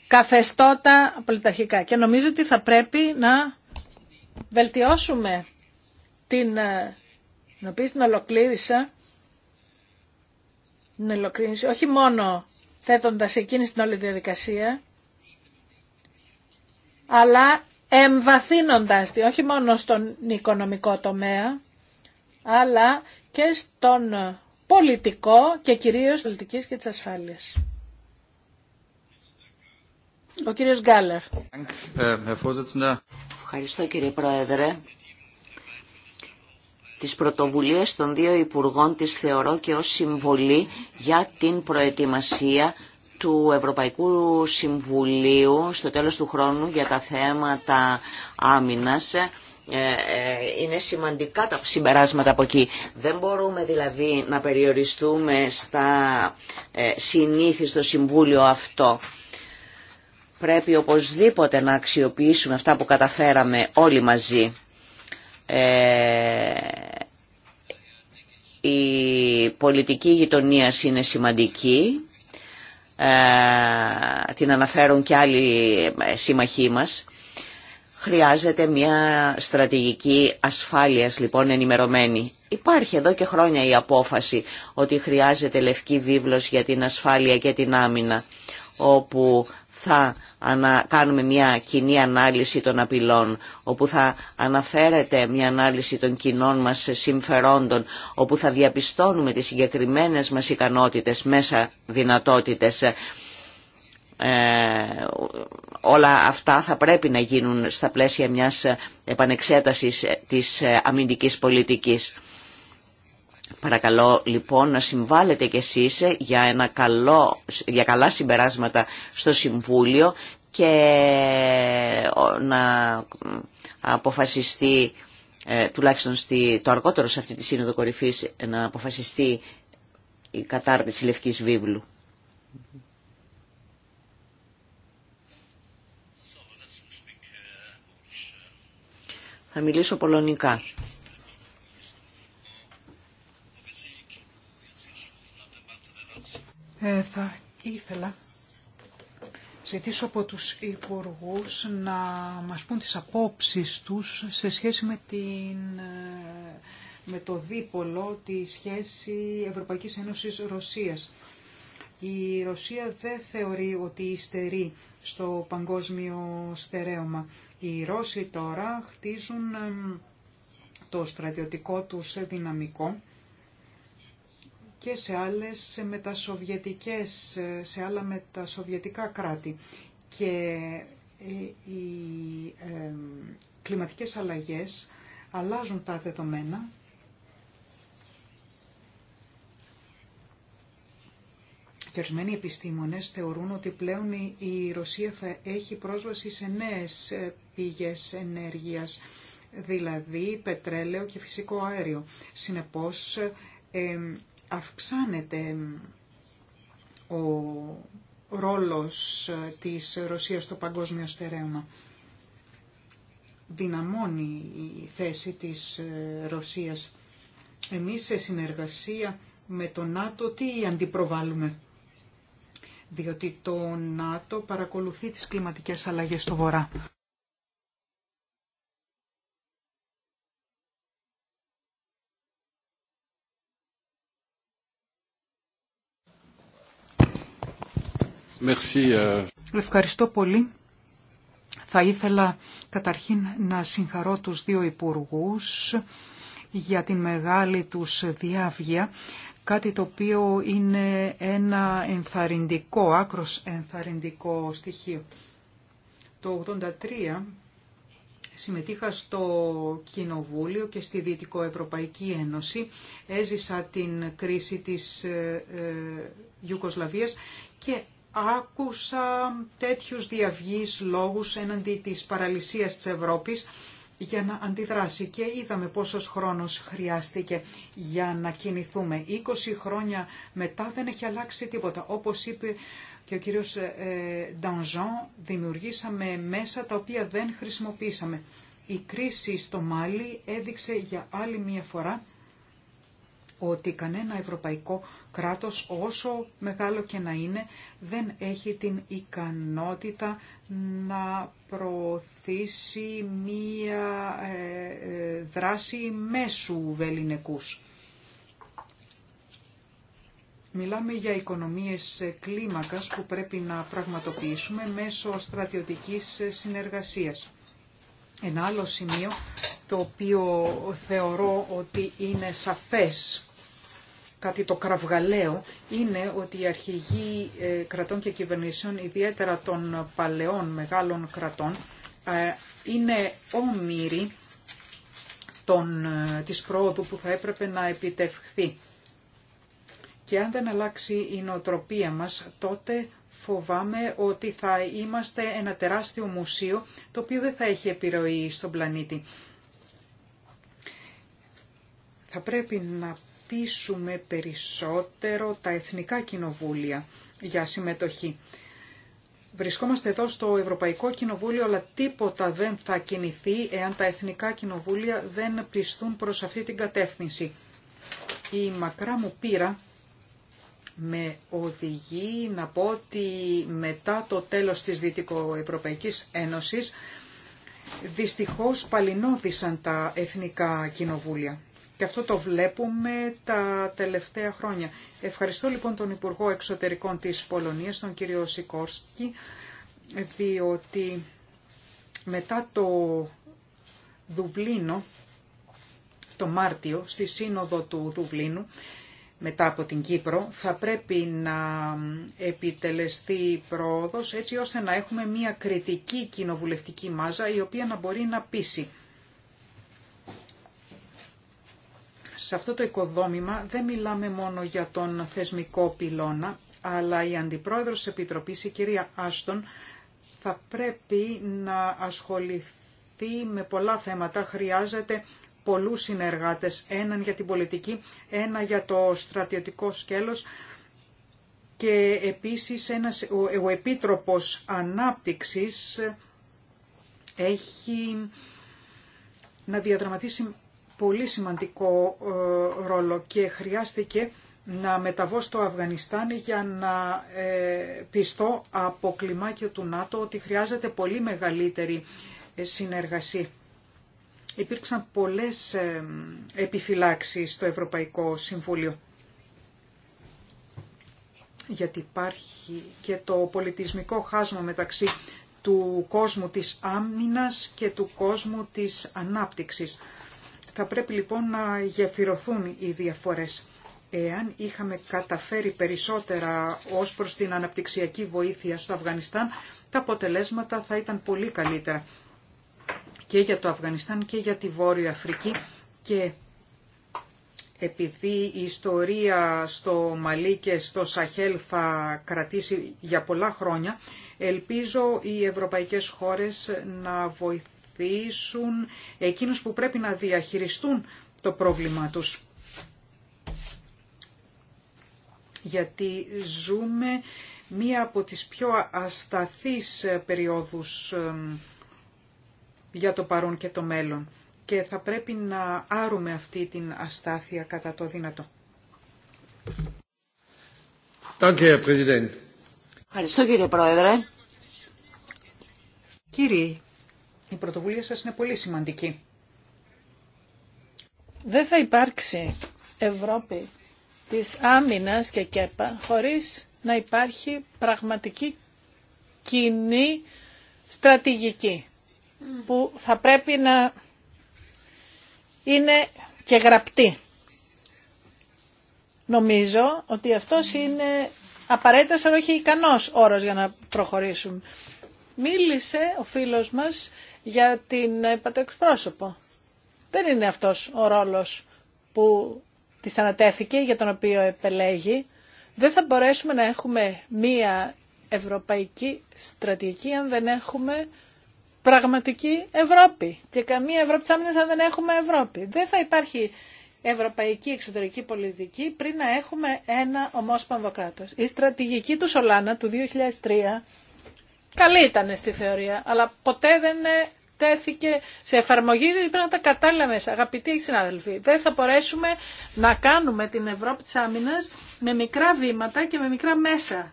καθεστώτα πολιταρχικά. Και νομίζω ότι θα πρέπει να βελτιώσουμε την, ε, την οποία την την όχι μόνο θέτοντας εκείνη στην όλη διαδικασία, αλλά εμβαθύνοντας τη, όχι μόνο στον οικονομικό τομέα, αλλά και στον πολιτικό και κυρίως πολιτικής και της ασφάλειας. Ο κύριος Γκάλερ.
Ευχαριστώ κύριε Πρόεδρε. Τις πρωτοβουλίες των δύο Υπουργών τις θεωρώ και ως συμβολή για την προετοιμασία του Ευρωπαϊκού Συμβουλίου στο τέλος του χρόνου για τα θέματα άμυνας ε, ε, είναι σημαντικά τα συμπεράσματα από εκεί. Δεν μπορούμε δηλαδή να περιοριστούμε στα ε, συνήθιστο στο Συμβούλιο αυτό πρέπει οπωσδήποτε να αξιοποιήσουμε αυτά που καταφέραμε όλοι μαζί. Ε, η πολιτική γειτονία είναι σημαντική, ε, την αναφέρουν και άλλοι ε, σύμμαχοί μας. Χρειάζεται μια στρατηγική ασφάλειας λοιπόν ενημερωμένη. Υπάρχει εδώ και χρόνια η απόφαση ότι χρειάζεται λευκή βίβλος για την ασφάλεια και την άμυνα όπου θα κάνουμε μια κοινή ανάλυση των απειλών, όπου θα αναφέρεται μια ανάλυση των κοινών μας συμφερόντων, όπου θα διαπιστώνουμε τις συγκεκριμένες μας ικανότητες, μέσα δυνατότητες. Ε, όλα αυτά θα πρέπει να γίνουν στα πλαίσια μιας επανεξέτασης της αμυντικής πολιτικής. Παρακαλώ λοιπόν να συμβάλλετε κι εσείς για, ένα καλό, για καλά συμπεράσματα στο Συμβούλιο και να αποφασιστεί, ε, τουλάχιστον στη, το αργότερο σε αυτή τη Σύνοδο Κορυφής, να αποφασιστεί η κατάρτιση Λευκής Βίβλου. Θα μιλήσω πολωνικά.
Ε, θα ήθελα ζητήσω από τους υπουργούς να μας πούν τις απόψεις τους σε σχέση με, την, ε, με το δίπολο τη σχέση Ευρωπαϊκής Ένωσης Ρωσίας. Η Ρωσία δεν θεωρεί ότι υστερεί στο παγκόσμιο στερέωμα. Οι Ρώσοι τώρα χτίζουν ε, το στρατιωτικό τους δυναμικό και σε, άλλες, σε, μετασοβιετικές, ε, σε άλλα μετασοβιετικά κράτη. Και ε, οι κλιματικές αλλαγές αλλάζουν τα δεδομένα Και ορισμένοι επιστήμονες θεωρούν ότι πλέον η Ρωσία θα έχει πρόσβαση σε νέες ε, πηγές ενέργειας, δηλαδή πετρέλαιο και φυσικό αέριο. Συνεπώς, αυξάνεται ο ρόλος της Ρωσίας στο παγκόσμιο στερέωμα. Δυναμώνει η θέση της ε, Ρωσίας. Εμείς σε συνεργασία με το ΝΑΤΟ τι αντιπροβάλλουμε. Διότι το ΝΑΤΟ παρακολουθεί τις κλιματικές αλλαγές στο Βορρά.
Euh.
Ευχαριστώ πολύ. Θα ήθελα καταρχήν να συγχαρώ τους δύο υπουργούς για την μεγάλη τους διάβγεια, κάτι το οποίο είναι ένα ενθαρρυντικό, άκρος ενθαρρυντικό στοιχείο. Το 83 συμμετείχα στο Κοινοβούλιο και στη Δυτικοευρωπαϊκή Ένωση, έζησα την κρίση της ε, ε Ιουκοσλαβίας και άκουσα τέτοιους διαυγείς λόγους έναντι της παραλυσίας της Ευρώπης για να αντιδράσει και είδαμε πόσος χρόνος χρειάστηκε για να κινηθούμε. 20 χρόνια μετά δεν έχει αλλάξει τίποτα. Όπως είπε και ο κύριος ε, Ντανζόν, δημιουργήσαμε μέσα τα οποία δεν χρησιμοποίησαμε. Η κρίση στο Μάλι έδειξε για άλλη μία φορά ότι κανένα ευρωπαϊκό κράτος, όσο μεγάλο και να είναι, δεν έχει την ικανότητα να προωθήσει μία ε, ε, δράση μέσου βελινεκούς. Μιλάμε για οικονομίες κλίμακας που πρέπει να πραγματοποιήσουμε μέσω στρατιωτικής συνεργασίας. Ένα άλλο σημείο το οποίο θεωρώ ότι είναι σαφές κάτι το κραυγαλαίο είναι ότι οι αρχηγοί ε, κρατών και κυβερνήσεων, ιδιαίτερα των παλαιών μεγάλων κρατών, ε, είναι όμοιροι των, ε, της πρόοδου που θα έπρεπε να επιτευχθεί. Και αν δεν αλλάξει η νοοτροπία μας, τότε φοβάμαι ότι θα είμαστε ένα τεράστιο μουσείο, το οποίο δεν θα έχει επιρροή στον πλανήτη. Θα πρέπει να πείσουμε περισσότερο τα εθνικά κοινοβούλια για συμμετοχή. Βρισκόμαστε εδώ στο Ευρωπαϊκό Κοινοβούλιο, αλλά τίποτα δεν θα κινηθεί εάν τα εθνικά κοινοβούλια δεν πιστούν προς αυτή την κατεύθυνση. Η μακρά μου πείρα με οδηγεί να πω ότι μετά το τέλος της Δυτικοευρωπαϊκής Ένωσης δυστυχώς παλινόδησαν τα εθνικά κοινοβούλια. Και αυτό το βλέπουμε τα τελευταία χρόνια. Ευχαριστώ λοιπόν τον Υπουργό Εξωτερικών της Πολωνίας, τον κύριο Σικόρσκι, διότι μετά το Δουβλίνο, το Μάρτιο, στη Σύνοδο του Δουβλίνου, μετά από την Κύπρο, θα πρέπει να επιτελεστεί πρόοδος έτσι ώστε να έχουμε μια κριτική κοινοβουλευτική μάζα η οποία να μπορεί να πείσει. Σε αυτό το οικοδόμημα δεν μιλάμε μόνο για τον θεσμικό πυλώνα, αλλά η Αντιπρόεδρος Επιτροπής, η κυρία Άστον, θα πρέπει να ασχοληθεί με πολλά θέματα. Χρειάζεται πολλούς συνεργάτες, έναν για την πολιτική, ένα για το στρατιωτικό σκέλος και επίσης ένας, ο, ο Επίτροπος Ανάπτυξης έχει να διαδραματίσει πολύ σημαντικό ε, ρόλο και χρειάστηκε να μεταβώ στο Αφγανιστάν για να ε, πιστώ από κλιμάκιο του ΝΑΤΟ ότι χρειάζεται πολύ μεγαλύτερη ε, συνεργασία. Υπήρξαν πολλές επιφυλάξεις στο Ευρωπαϊκό Συμβούλιο γιατί υπάρχει και το πολιτισμικό χάσμα μεταξύ του κόσμου της άμυνας και του κόσμου της ανάπτυξης. Θα πρέπει λοιπόν να γεφυρωθούν οι διαφορές. Εάν είχαμε καταφέρει περισσότερα ως προς την αναπτυξιακή βοήθεια στο Αφγανιστάν, τα αποτελέσματα θα ήταν πολύ καλύτερα και για το Αφγανιστάν και για τη Βόρεια Αφρική και επειδή η ιστορία στο Μαλί και στο Σαχέλ θα κρατήσει για πολλά χρόνια, ελπίζω οι ευρωπαϊκές χώρες να βοηθήσουν βοηθήσουν εκείνους που πρέπει να διαχειριστούν το πρόβλημά τους. Γιατί ζούμε μία από τις πιο ασταθείς περιόδους για το παρόν και το μέλλον και θα πρέπει να άρουμε αυτή την αστάθεια κατά το δυνατό.
Ευχαριστώ
κύριε Πρόεδρε. Κύριε. Η πρωτοβουλία σας είναι πολύ σημαντική.
Δεν θα υπάρξει Ευρώπη της άμυνας και ΚΕΠΑ χωρίς να υπάρχει πραγματική κοινή στρατηγική που θα πρέπει να είναι και γραπτή. Νομίζω ότι αυτός είναι απαραίτητος αλλά όχι ικανός όρος για να προχωρήσουν. Μίλησε ο φίλος μας για την ε, εκπρόσωπο. Δεν είναι αυτός ο ρόλος που της ανατέθηκε, για τον οποίο επελέγει. Δεν θα μπορέσουμε να έχουμε μία ευρωπαϊκή στρατηγική αν δεν έχουμε πραγματική Ευρώπη. Και καμία Ευρώπη της αν δεν έχουμε Ευρώπη. Δεν θα υπάρχει ευρωπαϊκή εξωτερική πολιτική πριν να έχουμε ένα ομόσπονδο κράτος. Η στρατηγική του Σολάνα του 2003 καλή ήταν στη θεωρία, αλλά ποτέ δεν ε, τέθηκε σε εφαρμογή, διότι πρέπει να τα κατάλληλα μέσα. Αγαπητοί συνάδελφοι, δεν θα μπορέσουμε να κάνουμε την Ευρώπη της άμυνας με μικρά βήματα και με μικρά μέσα,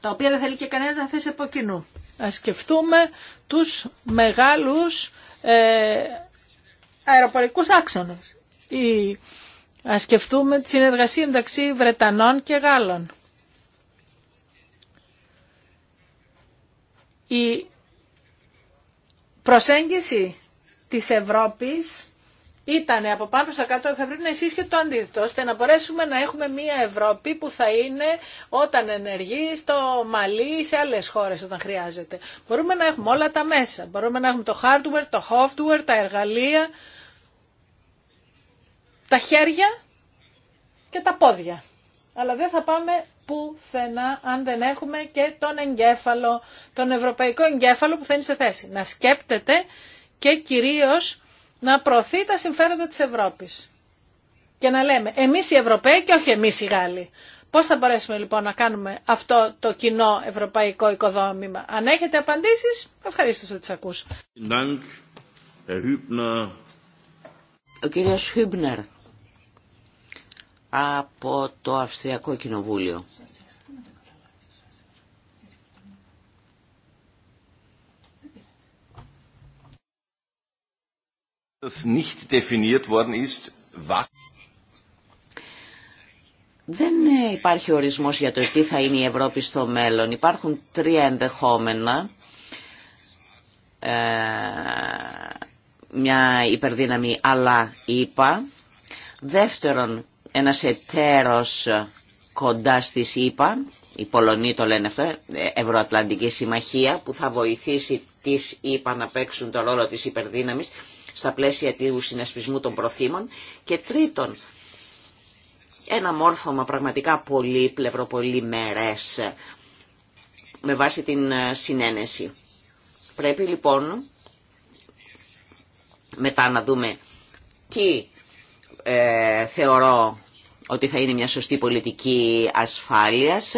τα οποία δεν θέλει και κανένας να θέσει από κοινού. Να σκεφτούμε τους μεγάλους ε, αεροπορικούς άξονες. Ή, να σκεφτούμε τη συνεργασία μεταξύ Βρετανών και Γάλλων. Η προσέγγιση της Ευρώπης ήταν από πάνω στα κάτω, θα πρέπει να ισχύει το αντίθετο, ώστε να μπορέσουμε να έχουμε μια Ευρώπη που θα είναι όταν ενεργεί στο Μαλί ή σε άλλες χώρες όταν χρειάζεται. Μπορούμε να έχουμε όλα τα μέσα. Μπορούμε να έχουμε το hardware, το software, τα εργαλεία, τα χέρια και τα πόδια. Αλλά δεν θα πάμε πουθενά αν δεν έχουμε και τον εγκέφαλο, τον ευρωπαϊκό εγκέφαλο που θα είναι σε θέση να σκέπτεται και κυρίως να προωθεί τα συμφέροντα της Ευρώπης. Και να λέμε εμείς οι Ευρωπαίοι και όχι εμείς οι Γάλλοι. Πώς θα μπορέσουμε λοιπόν να κάνουμε αυτό το κοινό ευρωπαϊκό οικοδόμημα. Αν έχετε απαντήσεις, ευχαρίστω θα τις ακούσω.
Ο κύριος από το Αυστριακό Κοινοβούλιο. Δεν ε, υπάρχει ορισμός για το τι θα είναι η Ευρώπη στο μέλλον. Υπάρχουν τρία ενδεχόμενα. Ε, μια υπερδύναμη αλλά είπα. Δεύτερον, ένας εταίρος κοντά στη ΣΥΠΑ, οι Πολωνοί το λένε αυτό, Ευρωατλαντική Συμμαχία, που θα βοηθήσει τις ΗΠΑ να παίξουν το ρόλο της υπερδύναμης στα πλαίσια του συνασπισμού των προθύμων. Και τρίτον, ένα μόρφωμα πραγματικά πολύ μερές, με βάση την ε, συνένεση. Πρέπει λοιπόν μετά να δούμε τι ε, θεωρώ ότι θα είναι μια σωστή πολιτική ασφάλειας.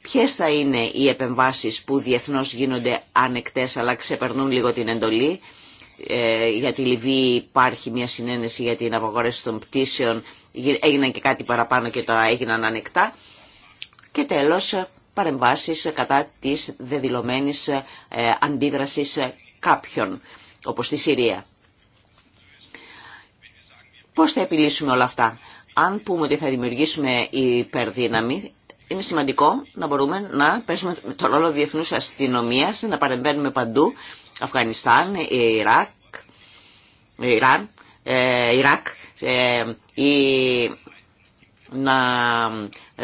Ποιες θα είναι οι επεμβάσεις που διεθνώς γίνονται ανεκτές αλλά ξεπερνούν λίγο την εντολή. Ε, για τη Λιβύη υπάρχει μια συνένεση για την απαγόρευση των πτήσεων. Έγιναν και κάτι παραπάνω και τώρα έγιναν ανεκτά. Και τέλος παρεμβάσεις κατά της δεδηλωμένης ε, αντίδρασης κάποιων, όπως στη Συρία. Πώς θα επιλύσουμε όλα αυτά. Αν πούμε ότι θα δημιουργήσουμε υπερδύναμη, είναι σημαντικό να μπορούμε να παίζουμε τον ρόλο διεθνούς αστυνομίας, να παρεμβαίνουμε παντού, Αφγανιστάν, ε, Ιράκ, ε, Ιράν, ε, Ιράκ, ή ε, να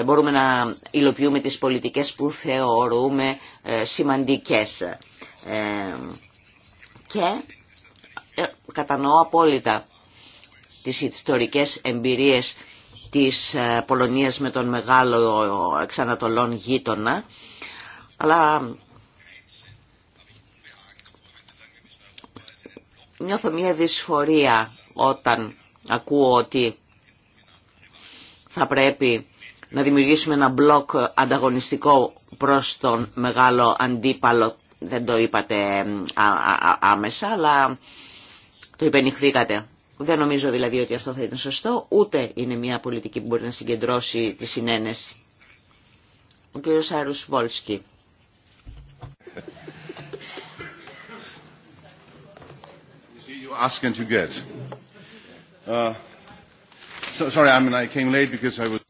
μπορούμε να υλοποιούμε τις πολιτικές που θεωρούμε σημαντικές. και κατανοώ απόλυτα τις ιστορικές εμπειρίες της ε, Πολωνίας με τον μεγάλο εξανατολών γείτονα, αλλά νιώθω μια δυσφορία όταν ακούω ότι θα πρέπει να δημιουργήσουμε ένα μπλοκ ανταγωνιστικό προς τον μεγάλο αντίπαλο. Δεν το είπατε ε, άμεσα, αλλά το υπενηχθήκατε. Δεν νομίζω δηλαδή ότι αυτό θα ήταν σωστό, ούτε είναι μια πολιτική που μπορεί να συγκεντρώσει τη συνένεση. Ο κ. Άρους Βόλσκι.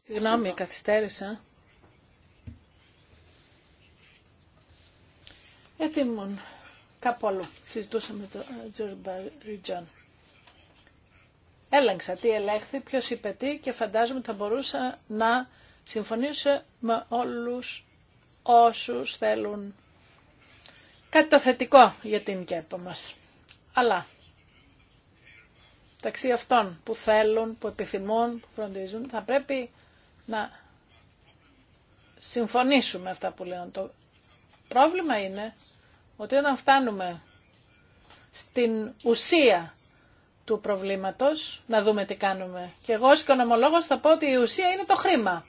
Συγγνώμη, καθυστέρησα. Γιατί ήμουν κάπου αλλού. Συζητούσαμε το Τζορμπαριτζάν. Έλεγξα τι ελέγχθη, ποιο είπε τι και φαντάζομαι θα μπορούσα να συμφωνήσω με όλους όσους θέλουν κάτι το θετικό για την ΚΕΠΟ μας. Αλλά μεταξύ αυτών που θέλουν, που επιθυμούν, που φροντίζουν, θα πρέπει να συμφωνήσουμε αυτά που λέω. Το πρόβλημα είναι ότι όταν φτάνουμε στην ουσία του προβλήματος, να δούμε τι κάνουμε. Και εγώ ως οικονομολόγος θα πω ότι η ουσία είναι το χρήμα.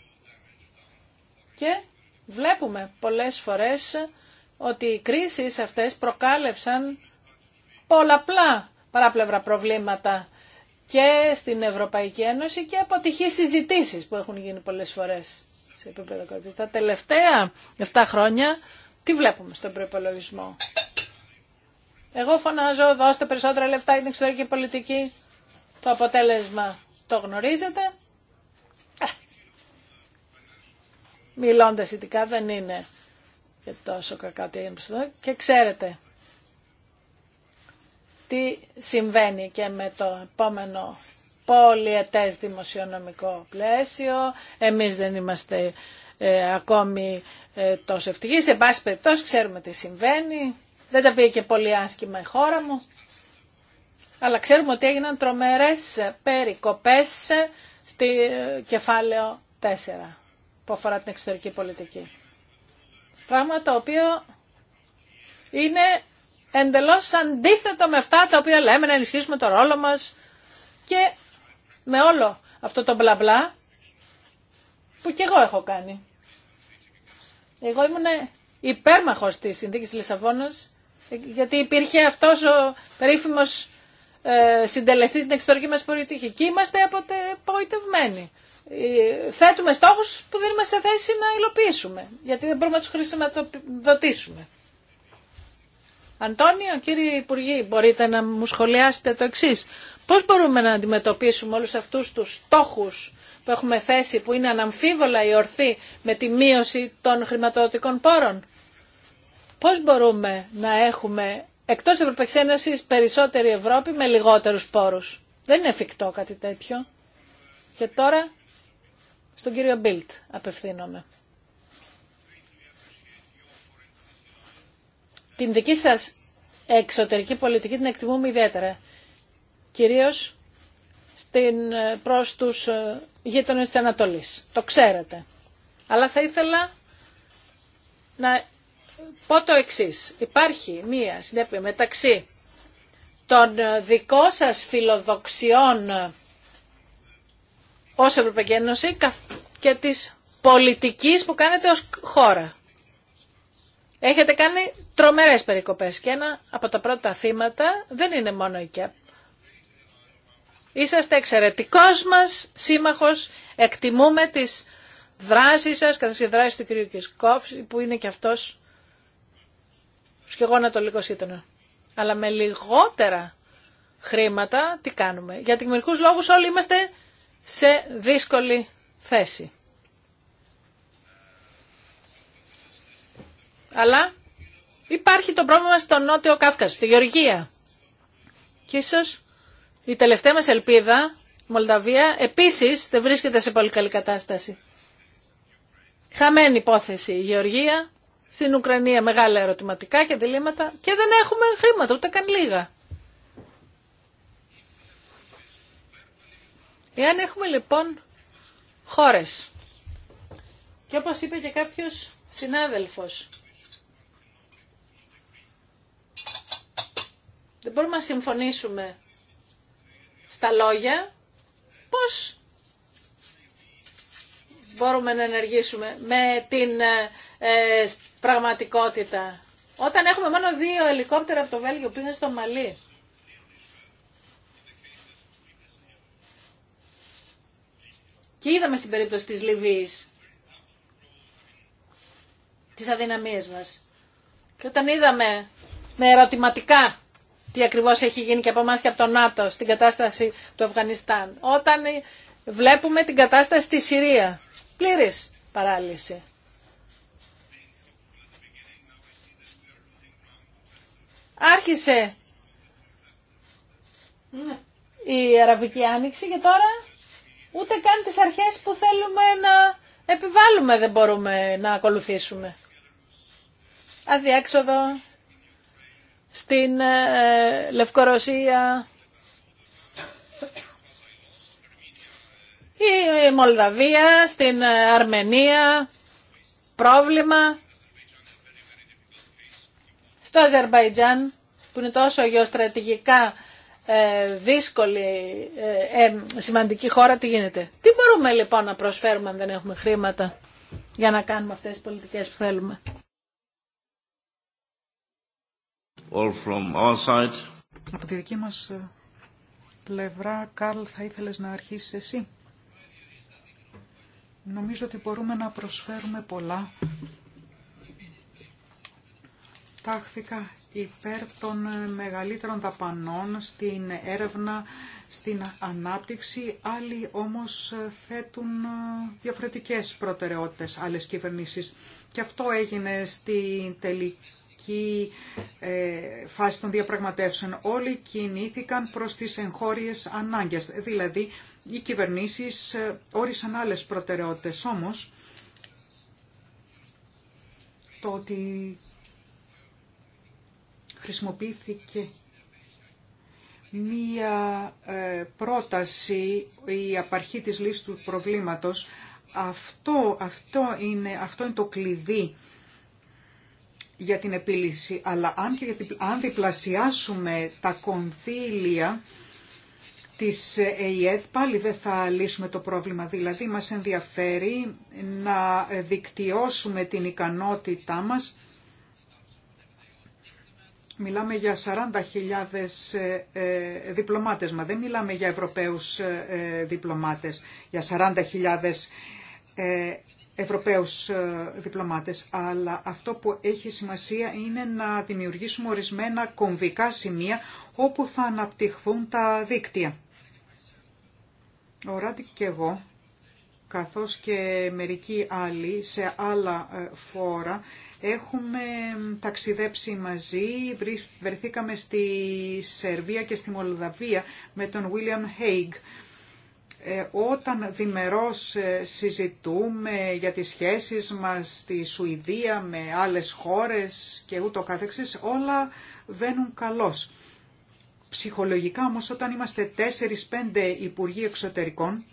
Και βλέπουμε πολλές φορές ότι οι κρίσεις αυτές προκάλεψαν πολλαπλά παράπλευρα προβλήματα και στην Ευρωπαϊκή Ένωση και αποτυχεί συζητήσεις που έχουν γίνει πολλές φορές σε επίπεδο κορυφής. Τα τελευταία 7 χρόνια τι βλέπουμε στον προπολογισμό. Εγώ φωνάζω, δώστε περισσότερα λεφτά για την εξωτερική πολιτική. Το αποτέλεσμα το γνωρίζετε. Ε, μιλώντας ειδικά δεν είναι και τόσο κακά τι έγινε και ξέρετε τι συμβαίνει και με το επόμενο πολυετές δημοσιονομικό πλαίσιο. Εμείς δεν είμαστε ε, ακόμη ε, τόσο ευτυχείς. Σε πάση περιπτώσει ξέρουμε τι συμβαίνει. Δεν τα πήγε και πολύ άσχημα η χώρα μου. Αλλά ξέρουμε ότι έγιναν τρομερές περικοπές στη κεφάλαιο 4 που αφορά την εξωτερική πολιτική. Πράγμα το οποίο είναι εντελώς αντίθετο με αυτά τα οποία λέμε να ενισχύσουμε το ρόλο μας και με όλο αυτό το μπλα μπλα που και εγώ έχω κάνει. Εγώ ήμουν υπέρμαχος της συνθήκης Λισαβόνας γιατί υπήρχε αυτό ο περίφημο ε, συντελεστής στην εξωτερική μας πολιτική και είμαστε απογοητευμένοι. Ε, θέτουμε στόχου που δεν είμαστε σε θέση να υλοποιήσουμε, γιατί δεν μπορούμε να του χρησιμοποιήσουμε. Αντώνιο, κύριε Υπουργή, μπορείτε να μου σχολιάσετε το εξή. Πώ μπορούμε να αντιμετωπίσουμε όλους αυτού του στόχου που έχουμε θέσει, που είναι αναμφίβολα η ορθή με τη μείωση των χρηματοδοτικών πόρων. Πώς μπορούμε να έχουμε εκτός Ευρωπαϊκής Ένωσης περισσότερη Ευρώπη με λιγότερους πόρους. Δεν είναι εφικτό κάτι τέτοιο. Και τώρα στον κύριο Μπίλτ απευθύνομαι. Την δική σας εξωτερική πολιτική την εκτιμούμε ιδιαίτερα. Κυρίως στην, προς τους ε, γείτονες της Ανατολής. Το ξέρετε. Αλλά θα ήθελα να πω το εξή. Υπάρχει μία συνέπεια μεταξύ των δικών σας φιλοδοξιών ως Ευρωπαϊκή Ένωση και της πολιτικής που κάνετε ως χώρα. Έχετε κάνει τρομερές περικοπές και ένα από τα πρώτα θύματα δεν είναι μόνο η ΚΕΠ. Είσαστε εξαιρετικός μας σύμμαχος, εκτιμούμε τις δράσεις σας καθώς και δράσεις του κ. Κισκόφ που είναι και αυτός και εγώ ανατολικό Αλλά με λιγότερα χρήματα τι κάνουμε. Για τεκμηρικούς λόγους όλοι είμαστε σε δύσκολη θέση. Αλλά υπάρχει το πρόβλημα στο Νότιο Κάφκασο, στη Γεωργία. Και ίσως η τελευταία μας ελπίδα, Μολδαβία, επίσης δεν βρίσκεται σε πολύ καλή κατάσταση. Χαμένη υπόθεση η Γεωργία, στην Ουκρανία μεγάλα ερωτηματικά και διλήμματα και δεν έχουμε χρήματα, ούτε καν λίγα. Εάν έχουμε λοιπόν χώρες και όπως είπε και κάποιος συνάδελφος δεν μπορούμε να συμφωνήσουμε στα λόγια πώς μπορούμε να ενεργήσουμε με την ε, ε, πραγματικότητα. Όταν έχουμε μόνο δύο ελικόπτερα από το Βέλγιο που είναι στο Μαλί. Και είδαμε στην περίπτωση της Λιβύης τις αδυναμίες μας. Και όταν είδαμε με ερωτηματικά τι ακριβώς έχει γίνει και από εμά και από τον ΝΑΤΟ στην κατάσταση του Αφγανιστάν. Όταν βλέπουμε την κατάσταση στη Συρία. Πλήρης παράλυση. Άρχισε η Αραβική Άνοιξη και τώρα ούτε καν τις αρχές που θέλουμε να επιβάλλουμε δεν μπορούμε να ακολουθήσουμε. Αδιέξοδο στην ε, Λευκορωσία, η Μολδαβία, στην ε, Αρμενία, πρόβλημα στο Αζερβαϊτζάν που είναι τόσο γεωστρατηγικά ε, δύσκολη, ε, ε, σημαντική χώρα, τι γίνεται. Τι μπορούμε λοιπόν να προσφέρουμε αν δεν έχουμε χρήματα για να κάνουμε αυτές τις πολιτικές που θέλουμε. All from side. Από
τη δική μας πλευρά, Καρλ, θα ήθελες να αρχίσεις εσύ. Νομίζω ότι μπορούμε να προσφέρουμε πολλά τάχθηκα υπέρ των μεγαλύτερων δαπανών στην έρευνα, στην ανάπτυξη. Άλλοι όμως θέτουν διαφορετικές προτεραιότητες, άλλες κυβερνήσεις. Και αυτό έγινε στην τελική ε, φάση των διαπραγματεύσεων. Όλοι κινήθηκαν προς τις εγχώριες ανάγκες. Δηλαδή, οι κυβερνήσεις ε, όρισαν άλλες προτεραιότητες. Όμως, το ότι χρησιμοποιήθηκε μία ε, πρόταση, η απαρχή της λύσης του προβλήματος. Αυτό, αυτό, είναι, αυτό είναι το κλειδί για την επίλυση. Αλλά αν, και, αν διπλασιάσουμε τα κονθήλια της ΕΙΕΔ πάλι δεν θα λύσουμε το πρόβλημα. Δηλαδή μας ενδιαφέρει να δικτυώσουμε την ικανότητά μας Μιλάμε για 40.000 ε, ε, διπλωμάτες, μα δεν μιλάμε για Ευρωπαίους ε, διπλωμάτες, για 40.000 Ευρωπαίους διπλωμάτες, αλλά αυτό που έχει σημασία είναι να δημιουργήσουμε ορισμένα κομβικά σημεία όπου θα αναπτυχθούν τα δίκτυα. Ο Ράτη και εγώ, καθώς και μερικοί άλλοι σε άλλα φόρα, Έχουμε ταξιδέψει μαζί, βρεθήκαμε στη Σερβία και στη Μολδαβία με τον William Hague. Ε, όταν διμερώς ε, συζητούμε για τις σχέσεις μας στη Σουηδία με άλλες χώρες και ούτω καθεξής, όλα βαίνουν καλώς. Ψυχολογικά όμως όταν είμαστε 4-5 υπουργοί εξωτερικών,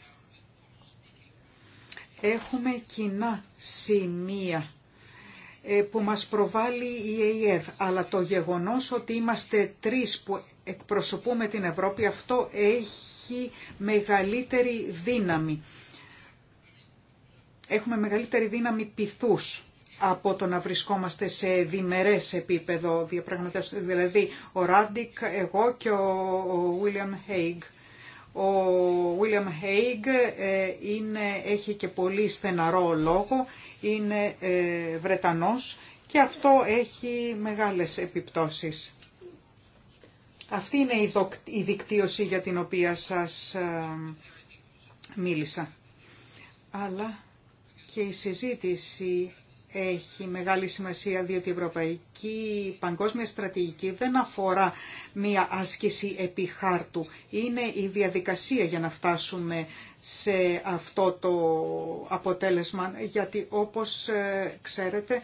έχουμε κοινά σημεία ε, που μας προβάλλει η ΕΕΔ, αλλά το γεγονός ότι είμαστε τρεις που εκπροσωπούμε την Ευρώπη, αυτό έχει μεγαλύτερη δύναμη. Έχουμε μεγαλύτερη δύναμη πυθούς από το να βρισκόμαστε σε διμερές επίπεδο διαπραγματεύσεων, δηλαδή ο Ράντικ, εγώ και ο Βίλιαμ Χέιγ. Ο Βίλιαμ Χέιγ ε, είναι, έχει και πολύ στεναρό λόγο είναι ε, Βρετανός και αυτό έχει μεγάλες επιπτώσεις. Αυτή είναι η δικτύωση για την οποία σας ε, μίλησα. Αλλά και η συζήτηση έχει μεγάλη σημασία διότι η Ευρωπαϊκή Παγκόσμια Στρατηγική δεν αφορά μία άσκηση επί χάρτου. Είναι η διαδικασία για να φτάσουμε σε αυτό το αποτέλεσμα, γιατί όπως ε, ξέρετε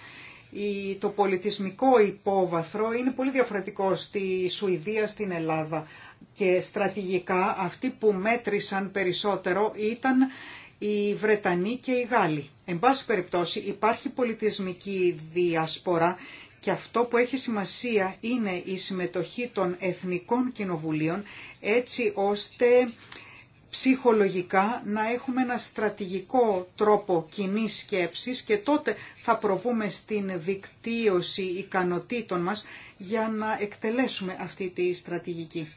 το πολιτισμικό υπόβαθρο είναι πολύ διαφορετικό στη Σουηδία, στην Ελλάδα και στρατηγικά αυτοί που μέτρησαν περισσότερο ήταν οι Βρετανοί και οι Γάλλοι. Εν πάση περιπτώσει υπάρχει πολιτισμική διασπορά και αυτό που έχει σημασία είναι η συμμετοχή των εθνικών κοινοβουλίων έτσι ώστε ψυχολογικά να έχουμε ένα στρατηγικό τρόπο κοινή σκέψης και τότε θα προβούμε στην δικτύωση ικανοτήτων μας για να εκτελέσουμε αυτή τη στρατηγική.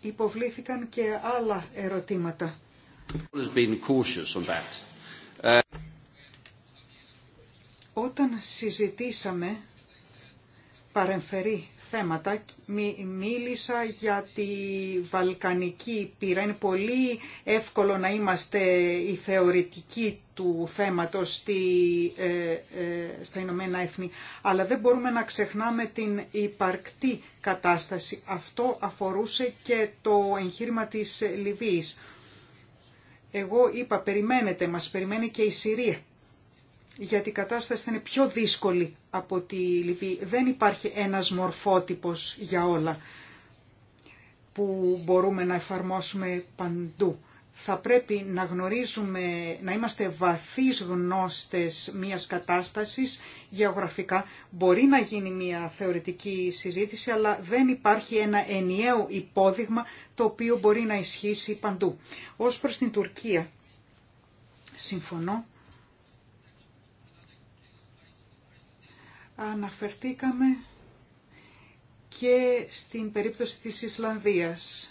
Υποβλήθηκαν και άλλα ερωτήματα. Όταν συζητήσαμε παρεμφερή θέματα. Μίλησα για τη βαλκανική πύρα. Είναι πολύ εύκολο να είμαστε η θεωρητική του θέματος στη, ε, ε, στα Ηνωμένα Έθνη, αλλά δεν μπορούμε να ξεχνάμε την υπαρκτή κατάσταση. Αυτό αφορούσε και το εγχείρημα της Λιβύης. Εγώ είπα, περιμένετε, μας περιμένει και η Συρία γιατί η κατάσταση θα είναι πιο δύσκολη από τη Λιβύη. Δεν υπάρχει ένας μορφότυπος για όλα που μπορούμε να εφαρμόσουμε παντού. Θα πρέπει να γνωρίζουμε, να είμαστε βαθείς γνώστες μιας κατάστασης γεωγραφικά. Μπορεί να γίνει μια θεωρητική συζήτηση, αλλά δεν υπάρχει ένα ενιαίο υπόδειγμα το οποίο μπορεί να ισχύσει παντού. Ως προς την Τουρκία, συμφωνώ Αναφερθήκαμε και στην περίπτωση της Ισλανδίας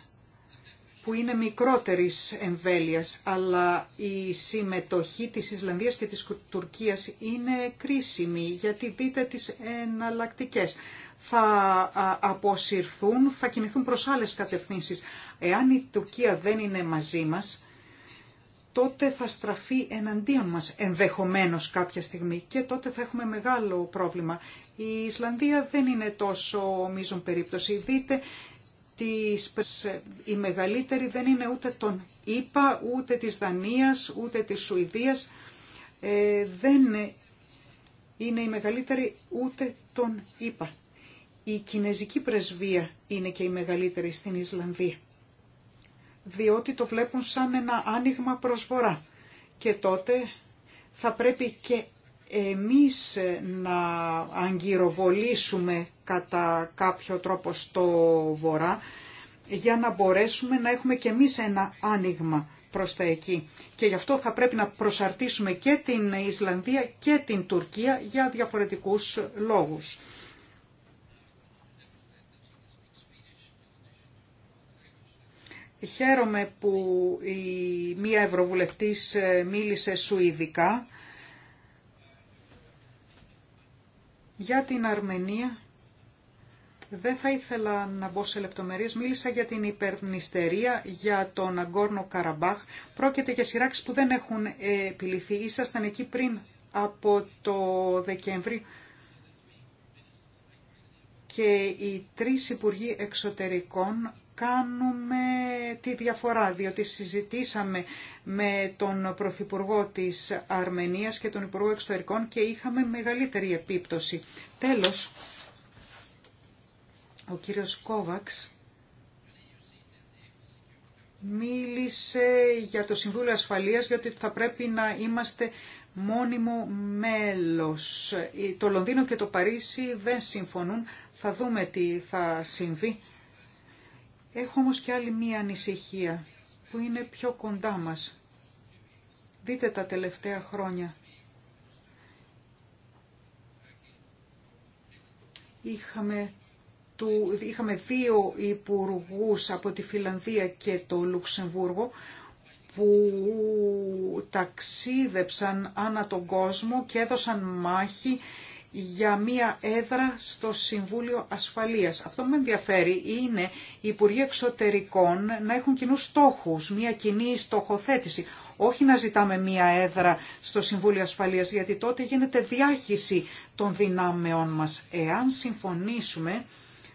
που είναι μικρότερης εμβέλειας, αλλά η συμμετοχή της Ισλανδίας και της Τουρκίας είναι κρίσιμη, γιατί δείτε τις εναλλακτικέ. Θα αποσυρθούν, θα κινηθούν προς άλλες κατευθύνσεις. Εάν η Τουρκία δεν είναι μαζί μας, τότε θα στραφεί εναντίον μας ενδεχομένως κάποια στιγμή και τότε θα έχουμε μεγάλο πρόβλημα. Η Ισλανδία δεν είναι τόσο μείζον περίπτωση. Δείτε, τις, η μεγαλύτερη δεν είναι ούτε των ΙΠΑ, ούτε της Δανίας, ούτε της Σουηδίας. Ε, δεν είναι η μεγαλύτερη ούτε των ΙΠΑ. Η Κινέζικη πρεσβεία είναι και η μεγαλύτερη στην Ισλανδία διότι το βλέπουν σαν ένα άνοιγμα προσφορά. Και τότε θα πρέπει και εμείς να αγκυροβολήσουμε κατά κάποιο τρόπο στο βορρά για να μπορέσουμε να έχουμε και εμείς ένα άνοιγμα προς τα εκεί. Και γι' αυτό θα πρέπει να προσαρτήσουμε και την Ισλανδία και την Τουρκία για διαφορετικούς λόγους. Χαίρομαι που η μία Ευρωβουλευτής ε, μίλησε σουηδικά για την Αρμενία. Δεν θα ήθελα να μπω σε λεπτομερίες. Μίλησα για την υπερνηστερία, για τον Αγκόρνο Καραμπάχ. Πρόκειται για σειράξεις που δεν έχουν ε, επιληθεί. Ήσασταν εκεί πριν από το Δεκέμβρη και οι τρεις Υπουργοί Εξωτερικών κάνουμε τη διαφορά, διότι συζητήσαμε με τον Πρωθυπουργό της Αρμενίας και τον Υπουργό Εξωτερικών και είχαμε μεγαλύτερη επίπτωση. Τέλος, ο κύριος Κόβαξ μίλησε για το Συμβούλιο Ασφαλείας, γιατί θα πρέπει να είμαστε μόνιμο μέλος. Ε, το Λονδίνο και το Παρίσι δεν συμφωνούν. Θα δούμε τι θα συμβεί. Έχω όμως και άλλη μία ανησυχία που είναι πιο κοντά μας. Δείτε τα τελευταία χρόνια. Είχαμε, είχαμε δύο υπουργούς από τη Φιλανδία και το Λουξεμβούργο που ταξίδεψαν ανά τον κόσμο και έδωσαν μάχη για μία έδρα στο Συμβούλιο Ασφαλείας. Αυτό που με ενδιαφέρει είναι οι Υπουργοί Εξωτερικών να έχουν κοινού στόχους, μία κοινή στοχοθέτηση. Όχι να ζητάμε μία έδρα στο Συμβούλιο Ασφαλείας, γιατί τότε γίνεται διάχυση των δυνάμεών μας. Εάν συμφωνήσουμε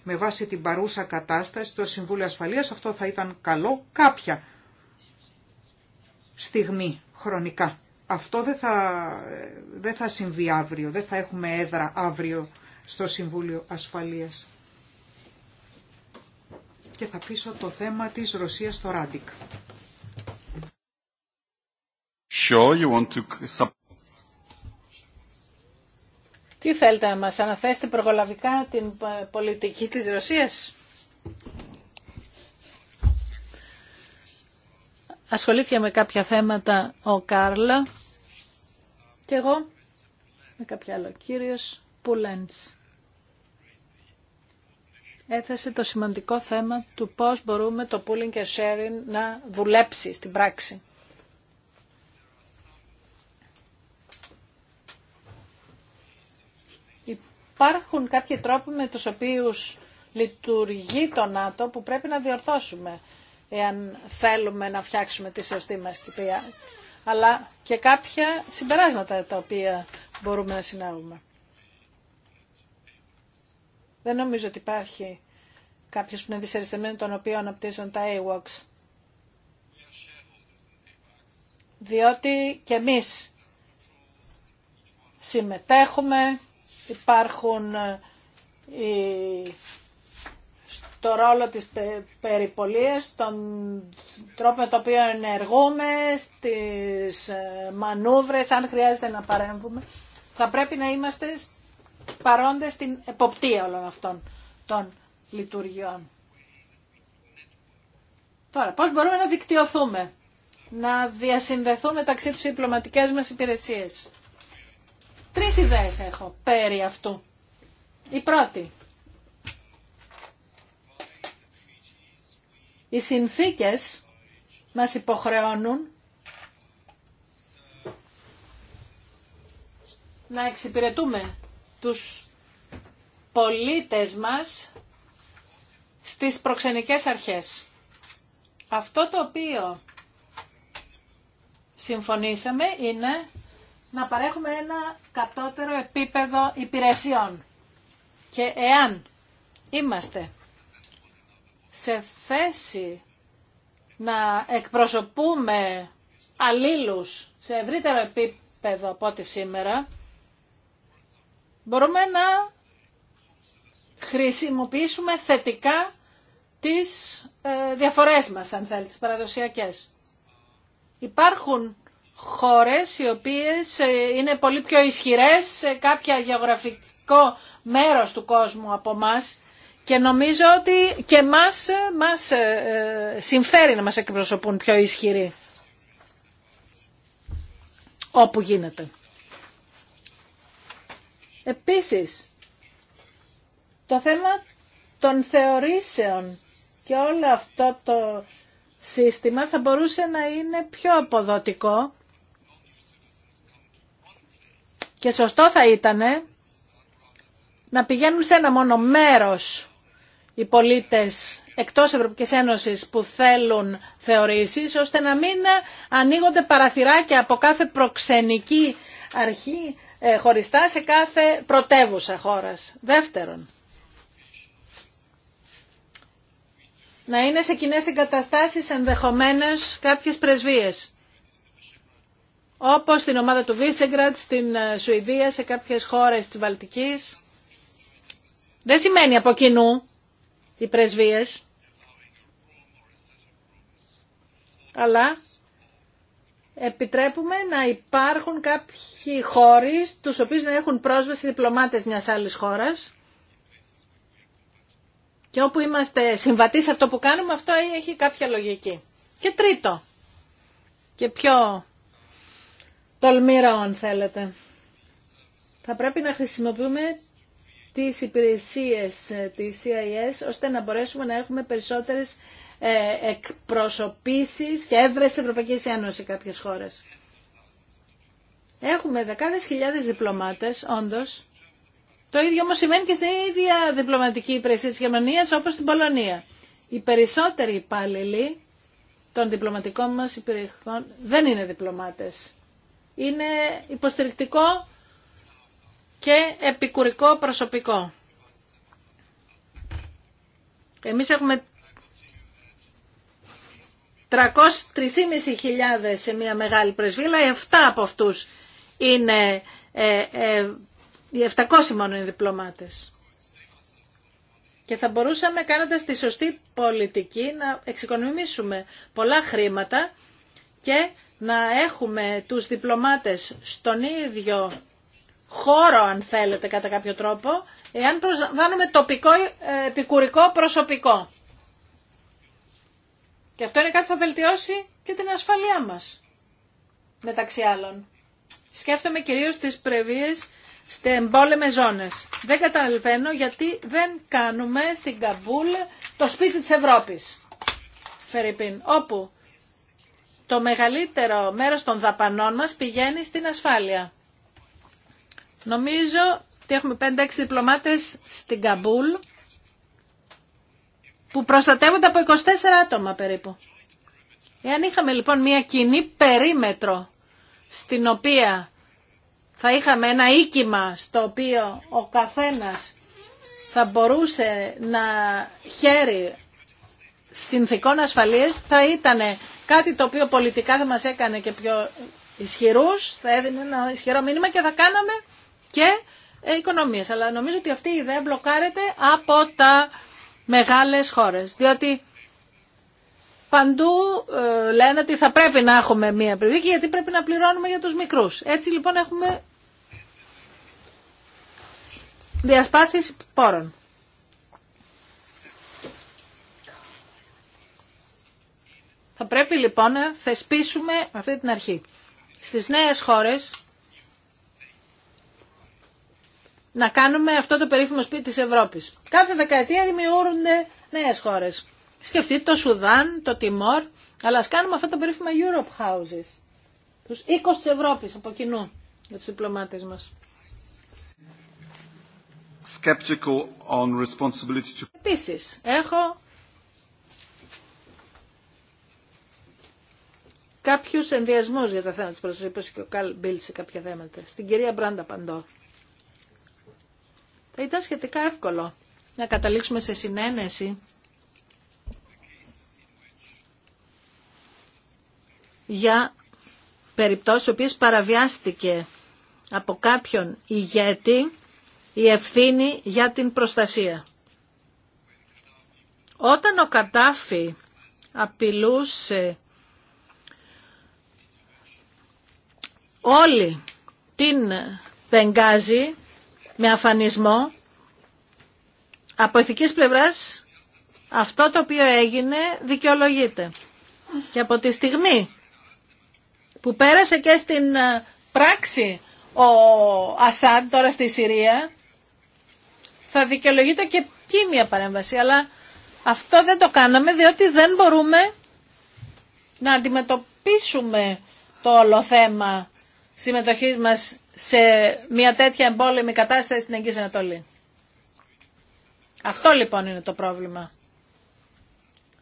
με βάση την παρούσα κατάσταση στο Συμβούλιο Ασφαλείας, αυτό θα ήταν καλό κάποια στιγμή χρονικά αυτό δεν θα, δεν θα συμβεί αύριο, δεν θα έχουμε έδρα αύριο στο Συμβούλιο Ασφαλείας. Και θα πείσω το θέμα της
Ρωσίας στο Ράντικ. Τι θέλετε να μας αναθέσετε προγολαβικά την ε, πολιτική της Ρωσίας. ασχολήθηκε με κάποια θέματα ο Κάρλα και εγώ με κάποια άλλο. Κύριος Πουλέντς έθεσε το σημαντικό θέμα του πώς μπορούμε το pooling και sharing να δουλέψει στην πράξη. Υπάρχουν κάποιοι τρόποι με τους οποίους λειτουργεί το ΝΑΤΟ που πρέπει να διορθώσουμε εάν θέλουμε να φτιάξουμε τη σωστή μας κοιπία, αλλά και κάποια συμπεράσματα τα οποία μπορούμε να συνάγουμε. Δεν νομίζω ότι υπάρχει κάποιος που είναι με τον οποίο αναπτύσσουν τα AWOX, Διότι και εμείς συμμετέχουμε, υπάρχουν ε, οι το ρόλο της περιπολίας, τον τρόπο με τον οποίο ενεργούμε, στις ε, μανούβρες, αν χρειάζεται να παρέμβουμε. Θα πρέπει να είμαστε παρόντες στην εποπτεία όλων αυτών των λειτουργιών. Τώρα, πώς μπορούμε να δικτυωθούμε, να διασυνδεθούμε μεταξύ τους διπλωματικές μας υπηρεσίες. Τρεις ιδέες έχω περί αυτού. Η πρώτη, Οι συνθήκες μας υποχρεώνουν να εξυπηρετούμε τους πολίτες μας στις προξενικές αρχές. Αυτό το οποίο συμφωνήσαμε είναι να παρέχουμε ένα κατώτερο επίπεδο υπηρεσιών. Και εάν είμαστε σε θέση να εκπροσωπούμε αλλήλους σε ευρύτερο επίπεδο από ό,τι σήμερα, μπορούμε να χρησιμοποιήσουμε θετικά τις ε, διαφορές μας, αν θέλετε, τις παραδοσιακές. Υπάρχουν χώρες οι οποίες ε, είναι πολύ πιο ισχυρές σε κάποια γεωγραφικό μέρος του κόσμου από μας και νομίζω ότι και μας, μας ε, συμφέρει να μας εκπροσωπούν πιο ισχυροί όπου γίνεται. Επίσης, το θέμα των θεωρήσεων και όλο αυτό το σύστημα θα μπορούσε να είναι πιο αποδοτικό και σωστό θα ήτανε να πηγαίνουν σε ένα μόνο μέρος οι πολίτες εκτός Ευρωπαϊκής Ένωσης που θέλουν θεωρήσεις, ώστε να μην ανοίγονται παραθυράκια από κάθε προξενική αρχή ε, χωριστά σε κάθε πρωτεύουσα χώρας. Δεύτερον, να είναι σε κοινέ εγκαταστάσεις ενδεχομένως κάποιες πρεσβείες, όπως στην ομάδα του Βίσεγκρατ, στην ε, Σουηδία, σε κάποιες χώρες της Βαλτικής. Δεν σημαίνει από κοινού οι πρεσβείες, αλλά επιτρέπουμε να υπάρχουν κάποιοι χώροι τους οποίους να έχουν πρόσβαση διπλωμάτες μιας άλλης χώρας και όπου είμαστε συμβατοί σε αυτό που κάνουμε αυτό έχει κάποια λογική. Και τρίτο και πιο τολμήρα αν θέλετε θα πρέπει να χρησιμοποιούμε τις υπηρεσίες ε, της CIS ώστε να μπορέσουμε να έχουμε περισσότερες ε, εκπροσωπήσεις και έβρεση της Ευρωπαϊκής Ένωσης σε κάποιες χώρες. Έχουμε δεκάδες χιλιάδες διπλωμάτες, όντως. Το ίδιο όμως σημαίνει και στην ίδια διπλωματική υπηρεσία της Γερμανίας όπως στην Πολωνία. Οι περισσότεροι υπάλληλοι των διπλωματικών μας υπηρεσιών δεν είναι διπλωμάτες. Είναι υποστηρικτικό και επικουρικό προσωπικό. Εμείς 300-3.500 σε μια μεγάλη πρεσβύλα. 7 από αυτούς είναι, 700 ε, ε, μόνο είναι διπλωμάτες. Και θα μπορούσαμε κάνοντας τη σωστή πολιτική να εξοικονομήσουμε πολλά χρήματα και να έχουμε τους διπλωμάτες στον ίδιο χώρο αν θέλετε κατά κάποιο τρόπο εάν προσλαμβάνουμε τοπικό ε, επικουρικό προσωπικό. Και αυτό είναι κάτι που θα βελτιώσει και την ασφαλεία μας μεταξύ άλλων. Σκέφτομαι κυρίως τις πρεβίες στις εμπόλεμες ζώνες. Δεν καταλαβαίνω γιατί δεν κάνουμε στην Καμπούλ το σπίτι της Ευρώπης. Φερρυπίν, όπου το μεγαλύτερο μέρος των δαπανών μας πηγαίνει στην ασφάλεια. Νομίζω ότι έχουμε 5-6 διπλωμάτες στην Καμπούλ που προστατεύονται από 24 άτομα περίπου. Εάν είχαμε λοιπόν μια κοινή περίμετρο στην οποία θα είχαμε ένα οίκημα στο οποίο ο καθένας θα μπορούσε να χαίρει συνθήκων ασφαλείας θα ήταν κάτι το οποίο πολιτικά θα μας έκανε και πιο ισχυρούς, θα έδινε ένα ισχυρό μήνυμα και θα κάναμε και ε, οικονομίες. Αλλά νομίζω ότι αυτή η ιδέα μπλοκάρεται από τα μεγάλες χώρες. Διότι παντού ε, λένε ότι θα πρέπει να έχουμε μία περιοχή γιατί πρέπει να πληρώνουμε για τους μικρούς. Έτσι λοιπόν έχουμε διασπάθηση πόρων. Θα πρέπει λοιπόν να θεσπίσουμε αυτή την αρχή. Στις νέες χώρες να κάνουμε αυτό το περίφημο σπίτι της Ευρώπης. Κάθε δεκαετία δημιουργούνται νέες χώρες. Σκεφτείτε το Σουδάν, το Τιμόρ, αλλά ας κάνουμε αυτά τα περίφημα Europe Houses. Τους 20 της Ευρώπης από κοινού για τους διπλωμάτες μας. Skeptical on to... Επίσης, έχω κάποιους ενδιασμούς για τα θέματα της προσοχής, και ο Καλ σε κάποια θέματα. Στην κυρία Μπράντα Παντό ήταν σχετικά εύκολο να καταλήξουμε σε συνένεση για περιπτώσεις οποίες παραβιάστηκε από κάποιον ηγέτη η ευθύνη για την προστασία. Όταν ο Κατάφη απειλούσε όλη την Πενγκάζη με αφανισμό. Από ηθικής πλευράς αυτό το οποίο έγινε δικαιολογείται. Και από τη στιγμή που πέρασε και στην ε, πράξη ο Ασάντ τώρα στη Συρία θα δικαιολογείται και μία παρέμβαση. Αλλά αυτό δεν το κάναμε διότι δεν μπορούμε να αντιμετωπίσουμε το όλο θέμα συμμετοχής μας σε μια τέτοια εμπόλεμη κατάσταση στην Αγγής Ανατολή. Αυτό λοιπόν είναι το πρόβλημα.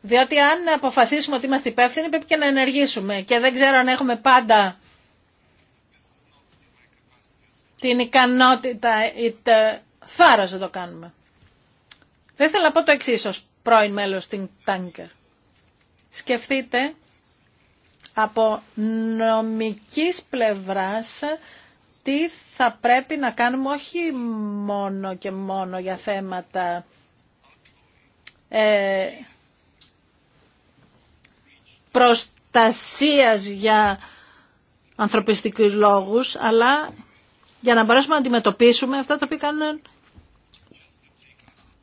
Διότι αν αποφασίσουμε ότι είμαστε υπεύθυνοι πρέπει και να ενεργήσουμε και δεν ξέρω αν έχουμε πάντα την ικανότητα ή το θάρρος να το κάνουμε. Δεν θέλω να πω το εξή ω πρώην μέλος στην Τάνκερ. Σκεφτείτε από νομικής πλευράς τι θα πρέπει να κάνουμε όχι μόνο και μόνο για θέματα ε, προστασίας για ανθρωπιστικούς λόγους, αλλά για να μπορέσουμε να αντιμετωπίσουμε αυτά τα οποία κάνουν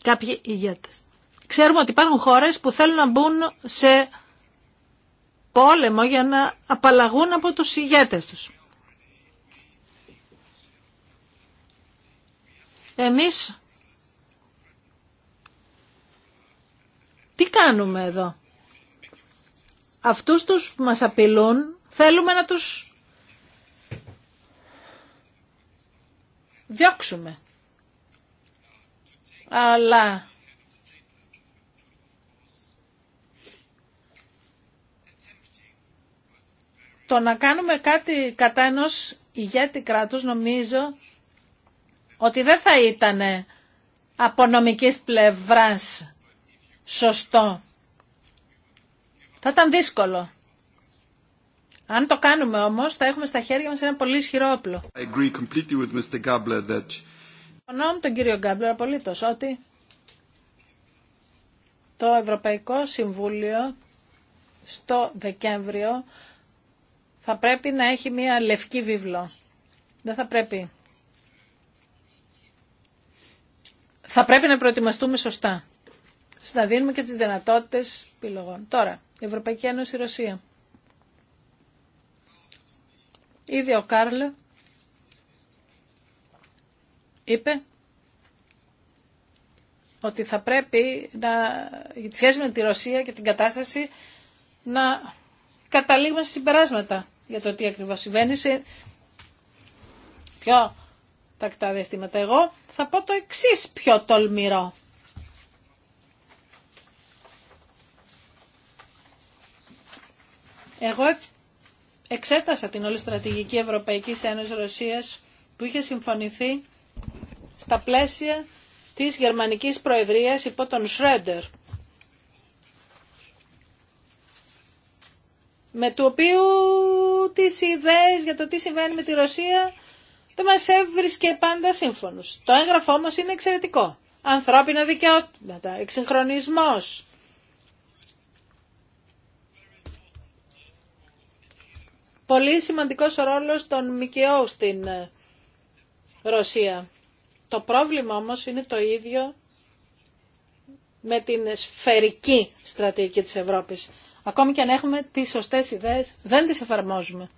κάποιοι ηγέτες. Ξέρουμε ότι υπάρχουν χώρες που θέλουν να μπουν σε πόλεμο για να απαλλαγούν από τους ηγέτες τους. Εμείς τι κάνουμε εδώ. Αυτούς τους που μας απειλούν θέλουμε να τους διώξουμε. Αλλά το να κάνουμε κάτι κατά ενός ηγέτη κράτους νομίζω ότι δεν θα ήταν από νομικής πλευράς σωστό. Θα ήταν δύσκολο. Αν το κάνουμε όμως, θα έχουμε στα χέρια μας ένα πολύ ισχυρό όπλο. Συμφωνώ με τον κύριο Γκάμπλερ απολύτως ότι το Ευρωπαϊκό Συμβούλιο στο Δεκέμβριο θα πρέπει να έχει μία λευκή βίβλο. Δεν θα πρέπει θα πρέπει να προετοιμαστούμε σωστά. Να δίνουμε και τι δυνατότητε επιλογών. Τώρα, η Ευρωπαϊκή Ένωση, Ρωσία. Ήδη ο Κάρλ είπε ότι θα πρέπει να, σχέση με τη Ρωσία και την κατάσταση να καταλήγουμε σε συμπεράσματα για το τι ακριβώς συμβαίνει σε τακτά Εγώ θα πω το εξή πιο τολμηρό. Εγώ εξέτασα την όλη στρατηγική Ευρωπαϊκής Ένωσης Ρωσίας που είχε συμφωνηθεί στα πλαίσια της Γερμανικής Προεδρίας υπό τον Σρέντερ. με του οποίου τις ιδέες για το τι συμβαίνει με τη Ρωσία δεν μας έβρισκε πάντα σύμφωνος. Το έγγραφό μας είναι εξαιρετικό. Ανθρώπινα δικαιώματα, εξυγχρονισμός. Πολύ σημαντικός ο ρόλος των ΜΚΟ στην ε, Ρωσία. Το πρόβλημα όμως είναι το ίδιο με την σφαιρική στρατηγική της Ευρώπης. Ακόμη και αν έχουμε τις σωστές ιδέες, δεν τις εφαρμόζουμε.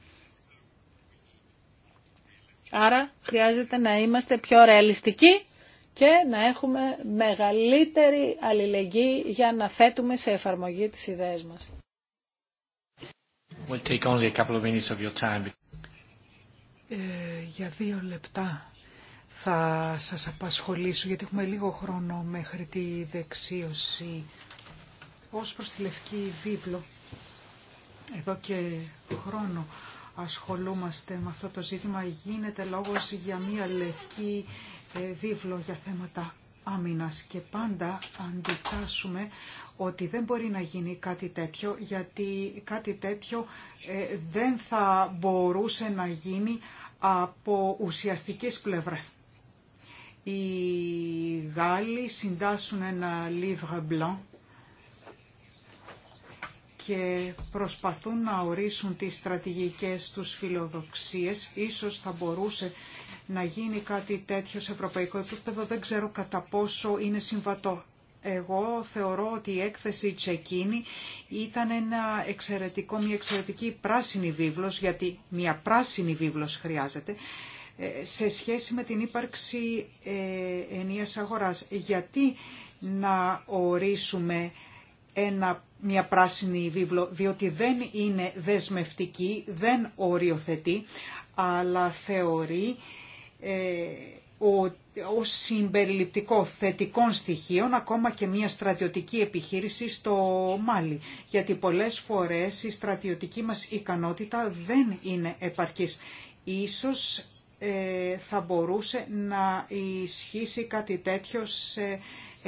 Άρα χρειάζεται να είμαστε πιο ρεαλιστικοί και να έχουμε μεγαλύτερη αλληλεγγύη για να θέτουμε σε εφαρμογή τις ιδέες μας.
take για δύο λεπτά θα σας απασχολήσω γιατί έχουμε λίγο χρόνο μέχρι τη δεξίωση ως προς τη Λευκή Βίβλο εδώ και χρόνο ασχολούμαστε με αυτό το ζήτημα. Γίνεται λόγος για μία λευκή ε, βίβλο για θέματα άμυνας και πάντα αντιτάσσουμε ότι δεν μπορεί να γίνει κάτι τέτοιο γιατί κάτι τέτοιο ε, δεν θα μπορούσε να γίνει από ουσιαστικής πλευρά. Οι Γάλλοι συντάσσουν ένα livre blanc και προσπαθούν να ορίσουν τις στρατηγικές τους φιλοδοξίες. Ίσως θα μπορούσε να γίνει κάτι τέτοιο σε ευρωπαϊκό επίπεδο. Δεν ξέρω κατά πόσο είναι συμβατό. Εγώ θεωρώ ότι η έκθεση Τσεκίνη ήταν ένα εξαιρετικό, μια εξαιρετική πράσινη βίβλος, γιατί μια πράσινη βίβλος χρειάζεται, ε, σε σχέση με την ύπαρξη ε, ενίας αγοράς. Γιατί να ορίσουμε ένα, μια πράσινη βίβλο, διότι δεν είναι δεσμευτική, δεν οριοθετεί, αλλά θεωρεί ε, ο, ως συμπεριληπτικό θετικών στοιχείων ακόμα και μια στρατιωτική επιχείρηση στο Μάλι. Γιατί πολλές φορές η στρατιωτική μας ικανότητα δεν είναι επαρκής. Ίσως ε, θα μπορούσε να ισχύσει κάτι τέτοιο σε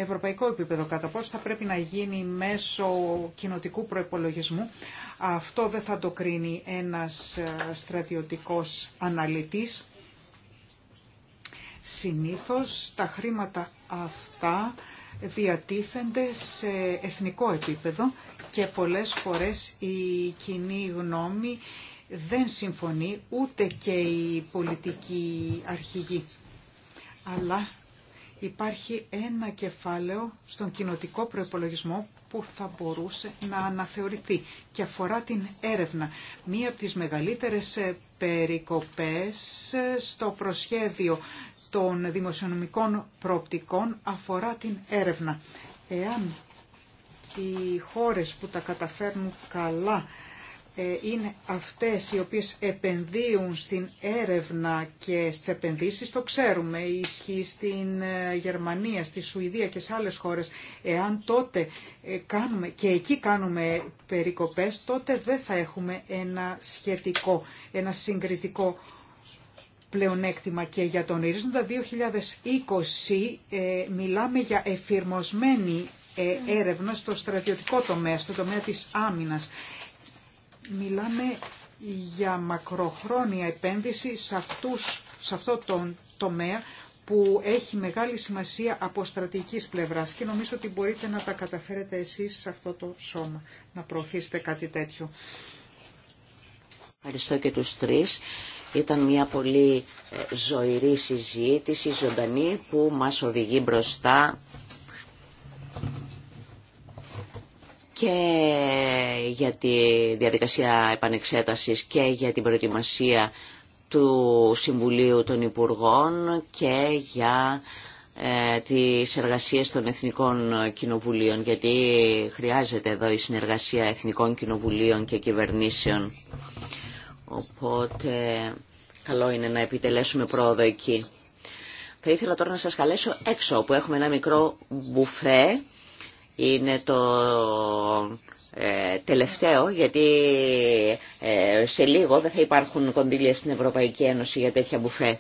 ευρωπαϊκό επίπεδο, κατά πόσο θα πρέπει να γίνει μέσω κοινοτικού προπολογισμού. αυτό δεν θα το κρίνει ένας ε, στρατιωτικός αναλυτής. Συνήθως τα χρήματα αυτά διατίθενται σε εθνικό επίπεδο και πολλές φορές η κοινή γνώμη δεν συμφωνεί ούτε και η πολιτική αρχηγή. Αλλά υπάρχει ένα κεφάλαιο στον κοινοτικό προϋπολογισμό που θα μπορούσε να αναθεωρηθεί και αφορά την έρευνα. Μία από τις μεγαλύτερες ε, περικοπές ε, στο προσχέδιο των δημοσιονομικών προοπτικών αφορά την έρευνα. Εάν οι χώρες που τα καταφέρνουν καλά ε, είναι αυτές οι οποίες επενδύουν στην έρευνα και στις επενδύσεις, το ξέρουμε, ισχύει στην ε, Γερμανία, στη Σουηδία και σε άλλες χώρες. Εάν τότε ε, κάνουμε και εκεί κάνουμε περικοπές, τότε δεν θα έχουμε ένα σχετικό, ένα συγκριτικό πλεονέκτημα και για τον ορίζοντα 2020 μιλάμε για εφηρμοσμένη έρευνα στο στρατιωτικό τομέα, στο τομέα της άμυνας. Μιλάμε για μακροχρόνια επένδυση σε, αυτούς, σε αυτό το τομέα που έχει μεγάλη σημασία από στρατηγικής πλευράς και νομίζω ότι μπορείτε να τα καταφέρετε εσείς σε αυτό το σώμα, να προωθήσετε κάτι
τέτοιο. Ευχαριστώ και τους τρεις. Ήταν μια πολύ ε, ζωηρή συζήτηση, ζωντανή, που μας οδηγεί μπροστά και για τη διαδικασία επανεξέτασης και για την προετοιμασία του Συμβουλίου των Υπουργών και για ε, τις εργασίες των Εθνικών Κοινοβουλίων, γιατί χρειάζεται εδώ η συνεργασία Εθνικών Κοινοβουλίων και Κυβερνήσεων. Οπότε καλό είναι να επιτελέσουμε πρόοδο εκεί. Θα ήθελα τώρα να σας καλέσω έξω, που έχουμε ένα μικρό μπουφέ είναι το ε, τελευταίο γιατί ε, σε λίγο δεν θα υπάρχουν κονδύλια στην Ευρωπαϊκή Ένωση για τέτοια μπουφέ.